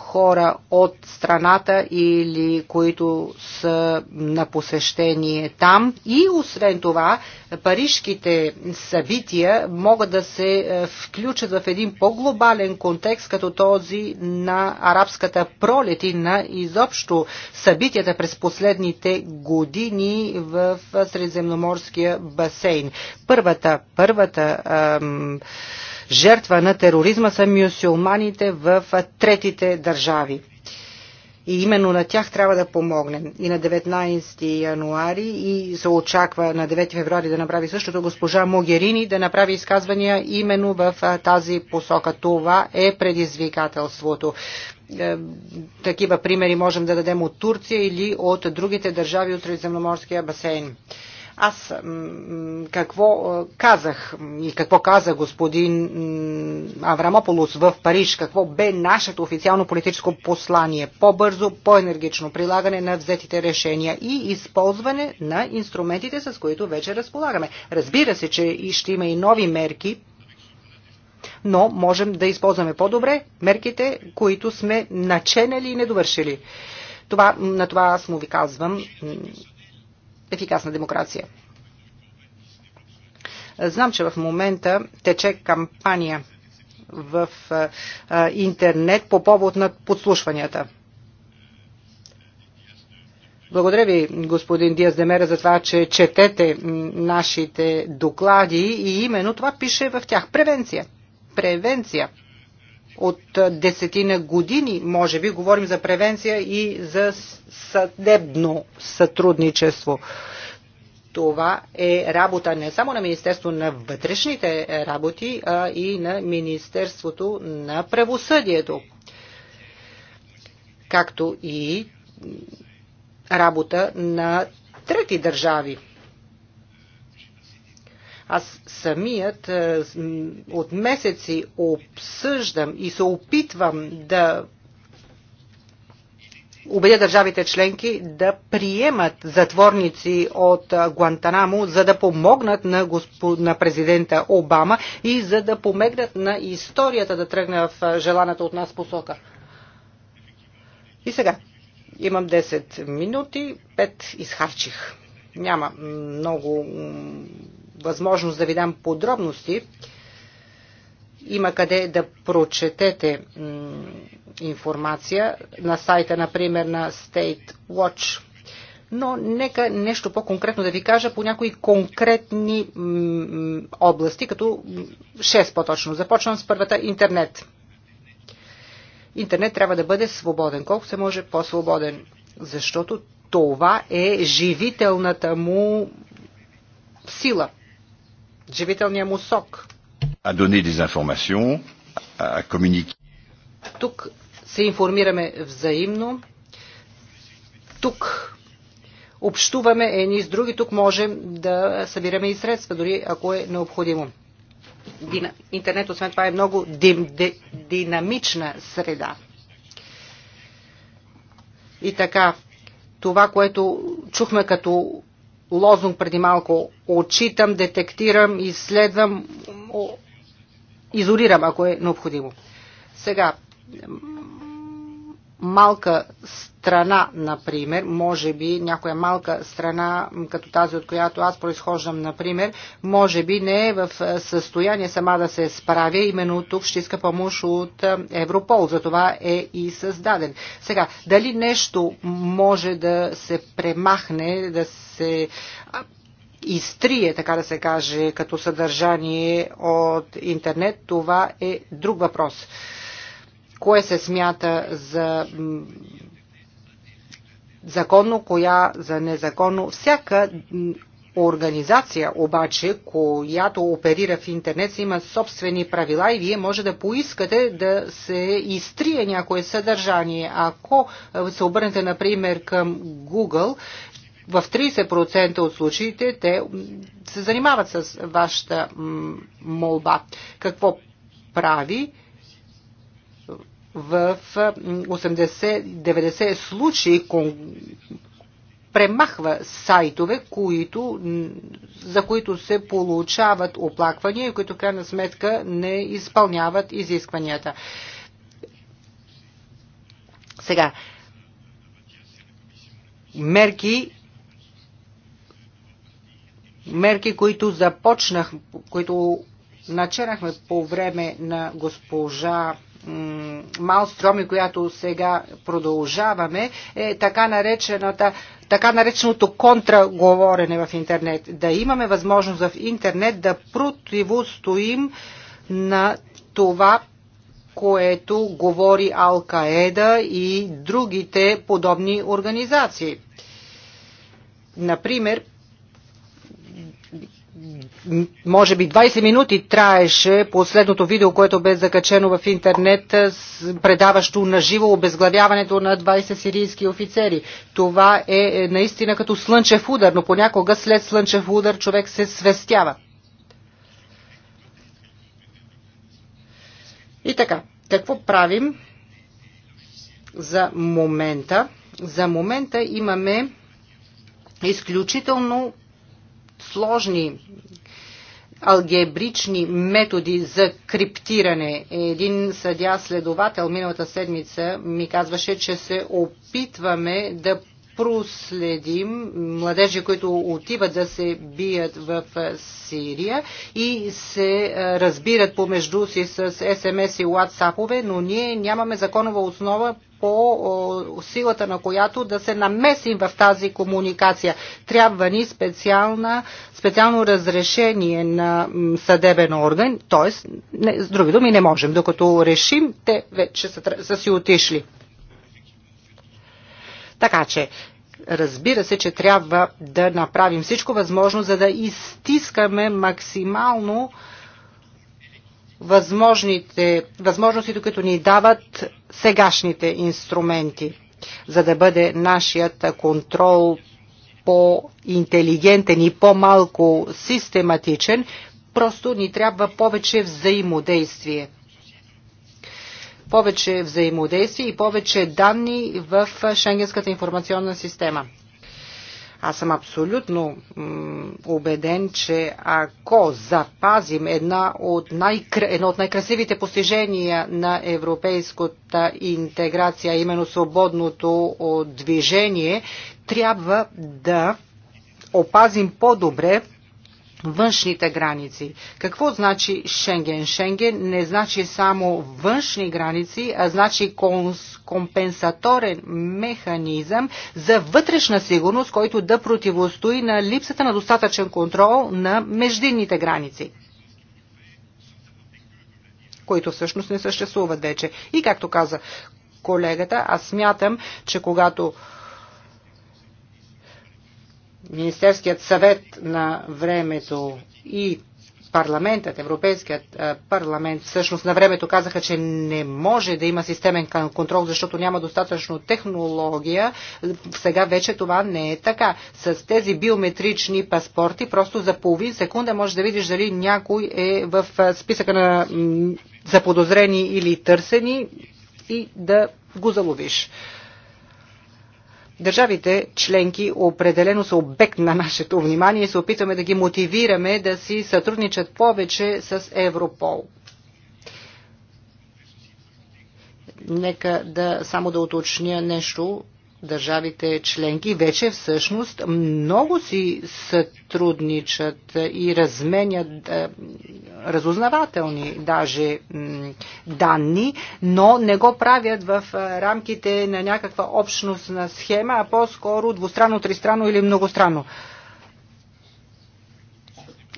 хора от страната или които са на посещение там. И освен това, парижките събития могат да се е, включат в един по-глобален контекст, като този на арабската пролет и на изобщо събитията през последните години в Средиземноморския басейн. Първата, първата ам, жертва на тероризма са мюсюлманите в третите държави. И именно на тях трябва да помогнем. И на 19 януари и се очаква на 9 февруари да направи същото госпожа Могерини да направи изказвания именно в тази посока. Това е предизвикателството. Е, такива примери можем да дадем от Турция или от другите държави от Средиземноморския басейн. Аз какво казах и какво каза господин Аврамополос в Париж, какво бе нашето официално политическо послание? По-бързо, по-енергично прилагане на взетите решения и използване на инструментите, с които вече разполагаме. Разбира се, че ще има и нови мерки, но можем да използваме по-добре мерките, които сме наченали и недовършили. Това, на това аз му ви казвам ефикасна демокрация. Знам, че в момента тече кампания в интернет по повод на подслушванията. Благодаря ви, господин Диас Демера, за това, че четете нашите доклади и именно това пише в тях. Превенция. Превенция от десетина години, може би, говорим за превенция и за съдебно сътрудничество. Това е работа не само на Министерство на вътрешните работи, а и на Министерството на правосъдието, както и работа на трети държави аз самият е, от месеци обсъждам и се опитвам да убедя държавите членки да приемат затворници от е, Гуантанамо, за да помогнат на, госпо... на президента Обама и за да помегнат на историята да тръгне в е, желаната от нас посока. И сега, имам 10 минути, 5 изхарчих. Няма много възможност да ви дам подробности. Има къде да прочетете информация на сайта, например, на State Watch. Но нека нещо по-конкретно да ви кажа по някои конкретни области, като 6 по-точно. Започвам с първата интернет. Интернет трябва да бъде свободен, колко се може по-свободен, защото това е живителната му сила живителния му сок. А а Тук се информираме взаимно. Тук общуваме едни с други, тук можем да събираме и средства, дори ако е необходимо. Интернет, освен това, е много динамична среда. И така, това, което чухме като лозунг преди малко. Отчитам, детектирам, изследвам, изолирам, ако е необходимо. Сега, малка страна, например, може би някоя малка страна, като тази, от която аз произхождам, например, може би не е в състояние сама да се справя. Именно тук ще иска помощ от Европол. За това е и създаден. Сега, дали нещо може да се премахне, да се изтрие, така да се каже, като съдържание от интернет, това е друг въпрос кое се смята за законно, коя за незаконно. Всяка организация обаче, която оперира в интернет, има собствени правила и вие може да поискате да се изтрие някое съдържание. Ако се обърнете, например, към Google, в 30% от случаите те се занимават с вашата молба. Какво прави? в 80-90 случаи премахва сайтове, които, за които се получават оплаквания и които в крайна сметка не изпълняват изискванията. Сега, мерки мерки, които започнах, които начерахме по време на госпожа Малстроми, която сега продължаваме, е така наречената така нареченото контраговорене в интернет. Да имаме възможност в интернет да противостоим на това, което говори Алкаеда и другите подобни организации. Например, може би 20 минути траеше последното видео, което бе закачено в интернет, предаващо на живо обезглавяването на 20 сирийски офицери. Това е, е наистина като слънчев удар, но понякога след слънчев удар човек се свестява. И така, какво правим за момента? За момента имаме изключително сложни алгебрични методи за криптиране. Един съдя-следовател миналата седмица ми казваше, че се опитваме да проследим младежи, които отиват да се бият в Сирия и се разбират помежду си с СМС и WhatsApp-ове, но ние нямаме законова основа по силата на която да се намесим в тази комуникация. Трябва ни специална, специално разрешение на съдебен орган, т.е. с други думи не можем, докато решим, те вече са, са си отишли. Така че, разбира се, че трябва да направим всичко възможно, за да изтискаме максимално възможните, възможностите, които ни дават сегашните инструменти, за да бъде нашият контрол по-интелигентен и по-малко систематичен, просто ни трябва повече взаимодействие повече взаимодействие и повече данни в Шенгенската информационна система. Аз съм абсолютно убеден, че ако запазим една от най- едно от най-красивите постижения на европейската интеграция, именно свободното движение, трябва да опазим по-добре външните граници. Какво значи Шенген? Шенген не значи само външни граници, а значи компенсаторен механизъм за вътрешна сигурност, който да противостои на липсата на достатъчен контрол на междинните граници които всъщност не съществуват вече. И както каза колегата, аз смятам, че когато Министерският съвет на времето и парламентът, Европейският парламент, всъщност на времето казаха, че не може да има системен контрол, защото няма достатъчно технология. Сега вече това не е така. С тези биометрични паспорти просто за половин секунда можеш да видиш дали някой е в списъка на заподозрени или търсени и да го заловиш. Държавите членки определено са обект на нашето внимание и се опитваме да ги мотивираме да си сътрудничат повече с Европол. Нека да само да уточня нещо, държавите членки вече всъщност много си сътрудничат и разменят е, разузнавателни даже данни, но не го правят в е, рамките на някаква общностна схема, а по-скоро двустранно, тристранно или многостранно.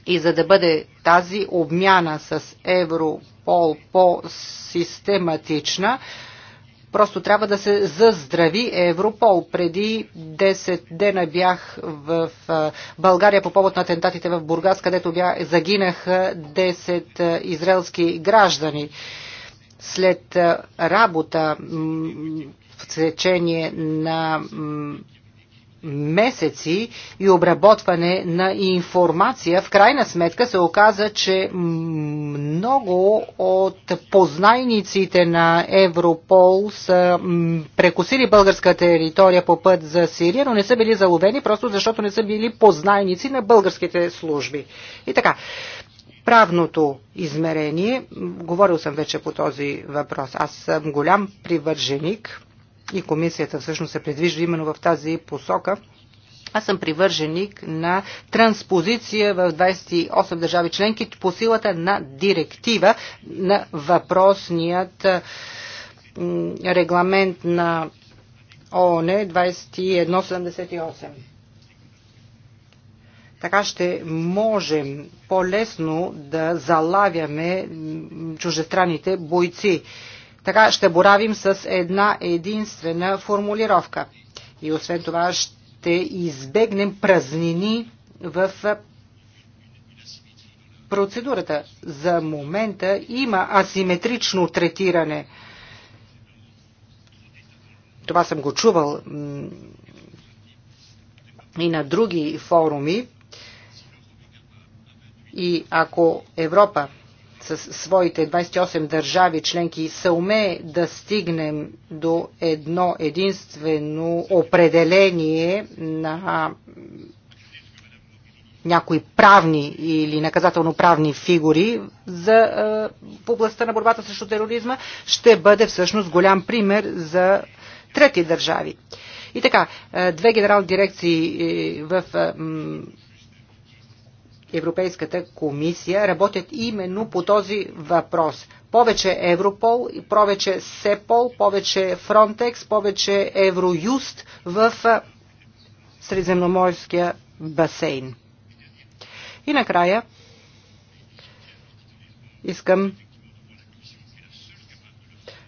И за да бъде тази обмяна с Европол по-систематична, по Просто трябва да се заздрави Европол. Преди 10 дена бях в България по повод на атентатите в Бургас, където бях, загинаха 10 израелски граждани. След работа в течение на месеци и обработване на информация, в крайна сметка се оказа, че много от познайниците на Европол са прекусили българска територия по път за Сирия, но не са били заловени, просто защото не са били познайници на българските служби. И така, правното измерение, говорил съм вече по този въпрос, аз съм голям привърженик и комисията всъщност се предвижда именно в тази посока. Аз съм привърженик на транспозиция в 28 държави членки по силата на директива на въпросният регламент на ООН 2178. Така ще можем по-лесно да залавяме чужестранните бойци. Така ще боравим с една единствена формулировка. И освен това ще избегнем празнини в процедурата. За момента има асиметрично третиране. Това съм го чувал и на други форуми. И ако Европа с своите 28 държави членки се умее да стигнем до едно единствено определение на някои правни или наказателно-правни фигури за, в областта на борбата срещу тероризма, ще бъде всъщност голям пример за трети държави. И така, две генерални дирекции е, в Европейската комисия работят именно по този въпрос. Повече Европол, повече СЕПОЛ, повече Фронтекс, повече Евроюст в Средиземноморския басейн. И накрая искам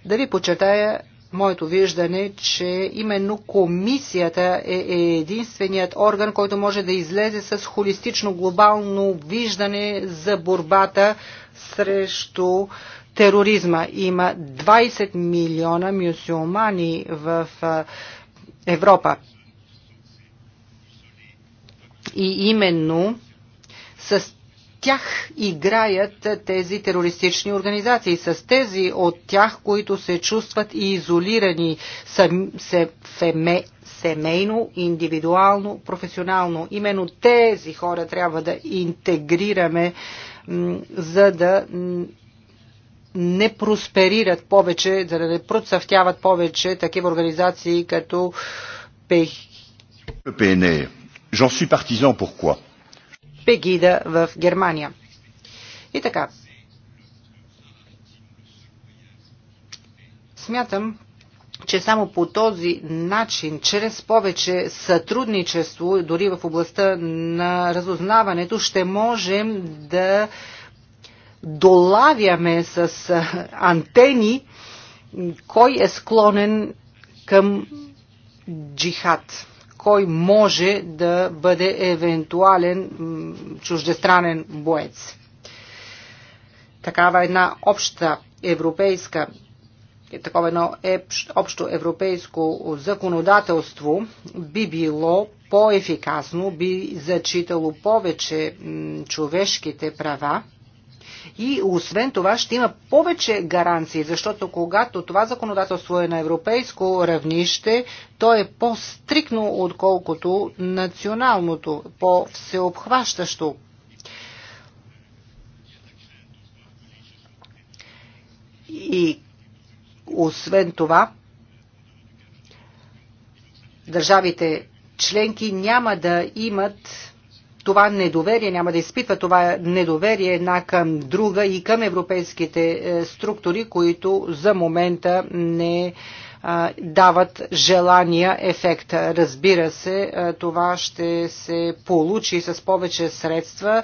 да ви почетая моето виждане, че именно комисията е, е единственият орган, който може да излезе с холистично глобално виждане за борбата срещу тероризма. Има 20 милиона мюсюлмани в Европа. И именно с тях играят тези терористични организации, с тези от тях, които се чувстват и изолирани сам, се, феме, семейно, индивидуално, професионално. Именно тези хора трябва да интегрираме, за да не просперират повече, за да не процъфтяват повече такива организации като ПЕХ. J'en suis partisan pourquoi Пегида в Германия. И така. Смятам, че само по този начин, чрез повече сътрудничество, дори в областта на разузнаването, ще можем да долавяме с антени кой е склонен към джихад кой може да бъде евентуален чуждестранен боец. Такава една обща европейска такова едно общо европейско законодателство би било по-ефикасно, би зачитало повече човешките права и освен това ще има повече гаранции, защото когато това законодателство е на европейско равнище, то е по-стрикно, отколкото националното, по-всеобхващащо. И освен това, държавите членки няма да имат това недоверие, няма да изпитва това недоверие една към друга и към европейските е, структури, които за момента не е, дават желания ефект. Разбира се, е, това ще се получи с повече средства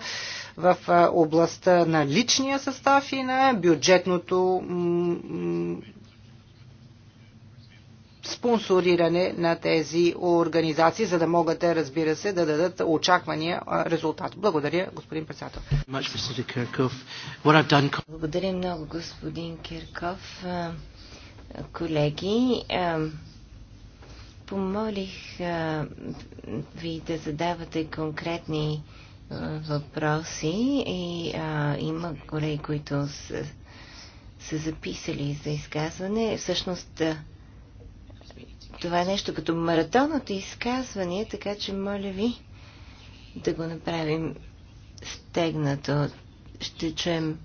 в областта на личния състав и на бюджетното спонсориране на тези организации, за да могат, разбира се, да дадат очаквания резултат. Благодаря, господин председател. Благодаря много, господин Кирков. Колеги, помолих ви да задавате конкретни въпроси и има колеги, които са, са записали за изказване. Всъщност, това е нещо като маратон от изказвания, така че моля ви да го направим стегнато. Ще чуем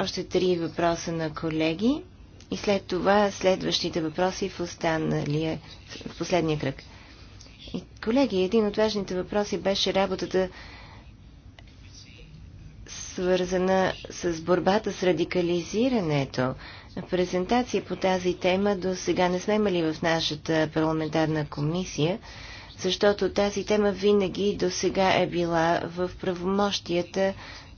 още три въпроса на колеги и след това следващите въпроси в останалия, в последния кръг. И, колеги, един от важните въпроси беше работата свързана с борбата с радикализирането. Презентация по тази тема до сега не сме имали в нашата парламентарна комисия, защото тази тема винаги до сега е била в правомощията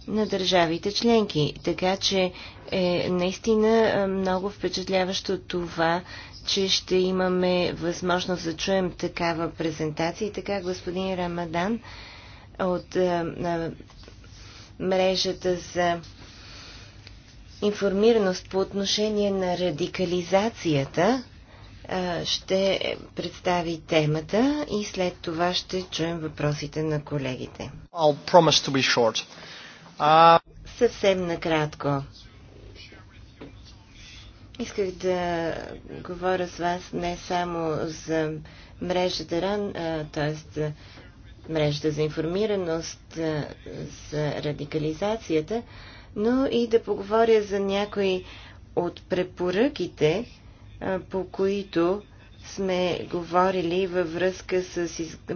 на държавите членки. Така че е наистина много впечатляващо това, че ще имаме възможност да чуем такава презентация. И така, господин Рамадан от мрежата за информираност по отношение на радикализацията ще представи темата и след това ще чуем въпросите на колегите. Uh... Съвсем накратко. Исках да говоря с вас не само за мрежата РАН, т.е мрежата за информираност за радикализацията, но и да поговоря за някои от препоръките, по които сме говорили във връзка с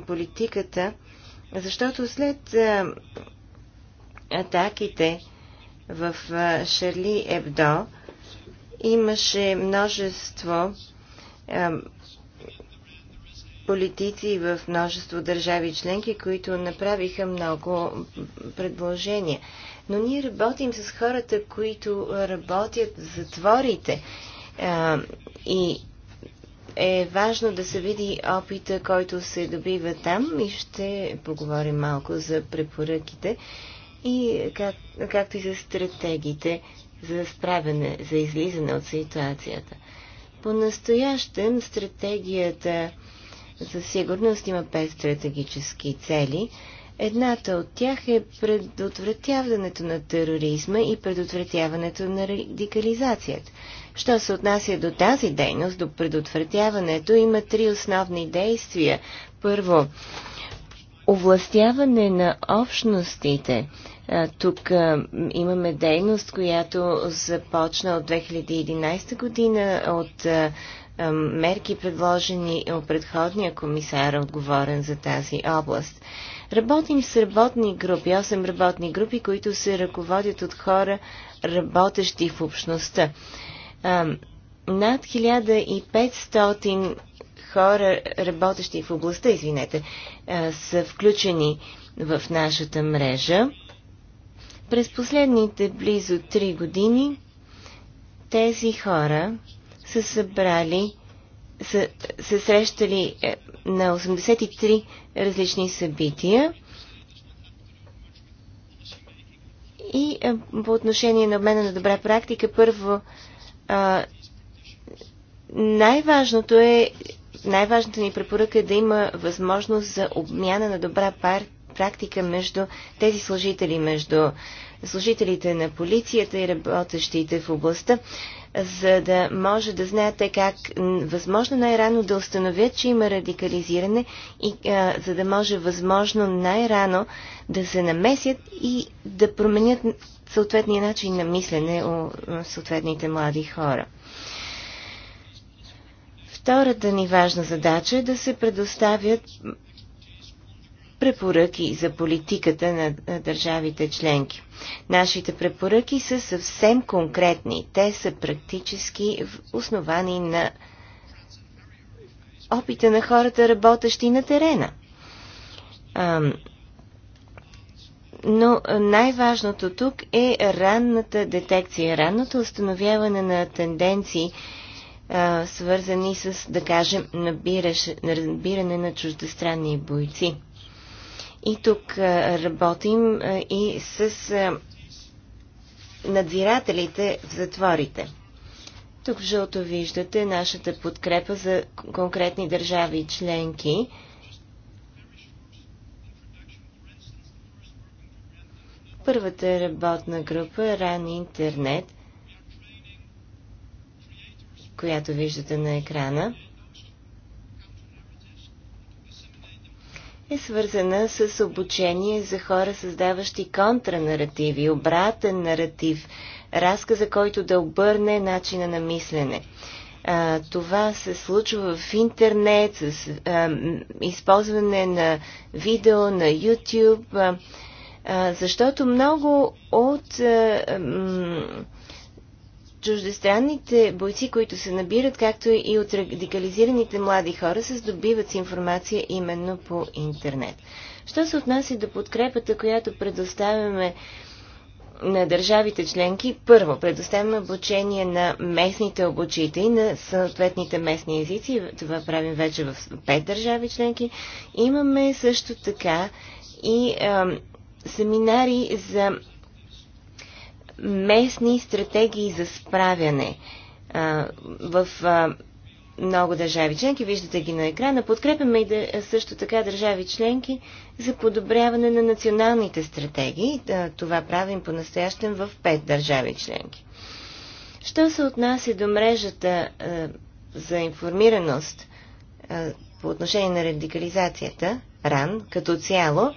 политиката, защото след атаките в Шарли Ебдо имаше множество политици в множество държави членки, които направиха много предложения. Но ние работим с хората, които работят в затворите. и е важно да се види опита, който се добива там и ще поговорим малко за препоръките и как, както и за стратегиите за справяне, за излизане от ситуацията. По-настоящем стратегията за сигурност има пет стратегически цели. Едната от тях е предотвратяването на тероризма и предотвратяването на радикализацията. Що се отнася до тази дейност, до предотвратяването, има три основни действия. Първо, овластяване на общностите. Тук имаме дейност, която започна от 2011 година от мерки, предложени от предходния комисар, отговорен за тази област. Работим с работни групи, 8 работни групи, които се ръководят от хора, работещи в общността. Над 1500 хора, работещи в областта, извинете, са включени в нашата мрежа. През последните близо 3 години тези хора са събрали, са се срещали е, на 83 различни събития. И е, по отношение на обмена на добра практика, първо най-важното е, най-важната ни препоръка е да има възможност за обмяна на добра практика между тези служители, между служителите на полицията и работещите в областта, за да може да знаете как възможно най-рано да установят, че има радикализиране и а, за да може възможно най-рано да се намесят и да променят съответния начин на мислене у съответните млади хора. Втората ни важна задача е да се предоставят препоръки за политиката на държавите членки. Нашите препоръки са съвсем конкретни. Те са практически основани на опита на хората, работещи на терена. Но най-важното тук е ранната детекция, ранното установяване на тенденции, свързани с, да кажем, набиране на чуждестранни бойци. И тук работим и с надзирателите в затворите. Тук в жълто виждате нашата подкрепа за конкретни държави и членки. Първата работна група е Ран Интернет, която виждате на екрана. е свързана с обучение за хора, създаващи контранаративи, обратен наратив, разказа, който да обърне начина на мислене. А, това се случва в интернет, с а, използване на видео, на YouTube, а, а, защото много от а, м, чуждестранните бойци, които се набират, както и от радикализираните млади хора, се здобиват с информация именно по интернет. Що се отнася до подкрепата, която предоставяме на държавите членки, първо, предоставяме обучение на местните обучители на съответните местни езици. Това правим вече в пет държави членки. Имаме също така и а, семинари за местни стратегии за справяне в много държави членки. Виждате ги на екрана. Подкрепяме и да, също така държави членки за подобряване на националните стратегии. Това правим по настоящен в пет държави членки. Що се отнася до мрежата за информираност по отношение на радикализацията, РАН, като цяло,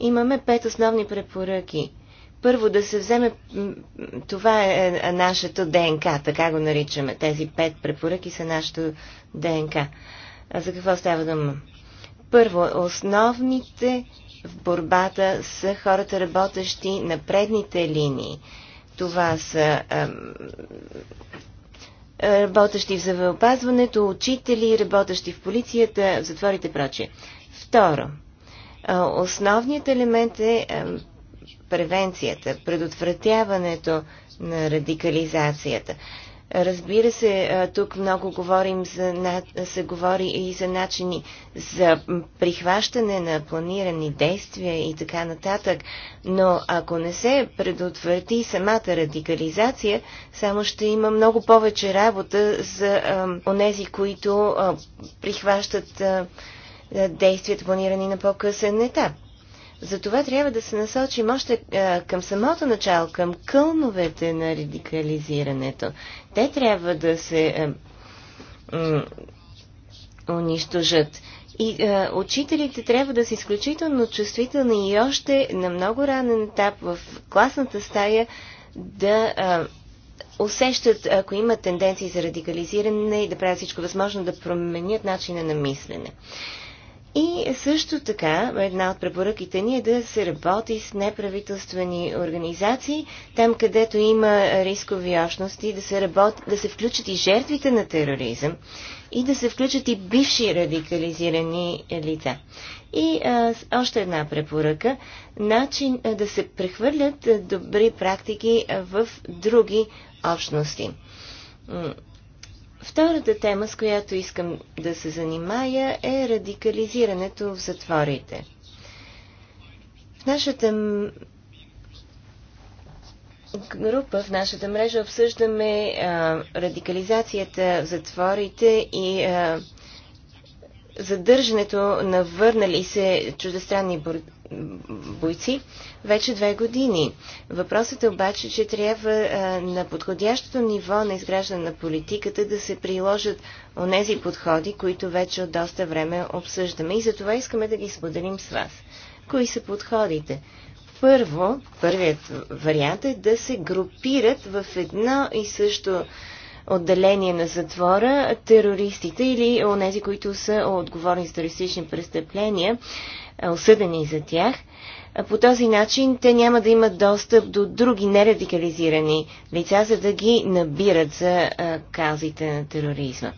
имаме пет основни препоръки – първо да се вземе, това е, е, е нашето ДНК, така го наричаме. Тези пет препоръки са нашето ДНК. А за какво става дума? Първо, основните в борбата са хората работещи на предните линии. Това са ам, работещи в завеопазването, учители, работещи в полицията, в затворите и прочие. Второ, основният елемент е превенцията, предотвратяването на радикализацията. Разбира се, тук много говорим за, се говори и за начини за прихващане на планирани действия и така нататък, но ако не се предотврати самата радикализация, само ще има много повече работа за онези, които прихващат действията планирани на по-късен етап. Затова трябва да се насочим още а, е, към самото начало, към кълновете на радикализирането. Те трябва да се а, е, унищожат. И а, е, учителите трябва да са изключително чувствителни и още на много ранен етап в класната стая да а, усещат, ако имат тенденции за радикализиране и да правят всичко възможно да променят начина на мислене. И също така, една от препоръките ни е да се работи с неправителствени организации, там където има рискови общности, да се, работи, да се включат и жертвите на тероризъм и да се включат и бивши радикализирани лица. И а, още една препоръка начин а, да се прехвърлят а, добри практики а, в други общности. Втората тема, с която искам да се занимая, е радикализирането в затворите. В нашата група, в нашата мрежа обсъждаме а, радикализацията в затворите и а, задържането на върнали се чуждестранни бойци вече две години. Въпросът е обаче, че трябва а, на подходящото ниво на изграждане на политиката да се приложат онези подходи, които вече от доста време обсъждаме и за това искаме да ги споделим с вас. Кои са подходите? Първо, първият вариант е да се групират в едно и също отделение на затвора, терористите или онези, които са отговорни за терористични престъпления, осъдени за тях. По този начин те няма да имат достъп до други нерадикализирани лица, за да ги набират за казите на тероризма.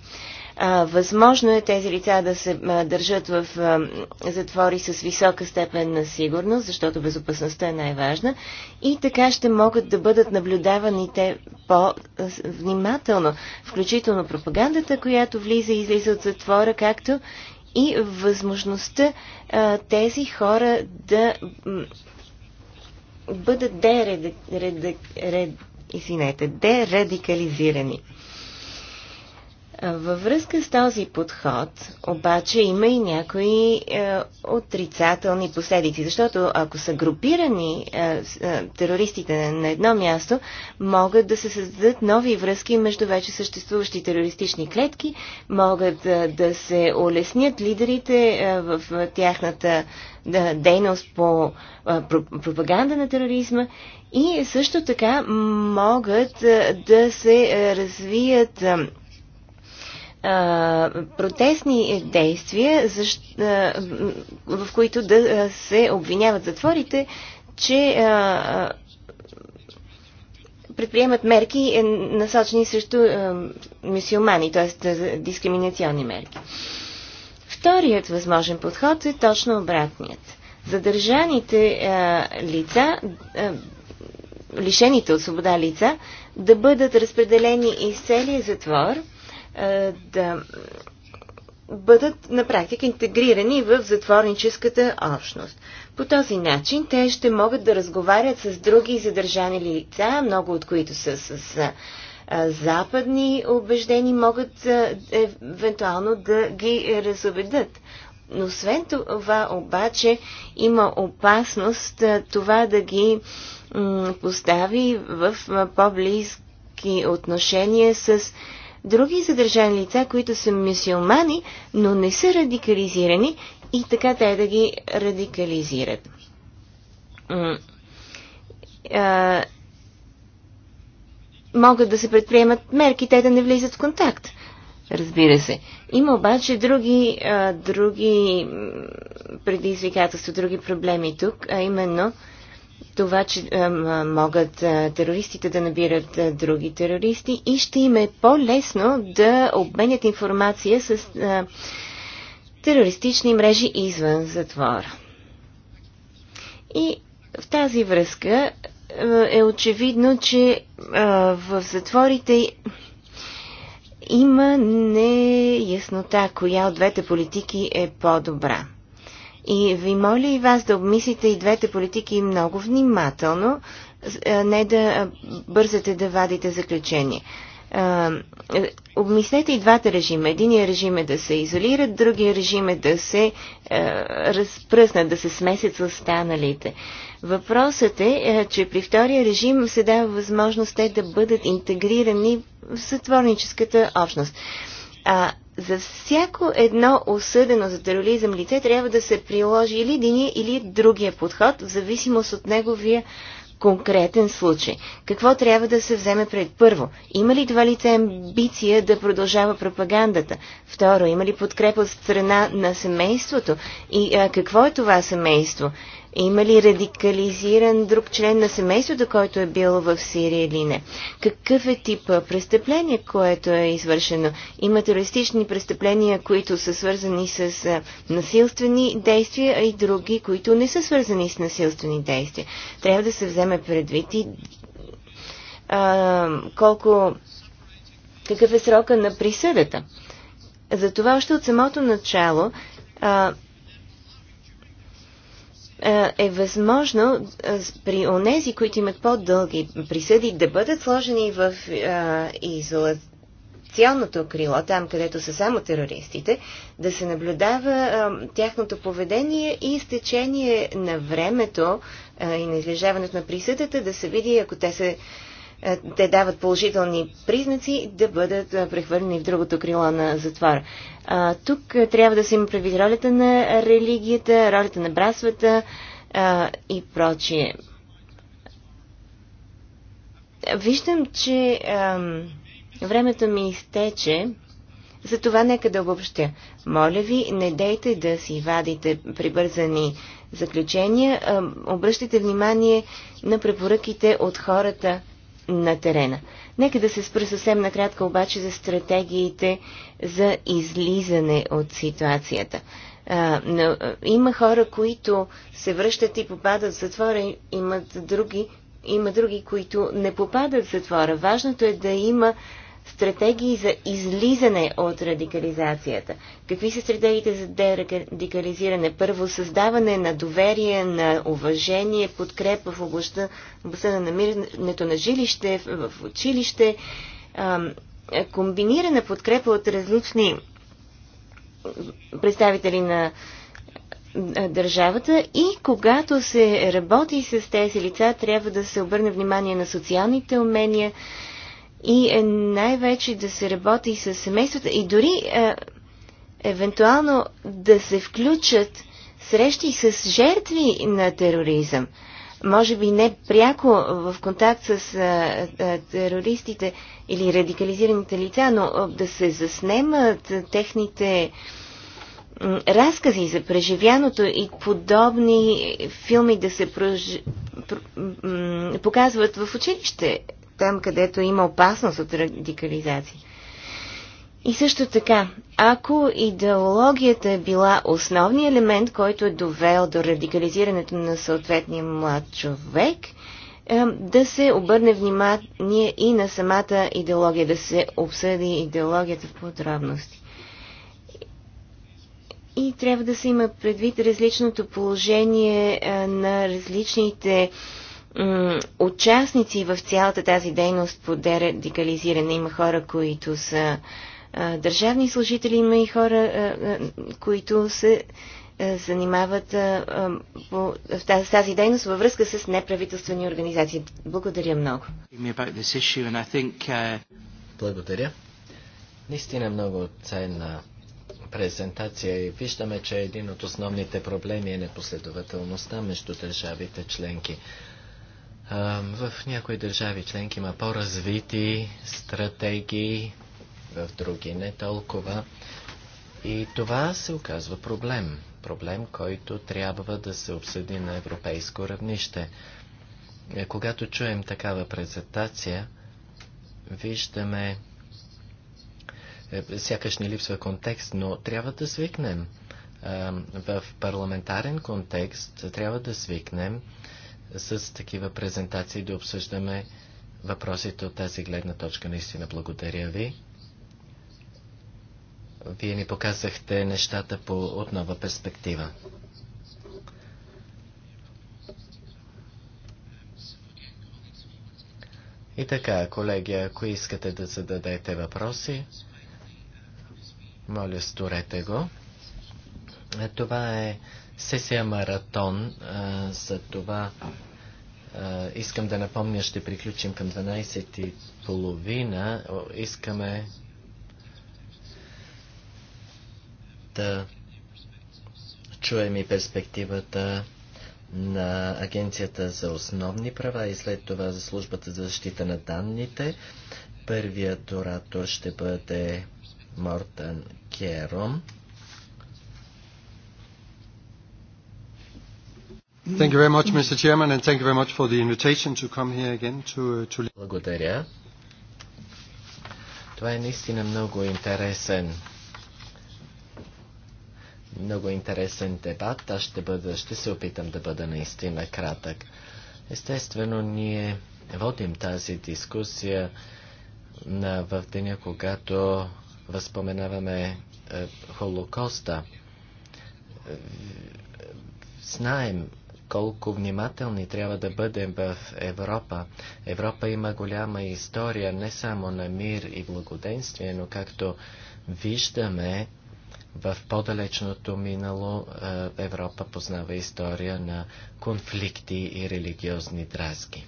А, възможно е тези лица да се а, държат в а, затвори с висока степен на сигурност, защото безопасността е най-важна и така ще могат да бъдат наблюдавани те по-внимателно, включително пропагандата, която влиза и излиза от затвора, както и възможността а, тези хора да бъдат дередек, де, де, де, дерадикализирани. Във връзка с този подход обаче има и някои е, отрицателни последици, защото ако са групирани е, е, терористите на едно място, могат да се създадат нови връзки между вече съществуващи терористични клетки, могат е, да се улеснят лидерите е, в тяхната е, дейност по е, пропаганда на тероризма и също така могат е, да се е, развият протестни действия, защ, а, в които да се обвиняват затворите, че а, предприемат мерки е, насочени срещу мисиомани, т.е. дискриминационни мерки. Вторият възможен подход е точно обратният. Задържаните а, лица, а, лишените от свобода лица, да бъдат разпределени из целия затвор – е, да бъдат на практика интегрирани в затворническата общност. По този начин те ще могат да разговарят с други задържани лица, много от които са с, с е, западни убеждени, могат е, евентуално да ги разобедат. Но освен това обаче има опасност това да ги постави в по-близки отношения с други задържани лица, които са мюсюлмани, но не са радикализирани и така те да ги радикализират. Могат да се предприемат мерки, те да не влизат в контакт. Разбира се. Има обаче други, а, други предизвикателства, други проблеми тук, а именно а, това, че а, могат а, терористите да набират а, други терористи и ще им е по-лесно да обменят информация с а, терористични мрежи извън затвора. И в тази връзка е очевидно, че в затворите има неяснота коя от двете политики е по-добра. И ви моля и вас да обмислите и двете политики много внимателно, е, не да е, бързате да вадите заключение. Е, обмислете и двата режима. Единият режим е да се изолират, другия режим е да се разпръснат, да се смесят с останалите. Въпросът е, че при втория режим се дава възможност те да бъдат интегрирани в сътворническата общност. А за всяко едно осъдено за тероризъм лице трябва да се приложи или един, или другия подход, в зависимост от неговия конкретен случай. Какво трябва да се вземе пред първо? Има ли това лице амбиция да продължава пропагандата? Второ, има ли подкрепа от страна на семейството? И а, какво е това семейство? Има ли радикализиран друг член на семейството, който е бил в Сирия или не? Какъв е типа престъпление, което е извършено? Има терористични престъпления, които са свързани с насилствени действия, а и други, които не са свързани с насилствени действия. Трябва да се вземе предвид и а, колко, какъв е срока на присъдата. Затова още от самото начало а, е, е възможно е, при онези, които имат по-дълги присъди, да бъдат сложени в е, изолационното крило, там където са само терористите, да се наблюдава а, тяхното поведение и изтечение на времето а, и на излежаването на присъдата, да се види ако те се е, те дават положителни признаци, да бъдат е, прехвърлени в другото крило на затвора. Тук е, трябва да се има предвид ролята на религията, ролята на братствата и прочие. Виждам, че времето ми изтече. Затова нека да обобщя. Моля ви, не дейте да си вадите прибързани заключения. Обръщайте внимание на препоръките от хората на терена. Нека да се спра съвсем накратко обаче за стратегиите за излизане от ситуацията. А, но, има хора, които се връщат и попадат в затвора, имат други, има други, които не попадат в затвора. Важното е да има стратегии за излизане от радикализацията. Какви са стратегиите за дерадикализиране? Първо, създаване на доверие, на уважение, подкрепа в областта, областта на намирането на жилище, в училище, комбинирана подкрепа от различни представители на държавата и когато се работи с тези лица, трябва да се обърне внимание на социалните умения, и е най-вече да се работи с семействата и дори е, евентуално да се включат срещи с жертви на тероризъм. Може би не пряко в контакт с е, е, терористите или радикализираните лица, но е, да се заснемат техните разкази за преживяното и подобни филми да се прож... показват в училище там, където има опасност от радикализация. И също така, ако идеологията е била основният елемент, който е довел до радикализирането на съответния млад човек, е, да се обърне внимание и на самата идеология, да се обсъди идеологията в подробности. И трябва да се има предвид различното положение е, на различните участници в цялата тази дейност по дерадикализиране. Има хора, които са а, държавни служители, има и хора, а, които се занимават а, по, в тази, тази дейност във връзка с неправителствени организации. Благодаря много. Благодаря. Наистина много ценна презентация и виждаме, че един от основните проблеми е непоследователността между държавите членки. В някои държави членки има по-развити стратегии, в други не толкова. И това се оказва проблем. Проблем, който трябва да се обсъди на европейско равнище. Е, когато чуем такава презентация, виждаме, е, сякаш ни липсва контекст, но трябва да свикнем. В парламентарен контекст трябва да свикнем с такива презентации да обсъждаме въпросите от тази гледна точка. Наистина благодаря ви. Вие ни показахте нещата по отнова перспектива. И така, колеги, ако искате да зададете въпроси, моля, сторете го. Е, това е сесия маратон. А, за това а, искам да напомня, ще приключим към 12.30. Искаме да чуем и перспективата на Агенцията за основни права и след това за службата за защита на данните. Първият оратор ще бъде Мортан Кером. Thank you very much, Mr. Chairman, and thank you very much for the invitation to come here again to, uh, to... Благодаря. Това е наистина много интересен много интересен дебат. Аз ще, бъда, ще се опитам да бъда наистина кратък. Естествено, ние водим тази дискусия на, в деня, когато възпоменаваме е, Холокоста. Е, знаем колко внимателни трябва да бъдем в Европа. Европа има голяма история не само на мир и благоденствие, но както виждаме в по-далечното минало е, Европа познава история на конфликти и религиозни дразги.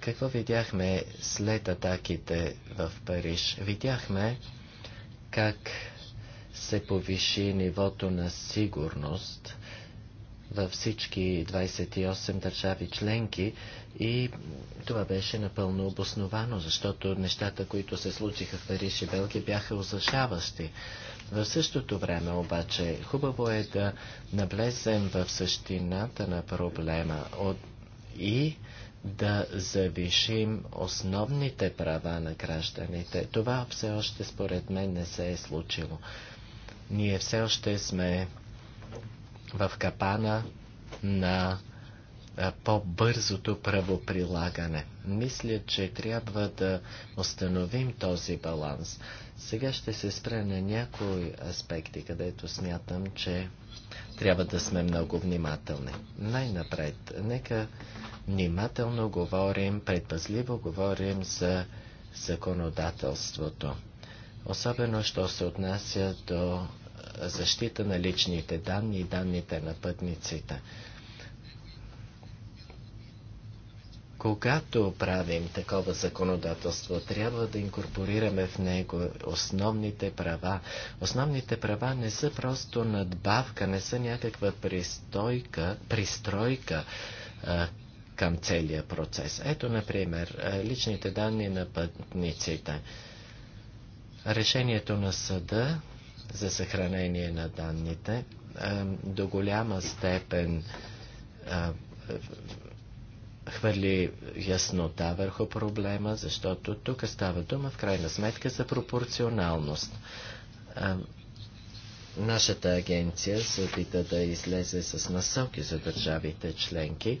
Какво видяхме след атаките в Париж? Видяхме как се повиши нивото на сигурност във всички 28 държави членки и това беше напълно обосновано, защото нещата, които се случиха в Париж и Белгия, бяха озашаващи. В същото време обаче хубаво е да навлезем в същината на проблема от... и да завишим основните права на гражданите. Това все още според мен не се е случило. Ние все още сме в капана на по-бързото правоприлагане. Мисля, че трябва да установим този баланс. Сега ще се спре на някои аспекти, където смятам, че трябва да сме много внимателни. Най-напред, нека внимателно говорим, предпазливо говорим за законодателството. Особено, що се отнася до защита на личните данни и данните на пътниците. Когато правим такова законодателство, трябва да инкорпорираме в него основните права. Основните права не са просто надбавка, не са някаква пристойка, пристройка а, към целия процес. Ето, например, личните данни на пътниците. Решението на съда за съхранение на данните. До голяма степен хвърли яснота върху проблема, защото тук става дума в крайна сметка за пропорционалност. Нашата агенция се опита да излезе с насоки за държавите членки,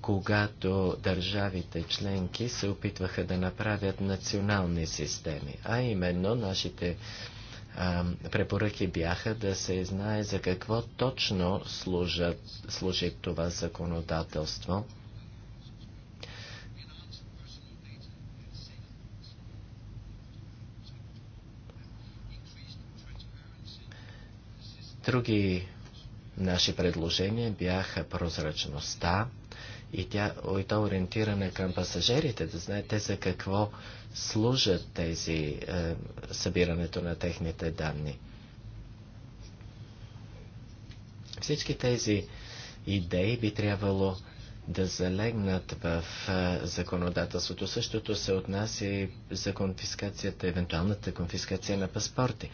когато държавите членки се опитваха да направят национални системи, а именно нашите препоръки бяха да се знае за какво точно служат, служи това законодателство. Други наши предложения бяха прозрачността и, тя, и то ориентиране към пасажирите, да знаете за какво служат тези е, събирането на техните данни. Всички тези идеи би трябвало да залегнат в е, законодателството. Същото се отнася и за конфискацията, евентуалната конфискация на паспорти.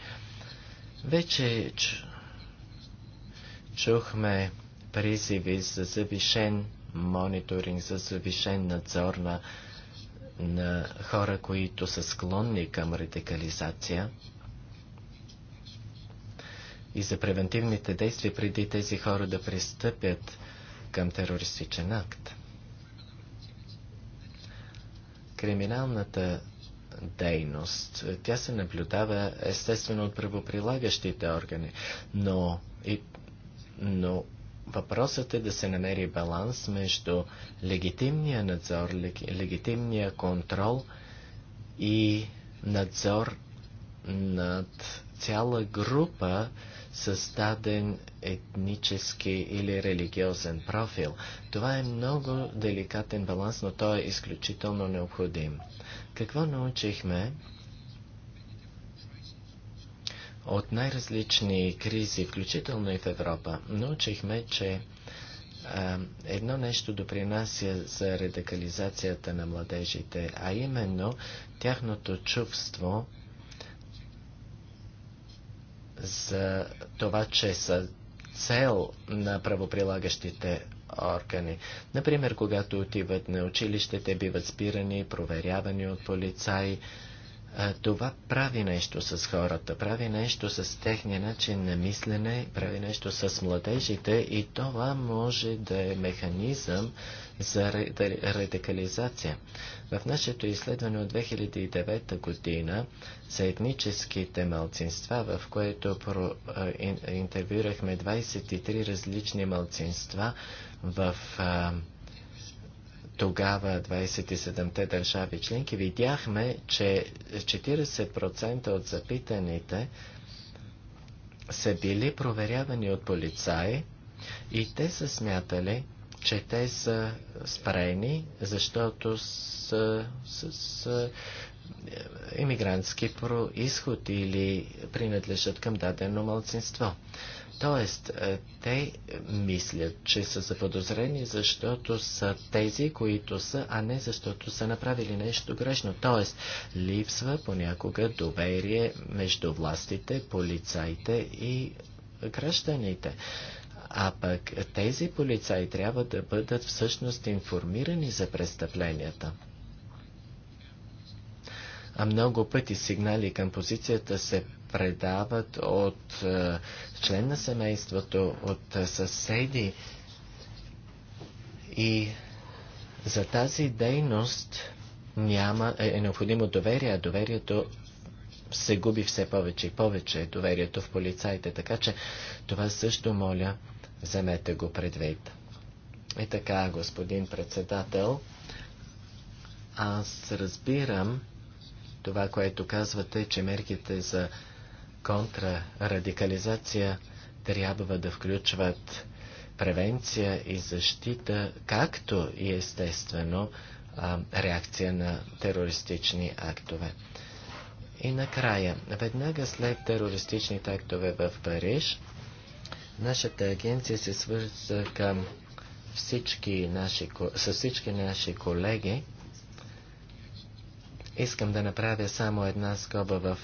Вече чухме призиви за завишен мониторинг, за завишен надзор на на хора, които са склонни към радикализация и за превентивните действия преди тези хора да пристъпят към терористичен акт. Криминалната дейност, тя се наблюдава естествено от правоприлагащите органи, но, и, но Въпросът е да се намери баланс между легитимния надзор, легитимния контрол и надзор над цяла група създаден етнически или религиозен профил. Това е много деликатен баланс, но той е изключително необходим. Какво научихме от най-различни кризи, включително и в Европа, научихме, че а, едно нещо допринася за радикализацията на младежите, а именно тяхното чувство за това, че са цел на правоприлагащите органи. Например, когато отиват на училище, те биват спирани, проверявани от полицаи, това прави нещо с хората, прави нещо с техния начин на мислене, прави нещо с младежите и това може да е механизъм за радикализация. В нашето изследване от 2009 година за етническите малцинства, в което про, интервюрахме 23 различни малцинства в а, тогава 27-те държави членки, видяхме, че 40% от запитаните са били проверявани от полицаи и те са смятали, че те са спрени, защото с, с, с е, иммигрантски происход или принадлежат към дадено мълцинство. Тоест, е, те мислят, че са заподозрени, защото са тези, които са, а не защото са направили нещо грешно. Тоест, липсва понякога доверие между властите, полицаите и гражданите. А пък тези полицаи трябва да бъдат всъщност информирани за престъпленията. А много пъти сигнали към позицията се предават от е, член на семейството, от е, съседи. И за тази дейност няма, е, е необходимо доверие, а доверието се губи все повече и повече, доверието в полицаите. Така че това също моля, вземете го предвид. И така, господин председател, аз разбирам това, което казвате, че мерките за контрарадикализация трябва да включват превенция и защита, както и естествено а, реакция на терористични актове. И накрая, веднага след терористичните актове в Париж, нашата агенция се свърза към всички наши, с всички наши колеги Искам да направя само една скоба в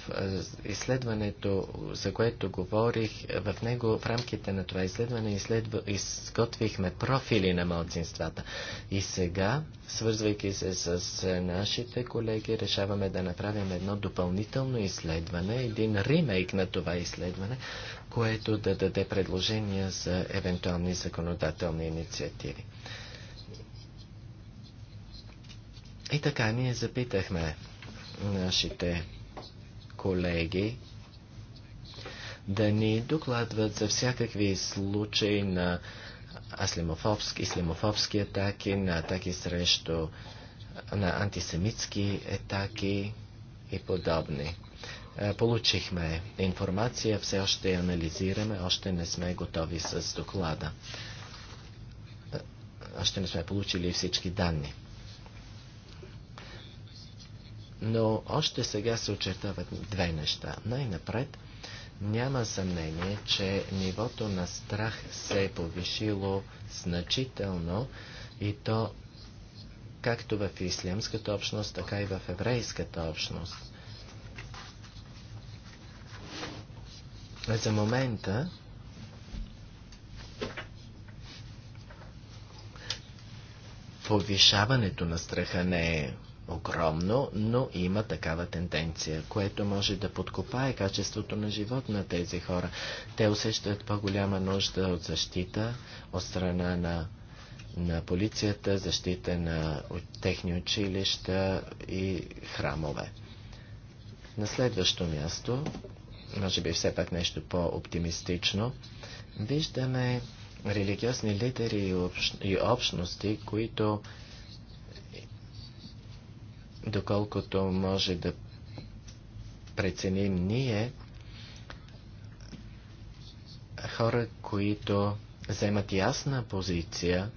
е, изследването, за което говорих. В него, в рамките на това изследване, изследва, изготвихме профили на младсинствата. И сега, свързвайки се с е, нашите колеги, решаваме да направим едно допълнително изследване, един ремейк на това изследване, което да даде предложения за евентуални законодателни инициативи. И така ние запитахме нашите колеги да ни докладват за всякакви случаи на аслимофобски, ислимофобски атаки, на атаки срещу на антисемитски атаки и подобни. Получихме информация, все още я анализираме, още не сме готови с доклада. Още не сме получили всички данни. Но още сега се очертават две неща. Най-напред, няма съмнение, че нивото на страх се е повишило значително и то както в ислямската общност, така и в еврейската общност. За момента повишаването на страха не е огромно, но има такава тенденция, което може да подкопае качеството на живот на тези хора. Те усещат по-голяма нужда от защита от страна на, на полицията, защита на техни училища и храмове. На следващо място, може би все пак нещо по-оптимистично, виждаме религиозни лидери и, общ... и общности, които доколкото може да преценим ние, хора, които вземат ясна позиция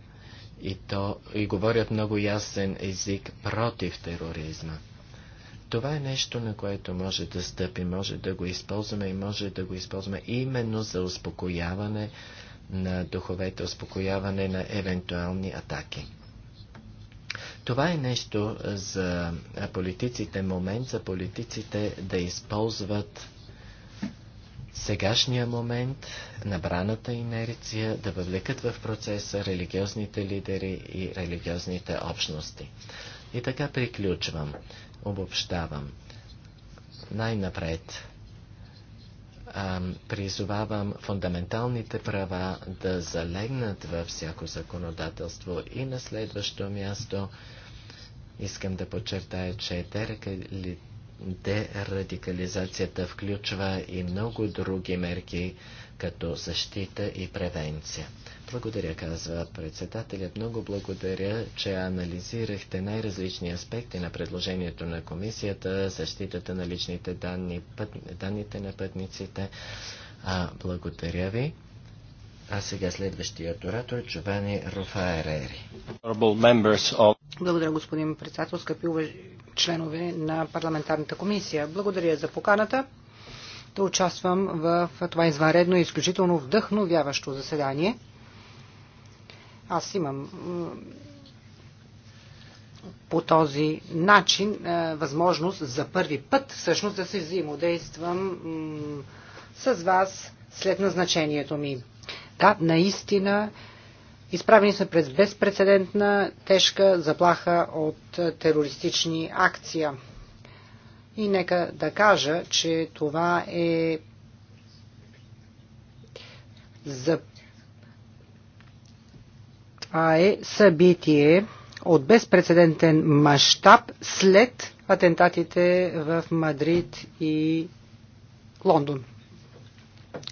и, то, и говорят много ясен език против тероризма. Това е нещо, на което може да стъпи, може да го използваме и може да го използваме именно за успокояване на духовете, успокояване на евентуални атаки. Това е нещо за политиците, момент за политиците да използват сегашния момент, набраната инерция, да въвлекат в процеса религиозните лидери и религиозните общности. И така приключвам, обобщавам. Най-напред призовавам фундаменталните права да залегнат във всяко законодателство и на следващо място Искам да подчертая, че дерадикализацията включва и много други мерки, като защита и превенция. Благодаря, казва председателят. Много благодаря, че анализирахте най-различни аспекти на предложението на комисията, защитата на личните данни, път, данните на пътниците. А, благодаря ви. А сега следващият оратор Чобани е Руфаерери. Благодаря, господин председател, скъпи членове на парламентарната комисия. Благодаря за поканата да участвам в това извънредно и изключително вдъхновяващо заседание. Аз имам по този начин възможност за първи път всъщност да се взаимодействам с вас след назначението ми. Да, наистина, изправени са през безпредседентна тежка заплаха от е, терористични акция. И нека да кажа, че това е за това е събитие от безпредседентен мащаб след атентатите в Мадрид и Лондон.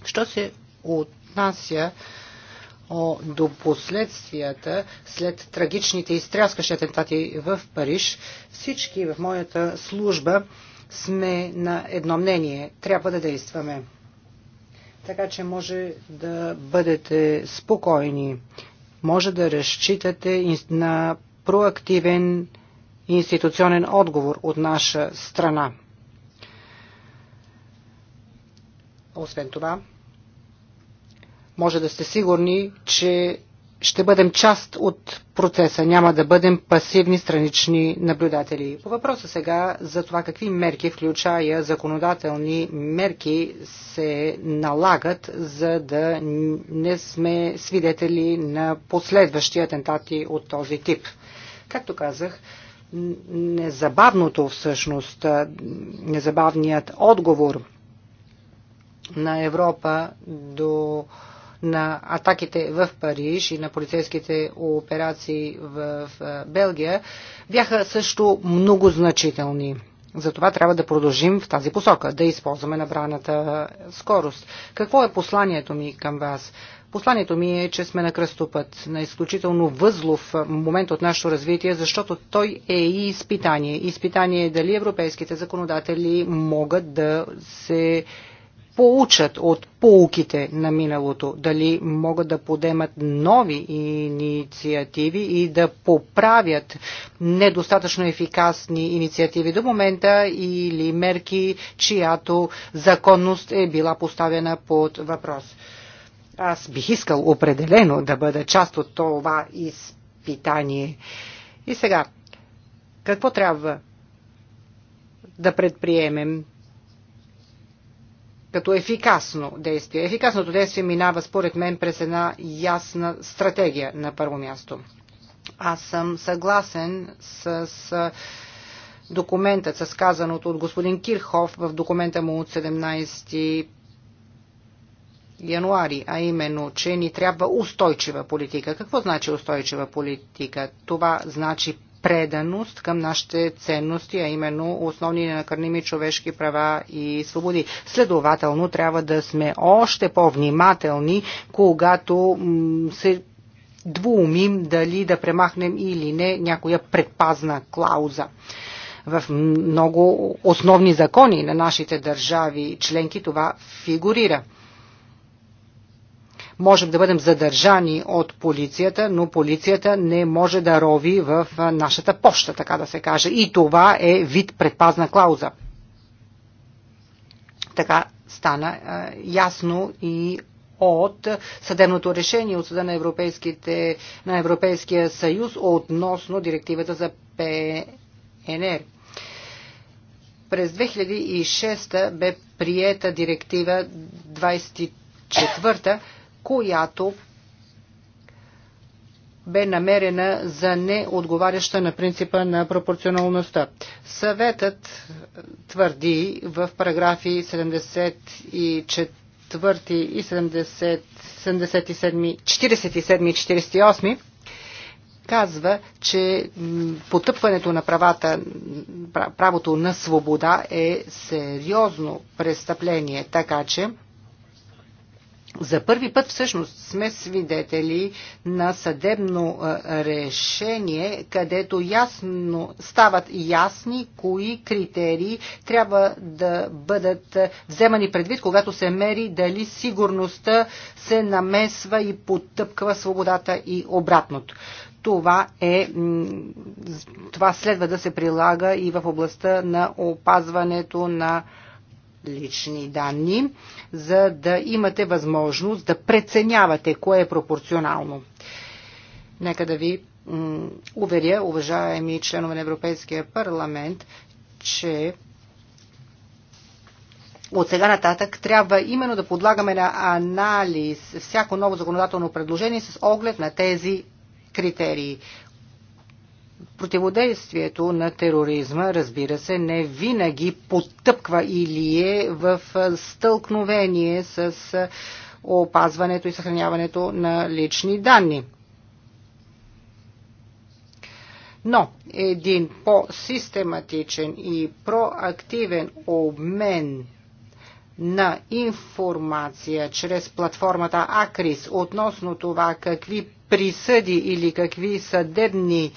Що се от отнася до последствията след трагичните изтряскащи атентати в Париж, всички в моята служба сме на едно мнение. Трябва да действаме. Така че може да бъдете спокойни. Може да разчитате на проактивен институционен отговор от наша страна. Освен това, може да сте сигурни, че ще бъдем част от процеса, няма да бъдем пасивни странични наблюдатели. По въпроса сега за това какви мерки, включая законодателни мерки, се налагат, за да не сме свидетели на последващи атентати от този тип. Както казах, незабавното всъщност, незабавният отговор на Европа до на атаките в Париж и на полицейските операции в Белгия бяха също много значителни. Затова трябва да продължим в тази посока, да използваме набраната скорост. Какво е посланието ми към вас? Посланието ми е, че сме на кръстопът, на изключително възлов момент от нашето развитие, защото той е и изпитание. Изпитание е дали европейските законодатели могат да се поучат от поуките на миналото, дали могат да подемат нови инициативи и да поправят недостатъчно ефикасни инициативи до момента или мерки, чиято законност е била поставена под въпрос. Аз бих искал определено да бъда част от това изпитание. И сега, какво трябва да предприемем като ефикасно действие. Ефикасното действие минава според мен през една ясна стратегия на първо място. Аз съм съгласен с документът, с казаното от господин Кирхов в документа му от 17 януари, а именно, че ни трябва устойчива политика. Какво значи устойчива политика? Това значи преданост към нашите ценности, а именно основни накърними човешки права и свободи. Следователно, трябва да сме още по-внимателни, когато се двумим дали да премахнем или не някоя предпазна клауза в много основни закони на нашите държави членки това фигурира можем да бъдем задържани от полицията, но полицията не може да рови в нашата поща, така да се каже. И това е вид предпазна клауза. Така стана ясно и от съдебното решение от Съда на, Европейските, на Европейския съюз относно директивата за ПНР. През 2006 бе приета директива 24 която бе намерена за неотговаряща на принципа на пропорционалността. Съветът твърди в параграфи 74 и 77, 47 и 48, казва, че потъпването на правата, правото на свобода е сериозно престъпление, така че за първи път всъщност сме свидетели на съдебно решение, където ясно, стават ясни кои критерии трябва да бъдат вземани предвид, когато се мери дали сигурността се намесва и потъпква свободата и обратното. Това, е, това следва да се прилага и в областта на опазването на лични данни, за да имате възможност да преценявате кое е пропорционално. Нека да ви уверя, уважаеми членове на Европейския парламент, че от сега нататък трябва именно да подлагаме на анализ всяко ново законодателно предложение с оглед на тези критерии. Противодействието на тероризма, разбира се, не винаги потъпква или е в стълкновение с опазването и съхраняването на лични данни. Но един по-систематичен и проактивен обмен на информация чрез платформата Акрис относно това какви присъди или какви съдебни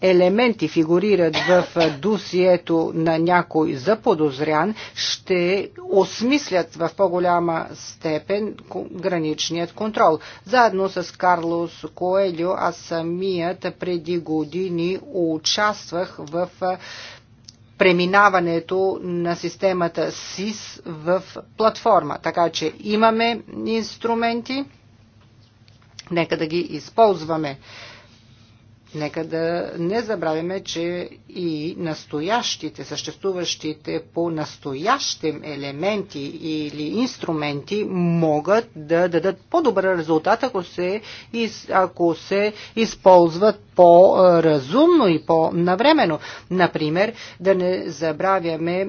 елементи фигурират в досието на някой заподозрян, ще осмислят в по-голяма степен граничният контрол. Заедно с Карлос Коелю аз самият преди години участвах в преминаването на системата СИС в платформа. Така че имаме инструменти, нека да ги използваме. Нека да не забравяме, че и настоящите, съществуващите по настоящим елементи или инструменти могат да дадат по-добър резултат, ако се, ако се използват по-разумно и по-навременно. Например, да не забравяме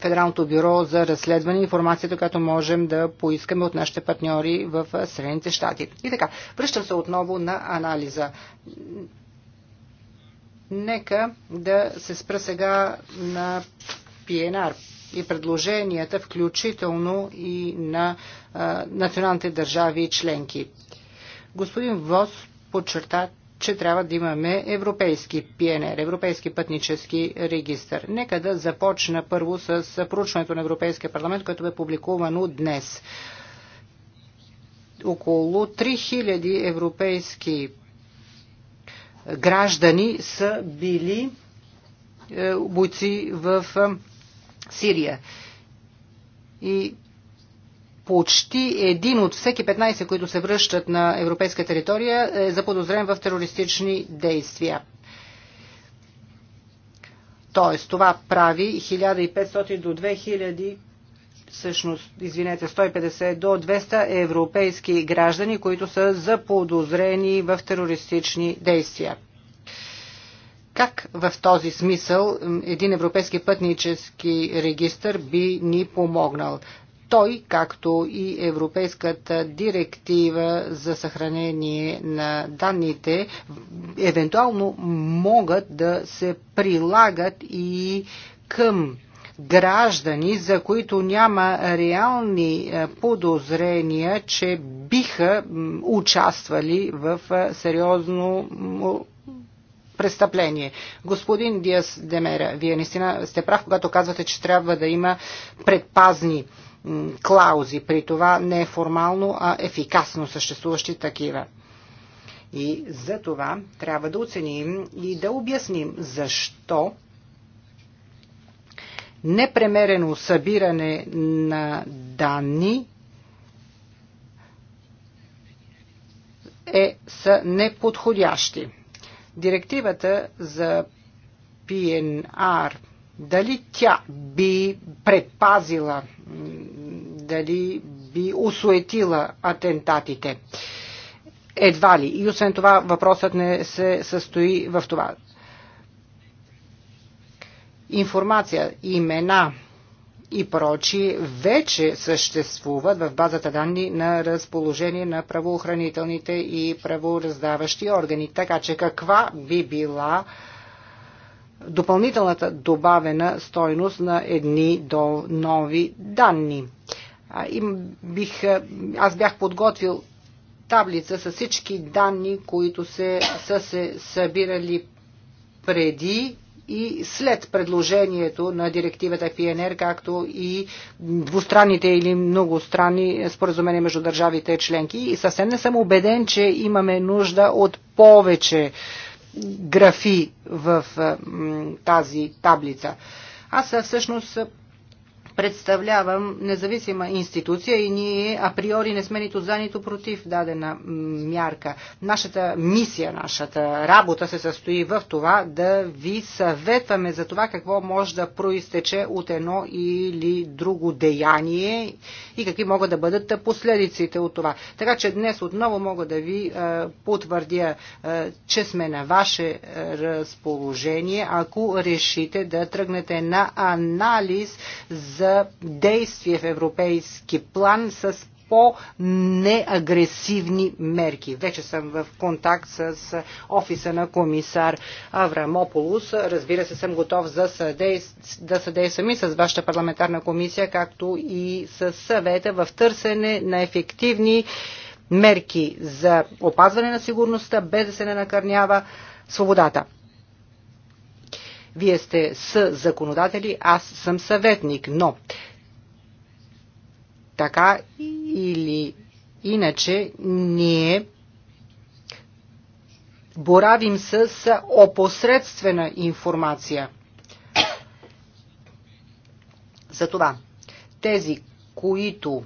Федералното бюро за разследване информацията, която можем да поискаме от нашите партньори в Средните щати. И така, връщам се отново на анализа Нека да се спра сега на ПНР и предложенията, включително и на а, националните държави и членки. Господин Вос подчерта, че трябва да имаме европейски ПНР, европейски пътнически регистр. Нека да започна първо с проучването на Европейския парламент, което бе публикувано днес. Около 3000 европейски граждани са били е, бойци в е, Сирия. И почти един от всеки 15, които се връщат на европейска територия, е заподозрен в терористични действия. Тоест, това прави 1500 до 2000 всъщност, извинете, 150 до 200 европейски граждани, които са заподозрени в терористични действия. Как в този смисъл един европейски пътнически регистр би ни помогнал? Той, както и Европейската директива за съхранение на данните, евентуално могат да се прилагат и към граждани, за които няма реални е, подозрения, че биха участвали в е, сериозно престъпление. Господин Диас Демера, вие наистина сте прав, когато казвате, че трябва да има предпазни клаузи, при това не е формално, а ефикасно съществуващи такива. И за това трябва да оценим и да обясним защо непремерено събиране на данни е, са неподходящи. Директивата за PNR, дали тя би предпазила, дали би осуетила атентатите? Едва ли. И освен това въпросът не се състои в това информация, имена и прочи вече съществуват в базата данни на разположение на правоохранителните и правораздаващи органи. Така че каква би била допълнителната добавена стойност на едни до нови данни? бих, аз бях подготвил таблица с всички данни, които се, са се събирали преди и след предложението на директивата ПНР, както и двустранните или многостранни споразумения между държавите членки. И съвсем не съм убеден, че имаме нужда от повече графи в тази таблица. Аз всъщност представлявам независима институция и ние априори не сме нито за, нито против дадена мярка. Нашата мисия, нашата работа се състои в това да ви съветваме за това какво може да проистече от едно или друго деяние и какви могат да бъдат последиците от това. Така че днес отново мога да ви потвърдя, че сме на ваше разположение, ако решите да тръгнете на анализ за за действие в европейски план с по-неагресивни мерки. Вече съм в контакт с офиса на комисар Аврамополус. Разбира се, съм готов за съдей... да съдействам и с вашата парламентарна комисия, както и с съвета в търсене на ефективни мерки за опазване на сигурността, без да се не накърнява свободата. Вие сте с законодатели, аз съм съветник, но така или иначе ние боравим с опосредствена информация. Затова тези, които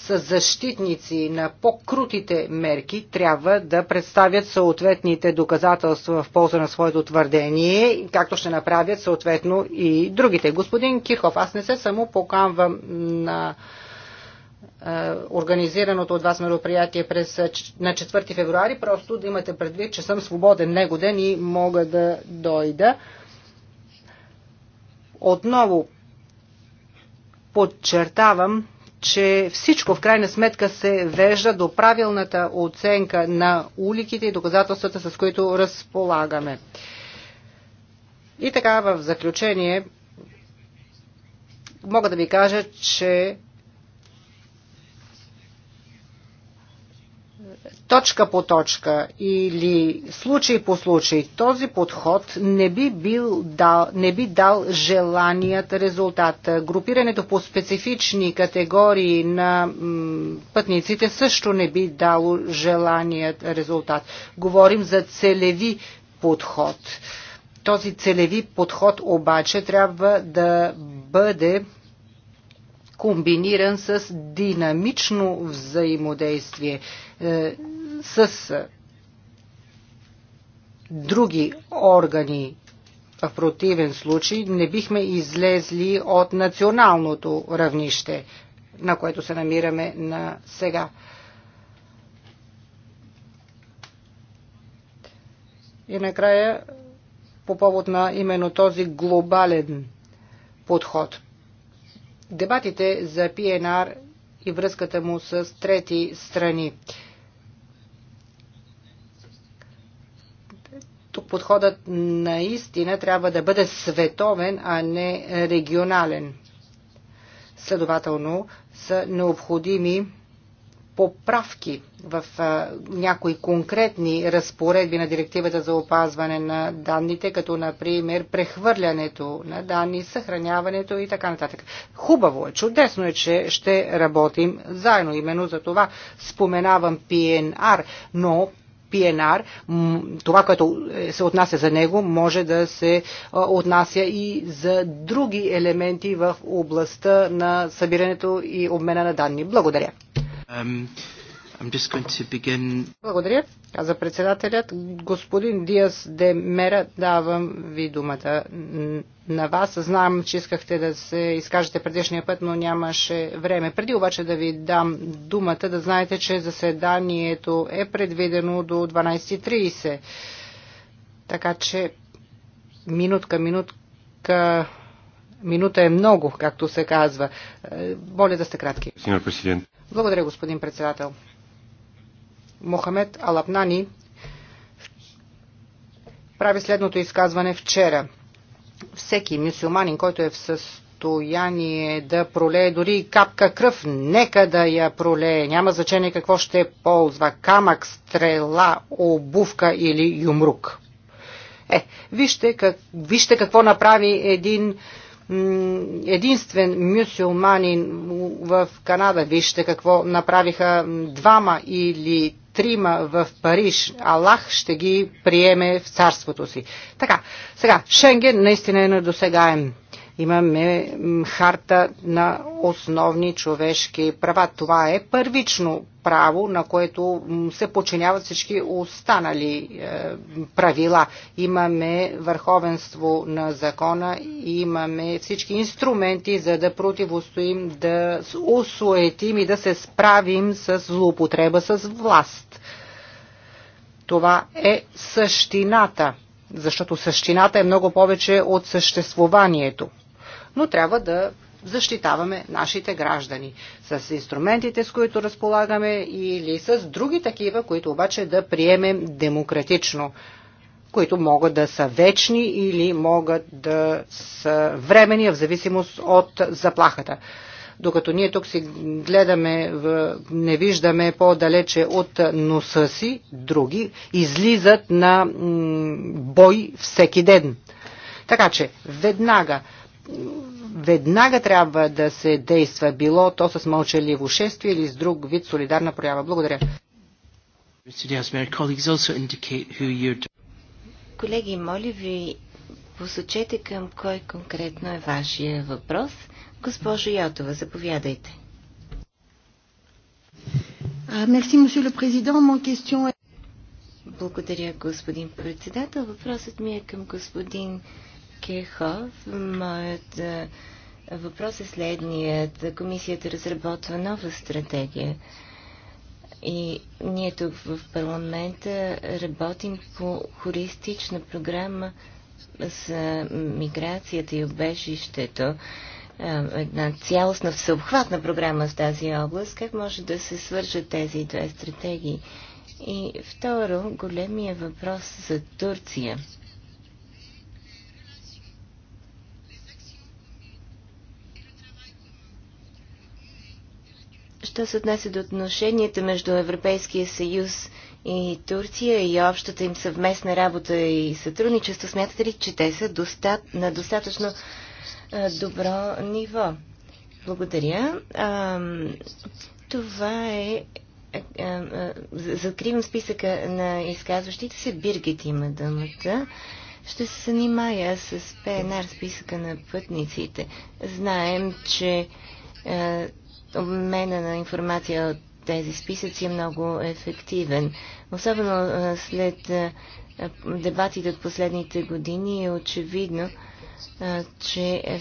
са защитници на по-крутите мерки, трябва да представят съответните доказателства в полза на своето твърдение, както ще направят съответно и другите. Господин Кирхов, аз не се само поканвам на е, организираното от вас мероприятие през, е, на 4 февруари, просто да имате предвид, че съм свободен негоден и мога да дойда. Отново подчертавам че всичко в крайна сметка се вежда до правилната оценка на уликите и доказателствата, с които разполагаме. И така, в заключение, мога да ви кажа, че точка по точка или случай по случай, този подход не би, бил дал, не би дал желаният резултат. Групирането по специфични категории на пътниците също не би дало желаният резултат. Говорим за целеви подход. Този целеви подход обаче трябва да бъде комбиниран с динамично взаимодействие. Е, с други органи. В противен случай не бихме излезли от националното равнище, на което се намираме на сега. И накрая, по повод на именно този глобален подход. Дебатите за ПНР и връзката му с трети страни. тук подходът наистина трябва да бъде световен, а не регионален. Следователно са необходими поправки в някои конкретни разпоредби на директивата за опазване на данните, като например прехвърлянето на данни, съхраняването и така нататък. Хубаво е, чудесно е, че ще работим заедно. Именно за това споменавам PNR, но ПНР, това, което е, се отнася за него, може да се е, отнася и за други елементи в областта на събирането и обмена на данни. Благодаря. Благодаря. Каза председателят. Господин Диас де Мера, давам ви думата на вас. Знам, че искахте да се изкажете предишния път, но нямаше време. Преди обаче да ви дам думата, да знаете, че заседанието е предвидено до 12.30. Така че минутка, минутка Минута е много, както се казва. Боля е, да сте кратки. Благодаря, господин председател. Мохамед Алапнани прави следното изказване вчера. Всеки мюсюлманин, който е в състояние да пролее дори капка кръв, нека да я пролее. Няма значение какво ще ползва. Камък, стрела, обувка или юмрук. Е, вижте, как, вижте какво направи един единствен мюсюлманин в Канада. Вижте какво направиха двама или трима в Париж. Аллах ще ги приеме в царството си. Така, сега, Шенген наистина е недосегаем. Имаме харта на основни човешки права. Това е първично право, на което се подчиняват всички останали е, правила. Имаме върховенство на закона и имаме всички инструменти, за да противостоим, да усуетим и да се справим с злоупотреба с власт. Това е същината, защото същината е много повече от съществуванието но трябва да защитаваме нашите граждани с инструментите, с които разполагаме или с други такива, които обаче да приемем демократично, които могат да са вечни или могат да са времени в зависимост от заплахата докато ние тук си гледаме, не виждаме по-далече от носа си, други излизат на бой всеки ден. Така че, веднага веднага трябва да се действа, било то с мълчаливо шествие или с друг вид солидарна проява. Благодаря. Колеги, моля ви, посочете към кой конкретно е вашия въпрос. Госпожо Йотова, заповядайте. Е- Благодаря, господин председател. Въпросът ми е към господин Кехов. Моят е, въпрос е следният. Комисията разработва нова стратегия. И ние тук в парламента работим по хористична програма за миграцията и обежището. Е, една цялостна всеобхватна програма в тази област. Как може да се свържат тези две стратегии? И второ, големия въпрос за Турция – Що се отнася до отношенията между Европейския съюз и Турция и общата им съвместна работа и сътрудничество, смятате ли, че те са доста... на достатъчно добро ниво? Благодаря. това е закривам списъка на изказващите се. Биргет има думата. Ще се занимая с ПНР списъка на пътниците. Знаем, че обмена на информация от тези списъци е много ефективен. Особено след дебатите от последните години е очевидно, че е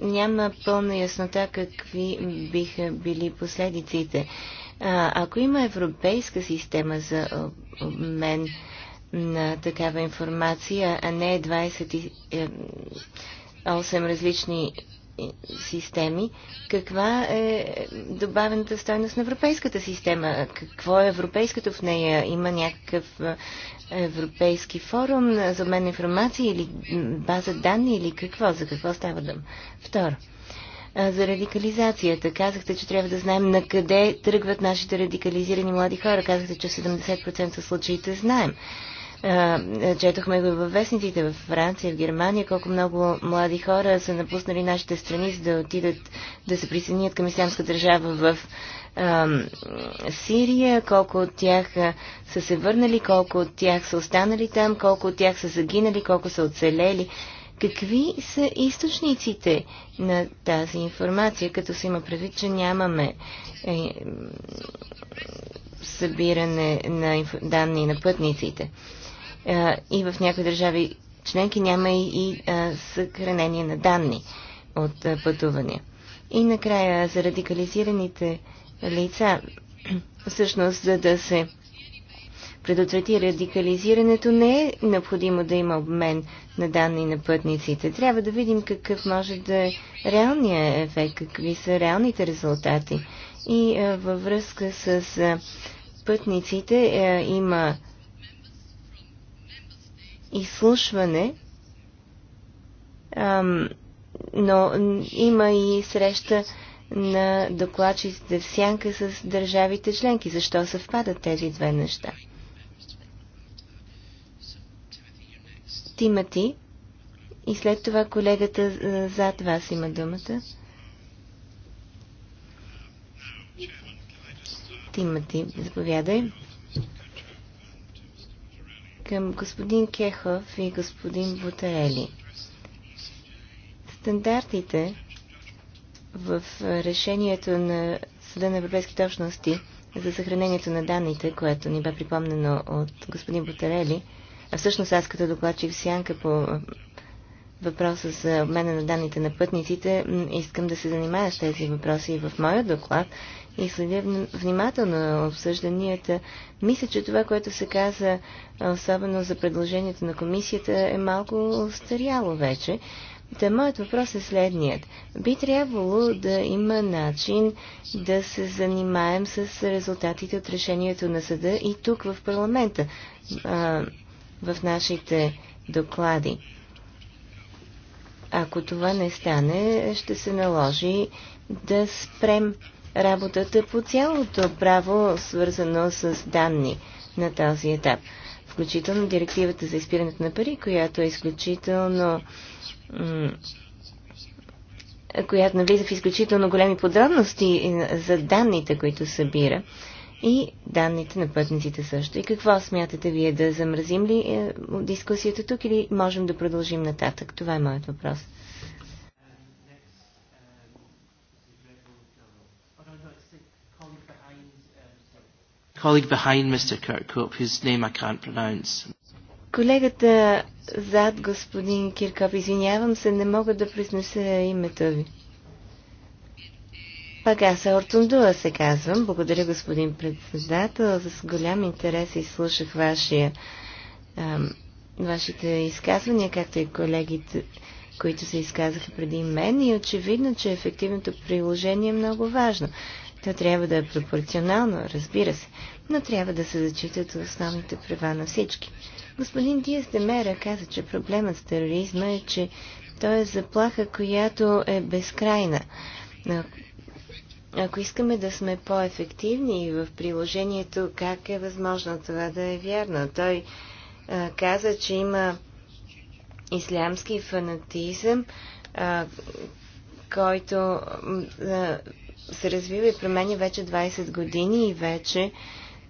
няма пълна яснота какви биха били последиците. Ако има европейска система за обмен на такава информация, а не 28 е, различни системи, каква е добавената стойност на европейската система? Какво е европейското в нея? Има някакъв е, европейски форум за обмен информация или база данни или какво? За какво става дъм? Второ, е, за радикализацията. Казахте, че трябва да знаем на къде тръгват нашите радикализирани млади хора. Казахте, че в 70% от случаите знаем. Четохме го и във вестниците в Франция, в Германия, колко много млади хора са напуснали нашите страни, за да отидат да се присъединят към ислямска държава в Сирия, колко от тях са се върнали, колко от тях са останали там, колко от тях са загинали, колко са оцелели. Какви са източниците на тази информация, като се има предвид, че нямаме е, събиране на данни на пътниците? Е, и в някои държави членки няма и е, съхранение на данни от е, пътувания. И накрая за радикализираните лица, всъщност за да се предотврати радикализирането, не е необходимо да има обмен на данни на пътниците. Трябва да видим какъв може да е реалният ефект, какви са реалните резултати. И а, във връзка с а, пътниците а, има изслушване, ам, но има и среща на докладчиците в сянка с държавите членки. Защо съвпадат тези две неща? Тимати и след това колегата зад вас има думата. Тимати, заповядай към господин Кехов и господин Бутарели. Стандартите в решението на Съда на Европейските общности за съхранението на данните, което ни бе припомнено от господин Бутарели, а всъщност аз като докладчих сянка по въпроса за обмена на данните на пътниците, искам да се занимая с тези въпроси и в моя доклад и следя внимателно обсъжданията. Мисля, че това, което се каза, особено за предложението на комисията, е малко старяло вече. Та моят въпрос е следният. Би трябвало да има начин да се занимаем с резултатите от решението на съда и тук в парламента, в нашите доклади. Ако това не стане, ще се наложи да спрем работата по цялото право, свързано с данни на този етап. Включително директивата за изпирането на пари, която е изключително която навлиза в изключително големи подробности е, за данните, които събира и данните на пътниците също. И какво смятате вие да замразим ли е, дискусията тук или можем да продължим нататък? Това е моят въпрос. colleague behind Mr. Kirkhope, whose name I can't pronounce. Колегата зад господин Киркоп, извинявам се, не мога да произнеса името ви. Пак аз Ортундуа се казвам. Благодаря, господин председател. С голям интерес изслушах вашия, ам, вашите изказвания, както и колегите, които се изказаха преди мен. И очевидно, че ефективното приложение е много важно. То трябва да е пропорционално, разбира се, но трябва да се зачитат основните права на всички. Господин Диас Демера каза, че проблемът с тероризма е, че той е заплаха, която е безкрайна. Ако искаме да сме по-ефективни в приложението, как е възможно това да е вярно? Той а, каза, че има ислямски фанатизъм, а, който а, се развива и променя вече 20 години и вече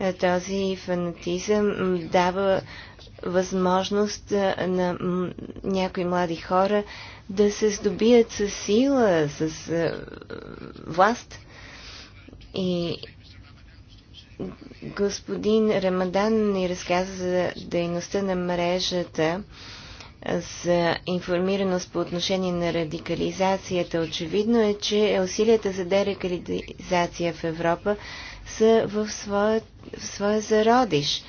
е, този фанатизъм дава възможност е, на някои млади хора да се здобият с сила, с е, власт. И господин Рамадан ни разказа за дейността на мрежата за информираност по отношение на радикализацията, очевидно е, че усилията за дерекализация в Европа са в своя, в своя зародиш.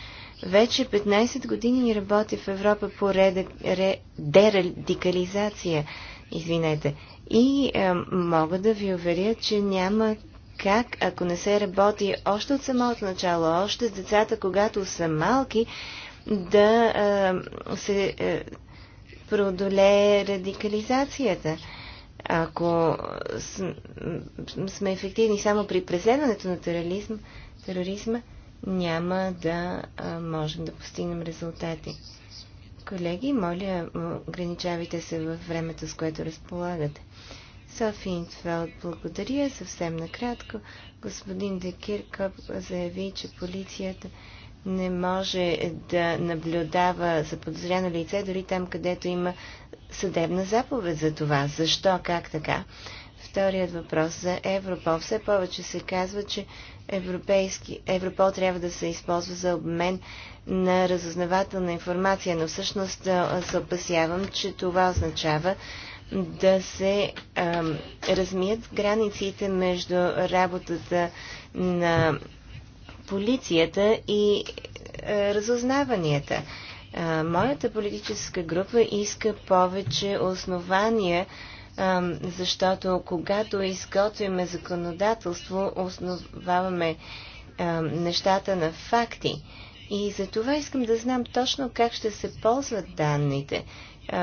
Вече 15 години работи в Европа по реда, ре, дерадикализация. Извинете. И е, мога да ви уверя, че няма как, ако не се работи още от самото начало, още с децата, когато са малки, да е, се. Е, преодолее радикализацията. Ако сме ефективни само при преследването на тероризм, тероризма, няма да можем да постигнем резултати. Колеги, моля, ограничавайте се във времето, с което разполагате. Софи Интфелд благодаря съвсем накратко. Господин Декиркъп заяви, че полицията не може да наблюдава заподозряно лице дори там, където има съдебна заповед за това. Защо? Как така? Вторият въпрос за Европол. Все повече се казва, че европейски, Европол трябва да се използва за обмен на разузнавателна информация, но всъщност се опасявам, че това означава да се а, размият границите между работата на полицията и е, разузнаванията. Е, моята политическа група иска повече основания, е, защото когато изготвяме законодателство, основаваме нещата на факти. И за това искам да знам точно как ще се ползват данните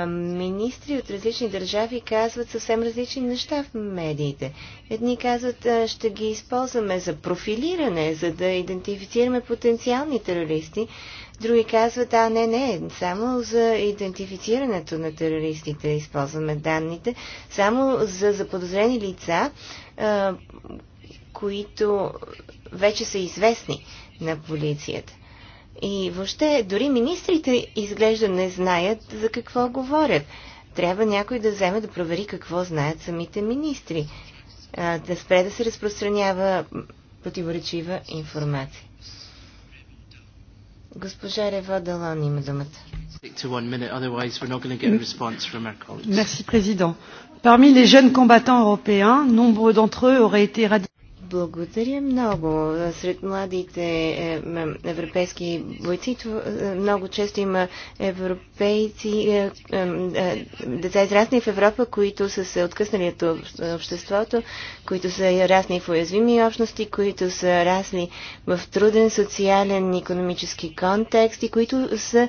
министри от различни държави казват съвсем различни неща в медиите. Едни казват, ще ги използваме за профилиране, за да идентифицираме потенциални терористи. Други казват, а не, не, само за идентифицирането на терористите използваме данните, само за заподозрени лица, които вече са известни на полицията. И въобще, дори министрите изглежда не знаят за какво говорят. Трябва някой да вземе да провери какво знаят самите министри. А, да спре да се разпространява противоречива информация. Госпожа Рева Далон има думата. Merci, Président. Parmi les jeunes combattants européens, nombre d'entre eux auraient été radicalisés. Благодаря много. Сред младите е, европейски бойци е, много често има европейци, е, деца израсни в Европа, които са се откъснали от обществото, които са расни в уязвими общности, които са расли в труден социален, и економически контекст и които са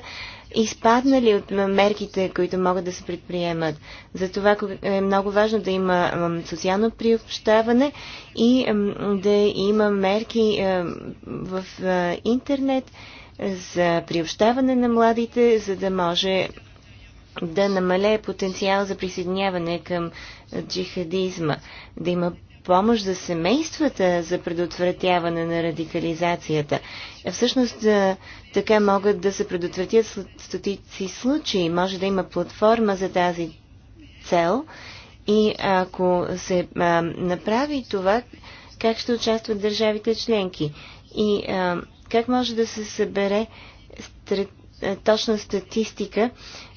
изпаднали от мерките, които могат да се предприемат. Затова е много важно да има социално приобщаване и да има мерки е, в е, интернет за приобщаване на младите, за да може да намалее потенциал за присъединяване към джихадизма, да има помощ за семействата за предотвратяване на радикализацията. Е, всъщност е, така могат да се предотвратят стотици случаи. Може да има платформа за тази цел и ако се а, е, направи това, как ще участват държавите членки и а, как може да се събере точна статистика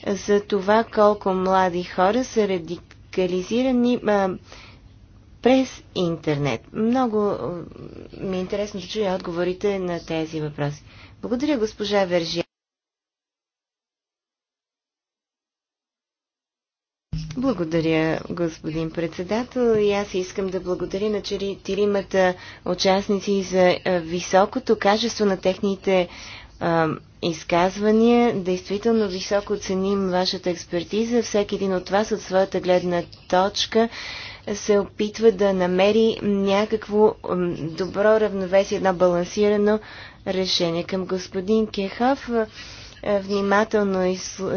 за това колко млади хора са радикализирани. А, през интернет. Много ми е интересно да чуя отговорите на тези въпроси. Благодаря, госпожа Вержи. Благодаря, господин председател. И аз искам да благодаря на четиримата участници за високото качество на техните а, изказвания. Действително високо ценим вашата експертиза. Всеки един от вас от своята гледна точка се опитва да намери някакво добро равновесие, едно балансирано решение. Към господин Кехов е, е, внимателно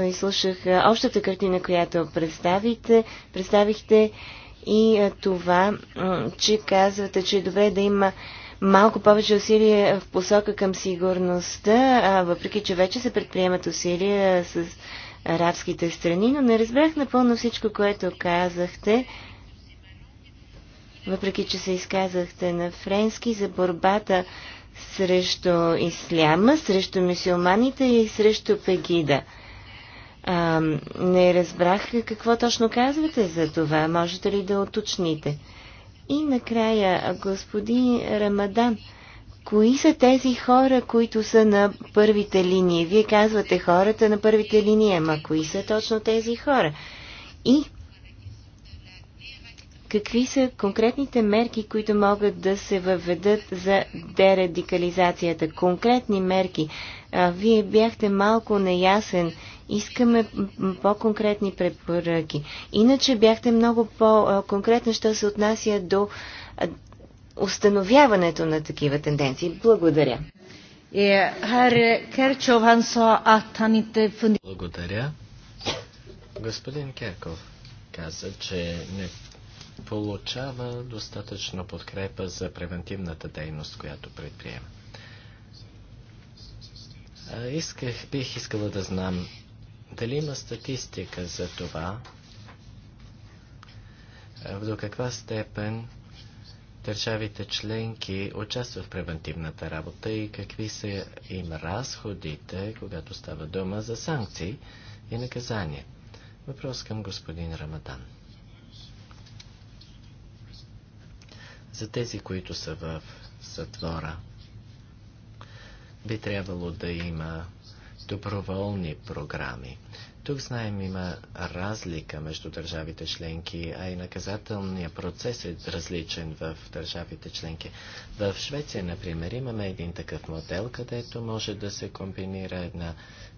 изслушах е, общата картина, която представите, представихте и това, че казвате, че е добре да има малко повече усилия в посока към сигурността, въпреки че вече се предприемат усилия с арабските страни, но не разбрах напълно всичко, което казахте въпреки че се изказахте на френски, за борбата срещу исляма, срещу мисиоманите и срещу пегида. А, не разбрах какво точно казвате за това. Можете ли да уточните? И накрая, господин Рамадан, кои са тези хора, които са на първите линии? Вие казвате хората на първите линии, ама кои са точно тези хора? И Какви са конкретните мерки, които могат да се въведат за дерадикализацията? Конкретни мерки. А, вие бяхте малко неясен. Искаме по-конкретни препоръки. Иначе бяхте много по конкретни що се отнася до установяването на такива тенденции. Благодаря. Е, Благодаря. Господин Керков каза, че не получава достатъчно подкрепа за превентивната дейност, която предприема. Исках, бих искала да знам дали има статистика за това, до каква степен държавите членки участват в превентивната работа и какви са им разходите, когато става дума за санкции и наказания. Въпрос към господин Рамадан. За тези, които са в затвора, би трябвало да има доброволни програми. Тук знаем има разлика между държавите членки, а и наказателният процес е различен в държавите членки. В Швеция, например, имаме един такъв модел, където може да се комбинира една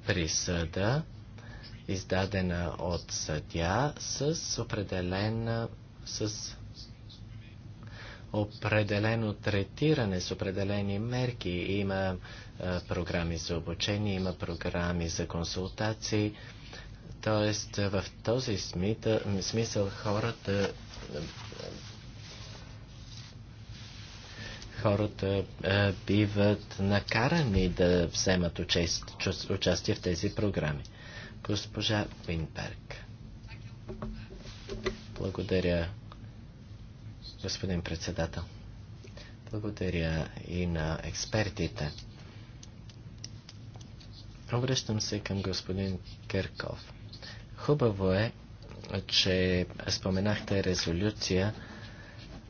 присъда, издадена от съдя, с определена, с определено третиране с определени мерки. Има а, програми за обучение, има програми за консултации. Тоест, в този смисъл хората хората биват накарани да вземат участие в тези програми. Госпожа Винберг. Благодаря, господин председател. Благодаря и на експертите. Обръщам се към господин Кирков. Хубаво е, че споменахте резолюция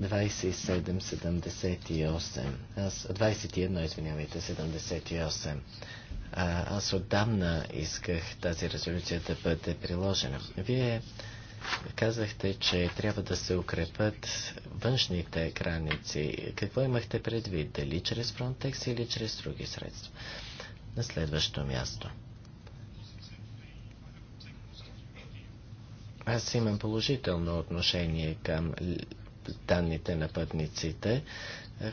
2778. Аз, 21, извинявайте, 78. аз отдавна исках тази резолюция да бъде приложена. Вие Казахте, че трябва да се укрепят външните граници. Какво имахте предвид? Дали чрез Frontex или чрез други средства? На следващо място. Аз имам положително отношение към данните на пътниците.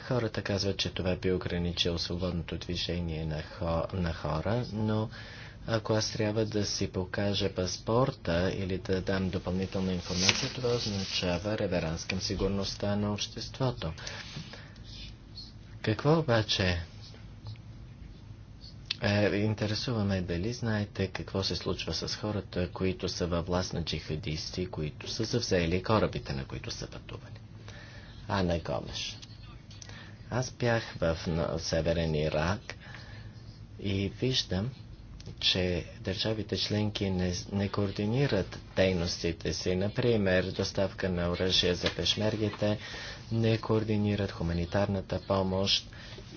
Хората казват, че това би ограничило свободното движение на хора, но ако аз трябва да си покажа паспорта или да дам допълнителна информация, това означава реверанс към сигурността на обществото. Какво обаче е, интересуваме дали знаете какво се случва с хората, които са във власт на джихадисти, които са завзели корабите, на които са пътували. не Гомеш. Аз бях в Северен Ирак и виждам, че държавите членки не, не координират дейностите си, например доставка на оръжие за пешмергите, не координират хуманитарната помощ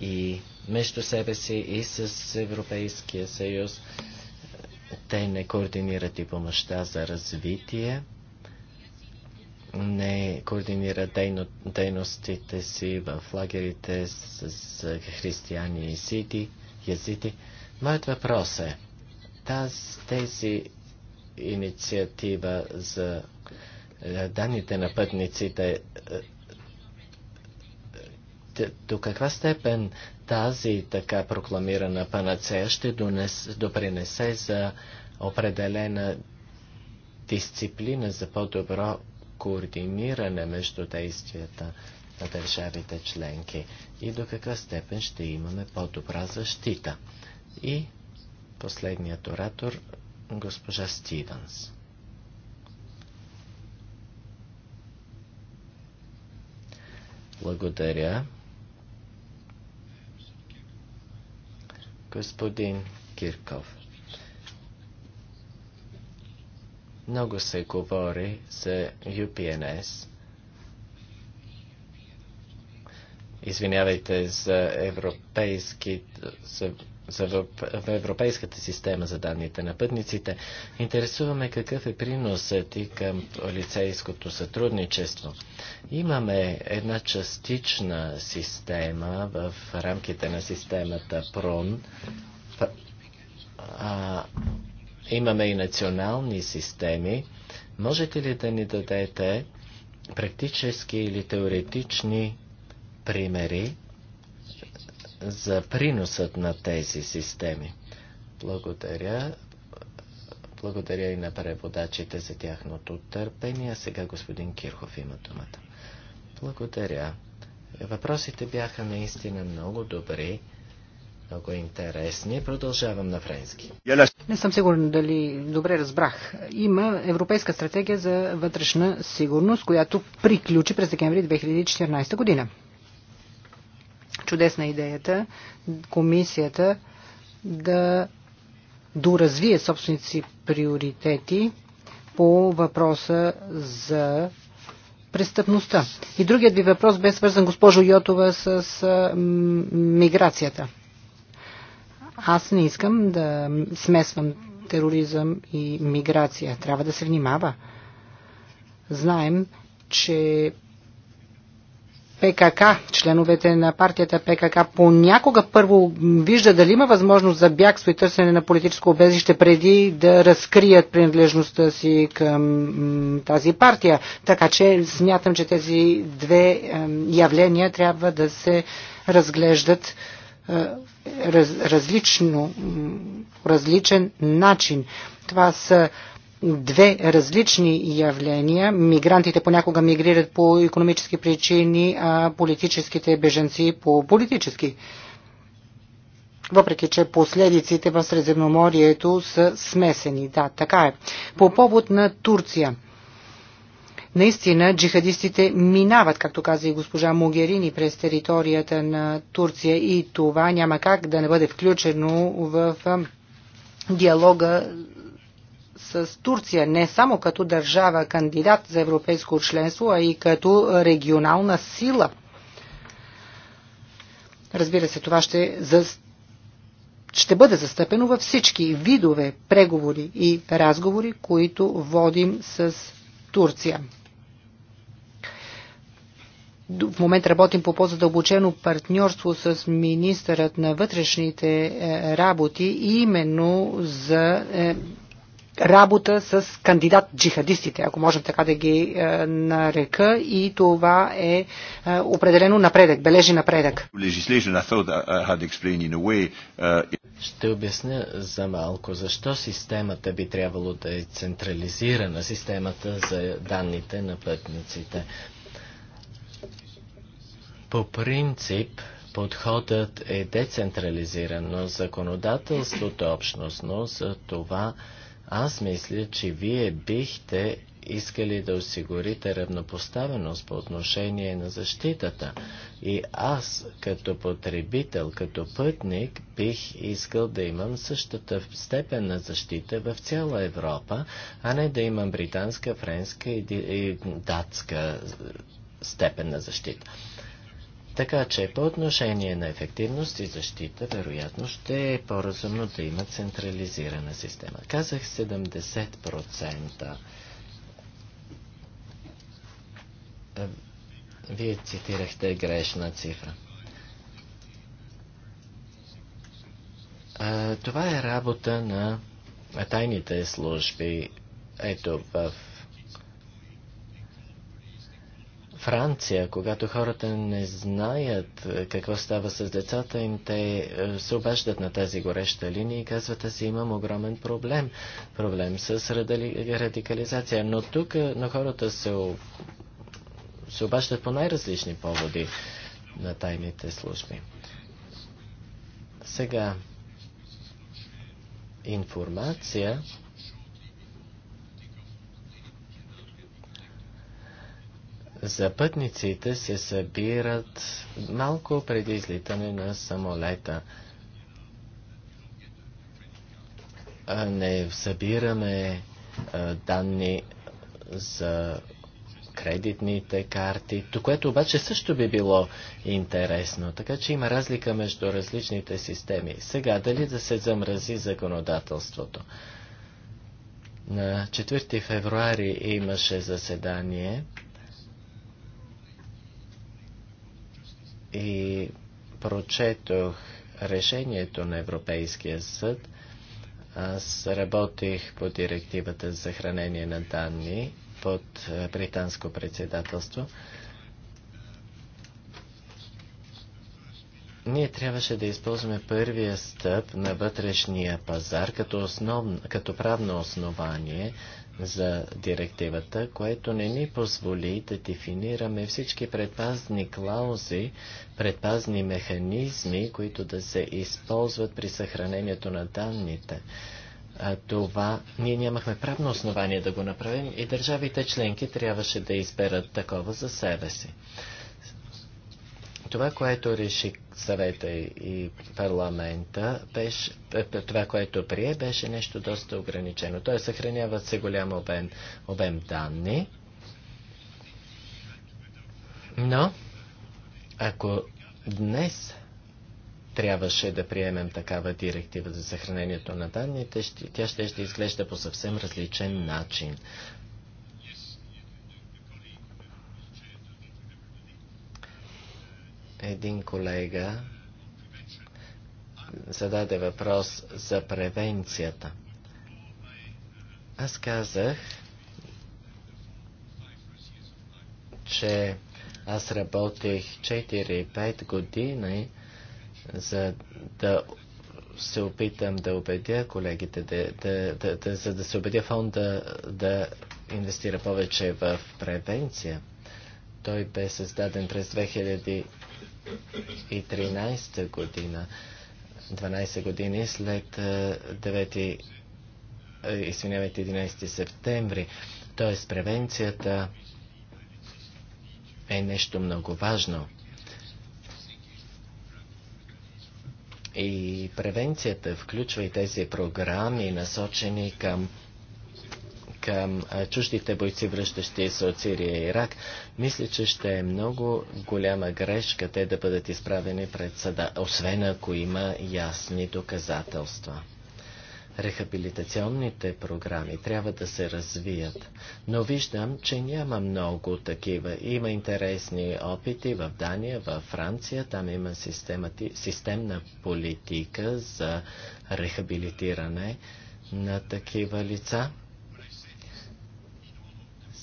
и между себе си и с Европейския съюз. Те не координират и помощта за развитие, не координират дейно, дейностите си в лагерите с, с християни и сиди, язити. Моят въпрос е, таз, тези инициатива за е, данните на пътниците, е, до каква степен тази така прокламирана панацея ще донес, допринесе за определена дисциплина за по-добро координиране между действията на държавите членки и до каква степен ще имаме по-добра защита. И последният оратор, госпожа Стивенс. Благодаря. Господин Кирков. Много се говори за UPNS. Извинявайте за европейски, за за в, европейската система за данните на пътниците. Интересуваме какъв е приносът и към полицейското сътрудничество. Имаме една частична система в рамките на системата ПРОН. А, имаме и национални системи. Можете ли да ни дадете практически или теоретични примери за приносът на тези системи. Благодаря. Благодаря и на преводачите за тяхното търпение. Сега господин Кирхов има думата. Благодаря. Въпросите бяха наистина много добри, много интересни. Продължавам на френски. Не съм сигурен дали добре разбрах. Има Европейска стратегия за вътрешна сигурност, която приключи през декември 2014 година. Чудесна идеята комисията да доразвие собствените си приоритети по въпроса за престъпността. И другият ви въпрос бе свързан, госпожо Йотова, с миграцията. Аз не искам да смесвам тероризъм и миграция. Трябва да се внимава. Знаем, че ПКК, членовете на партията ПКК понякога първо вижда дали има възможност за бягство и търсене на политическо обезище преди да разкрият принадлежността си към тази партия. Така че смятам, че тези две явления трябва да се разглеждат е, раз, различно, различен начин. Това са две различни явления. Мигрантите понякога мигрират по економически причини, а политическите беженци по политически. Въпреки, че последиците в Средземноморието са смесени. Да, така е. По повод на Турция. Наистина, джихадистите минават, както каза и госпожа Могерини, през територията на Турция и това няма как да не бъде включено в диалога с Турция не само като държава кандидат за европейско членство, а и като регионална сила. Разбира се, това ще, за... ще бъде застъпено във всички видове преговори и разговори, които водим с Турция. В момент работим по по-задълбочено партньорство с министърът на вътрешните е, работи именно за е, работа с кандидат-джихадистите, ако можем така да ги е, нарека, и това е, е определено напредък, бележи напредък. Uh, Ще обясня за малко защо системата би трябвало да е централизирана, системата за данните на пътниците. По принцип, подходът е децентрализиран, но законодателството общностно, за това аз мисля, че вие бихте искали да осигурите равнопоставеност по отношение на защитата. И аз, като потребител, като пътник, бих искал да имам същата степен на защита в цяла Европа, а не да имам британска, френска и датска степен на защита. Така че по отношение на ефективност и защита, вероятно ще е по-разумно да има централизирана система. Казах 70%. Вие цитирахте грешна цифра. Това е работа на тайните служби ето в Франция, когато хората не знаят е, какво става с децата им, те е, се обаждат на тази гореща линия и казват, аз имам огромен проблем. Проблем с радикализация. Но тук е, на хората се, се обаждат по най-различни поводи на тайните служби. Сега, информация за пътниците се събират малко преди излитане на самолета. Не събираме данни за кредитните карти, то което обаче също би било интересно. Така че има разлика между различните системи. Сега дали да се замрази законодателството? На 4 февруари имаше заседание и прочетох решението на Европейския съд. Аз работих по директивата за хранение на данни под е, британско председателство. Ние трябваше да използваме първия стъп на вътрешния пазар като, основ, като правно основание за директивата, което не ни позволи да дефинираме всички предпазни клаузи, предпазни механизми, които да се използват при съхранението на данните. А това ние нямахме правно основание да го направим и държавите членки трябваше да изберат такова за себе си. Това, което реши съвета и парламента, беше, това, което прие, беше нещо доста ограничено. Той съхранява се голям обем, обем данни, но ако днес трябваше да приемем такава директива за съхранението на данните, тя ще, ще изглежда по съвсем различен начин. Един колега зададе въпрос за превенцията. Аз казах, че аз работих 4-5 години, за да се опитам да убедя колегите, да, да, да, да, за да се убедя фонда да инвестира повече в превенция. Той бе създаден през 2000 2013 година, 12 години след 9, извинявайте, 11 септември. Тоест превенцията е нещо много важно. И превенцията включва и тези програми, насочени към към чуждите бойци, връщащи се от Сирия и Ирак, мисля, че ще е много голяма грешка те да бъдат изправени пред съда, освен ако има ясни доказателства. Рехабилитационните програми трябва да се развият, но виждам, че няма много такива. Има интересни опити в Дания, в Франция, там има системна политика за рехабилитиране на такива лица.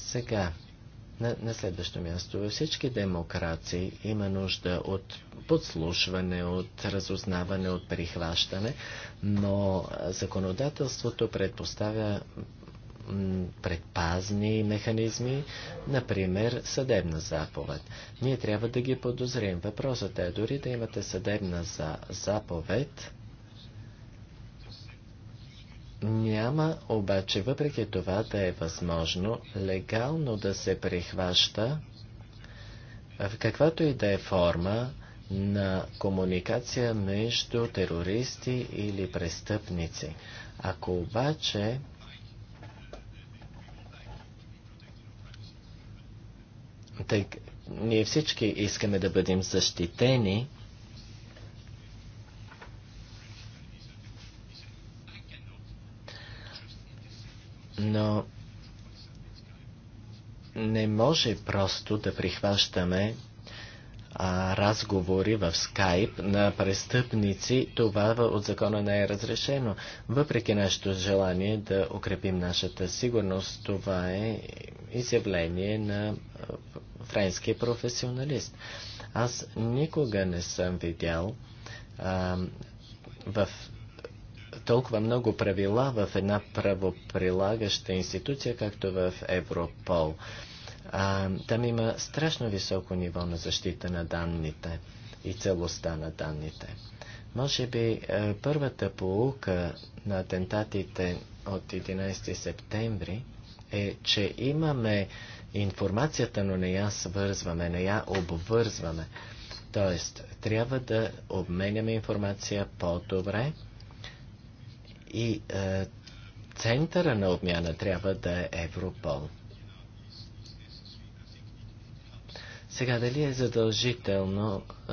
Сега, на, на следващо място, във всички демокрации има нужда от подслушване, от разузнаване, от прихващане, но законодателството предпоставя предпазни механизми, например съдебна заповед. Ние трябва да ги подозрим. Въпросът е, дори да имате съдебна за заповед, няма обаче въпреки това да е възможно легално да се прихваща в каквато и да е форма на комуникация между терористи или престъпници. Ако обаче тъй, ние всички искаме да бъдем защитени, но не може просто да прихващаме а, разговори в скайп на престъпници, това от закона не е разрешено. Въпреки нашето желание да укрепим нашата сигурност, това е изявление на френски професионалист. Аз никога не съм видял а, в толкова много правила в една правоприлагаща институция, както в Европол. А, там има страшно високо ниво на защита на данните и целостта на данните. Може би е, първата полука на атентатите от 11 септември е, че имаме информацията, но не я свързваме, не я обвързваме. Тоест, трябва да обменяме информация по-добре, и е, центъра на обмяна трябва да е Европол. Сега, дали е задължително е,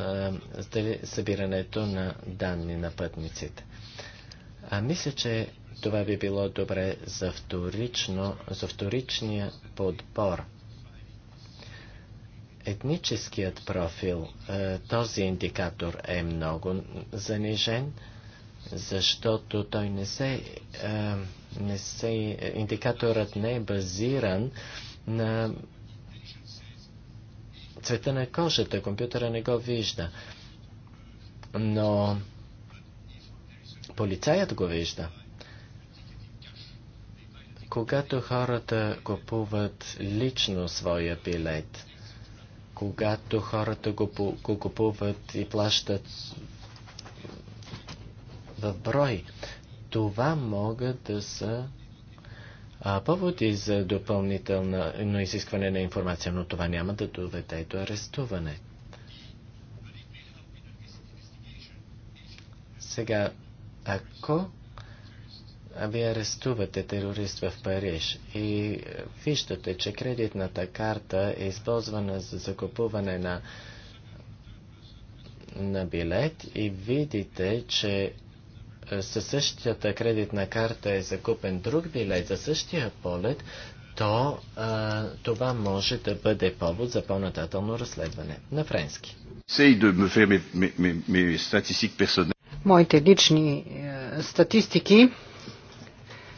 дали събирането на данни на пътниците? А мисля, че това би било добре за, вторично, за вторичния подбор. Етническият профил, е, този индикатор е много занижен защото той не се, а, е, не се, е, индикаторът не е базиран на цвета на кожата. Компютъра не го вижда. Но полицаят го вижда. Когато хората купуват лично своя билет, когато хората го, го купуват и плащат в брой. Това могат да са а, поводи за допълнително изискване на информация, но това няма да доведе до арестуване. Сега, ако ви арестувате терорист в Париж и виждате, че кредитната карта е използвана за закупуване на, на билет и видите, че със е, същата кредитна карта е закупен друг билет за същия полет, то а, е, това може да бъде повод за по нататълно разследване на френски. Моите лични е, статистики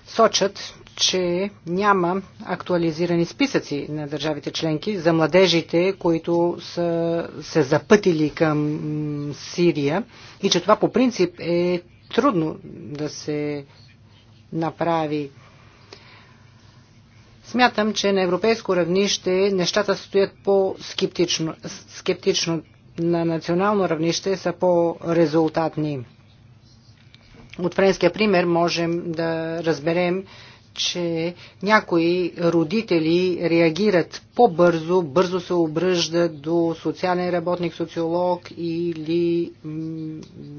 сочат, че няма актуализирани списъци на държавите членки за младежите, които са се запътили към Сирия и че това по принцип е трудно да се направи. Смятам, че на европейско равнище нещата стоят по-скептично. Скептично на национално равнище са по-резултатни. От френския пример можем да разберем, че някои родители реагират по-бързо, бързо се обръждат до социален работник, социолог или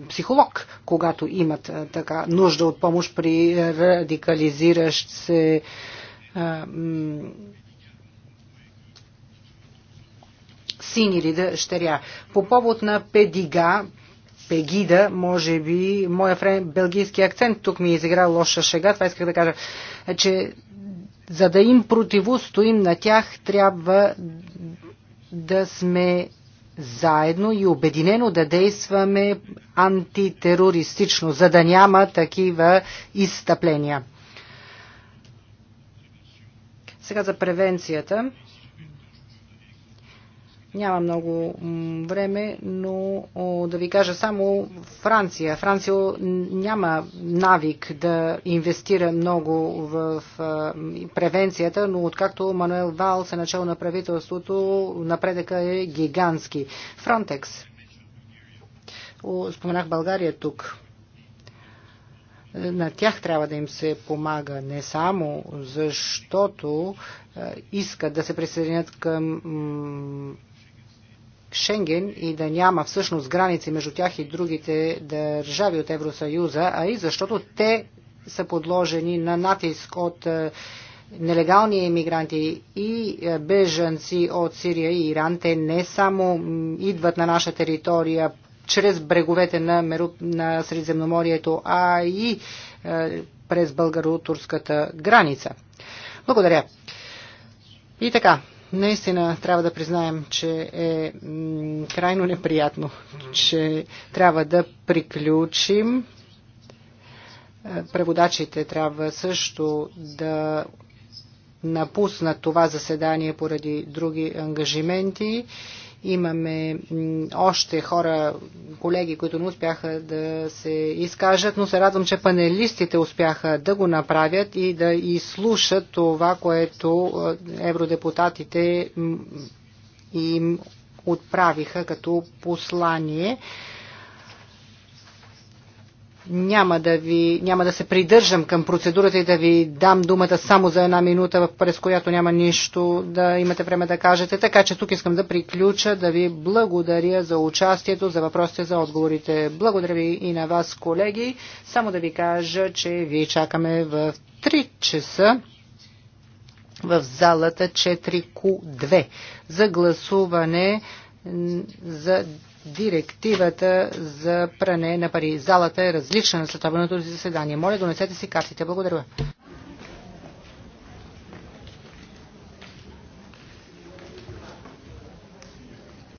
психолог, когато имат така нужда от помощ при радикализиращ се а, син или дъщеря. По повод на педига, Пегида, може би, моя френ, белгийски акцент тук ми е изиграл лоша шега, това исках да кажа, че за да им противостоим на тях, трябва да сме заедно и обединено да действаме антитерористично, за да няма такива изстъпления. Сега за превенцията. Няма много време, но да ви кажа само Франция. Франция няма навик да инвестира много в превенцията, но откакто Мануел Вал се начал на правителството, напредъка е гигантски. Фронтекс. Споменах България тук е, на тях трябва да им се помага не само защото е, искат да се присъединят към Шенген и да няма всъщност граници между тях и другите държави от Евросъюза, а и защото те са подложени на натиск от е, нелегални емигранти и е, бежанци от Сирия и Иран. Те не само идват на наша територия чрез бреговете на, Меру... на Средиземноморието, а и е, през българо-турската граница. Благодаря. И така, Наистина трябва да признаем, че е крайно неприятно, че трябва да приключим. Е, преводачите трябва също да напуснат това заседание поради други ангажименти. Имаме още хора, колеги, които не успяха да се изкажат, но се радвам, че панелистите успяха да го направят и да изслушат това, което евродепутатите им отправиха като послание. Няма да, ви, няма да се придържам към процедурата и да ви дам думата само за една минута, през която няма нищо да имате време да кажете. Така че тук искам да приключа, да ви благодаря за участието, за въпросите, за отговорите. Благодаря ви и на вас, колеги. Само да ви кажа, че ви чакаме в 3 часа в залата 4Q2 за гласуване за директивата за пране на пари. Залата е различна на следобедното заседание. Моля, донесете си картите. Благодаря.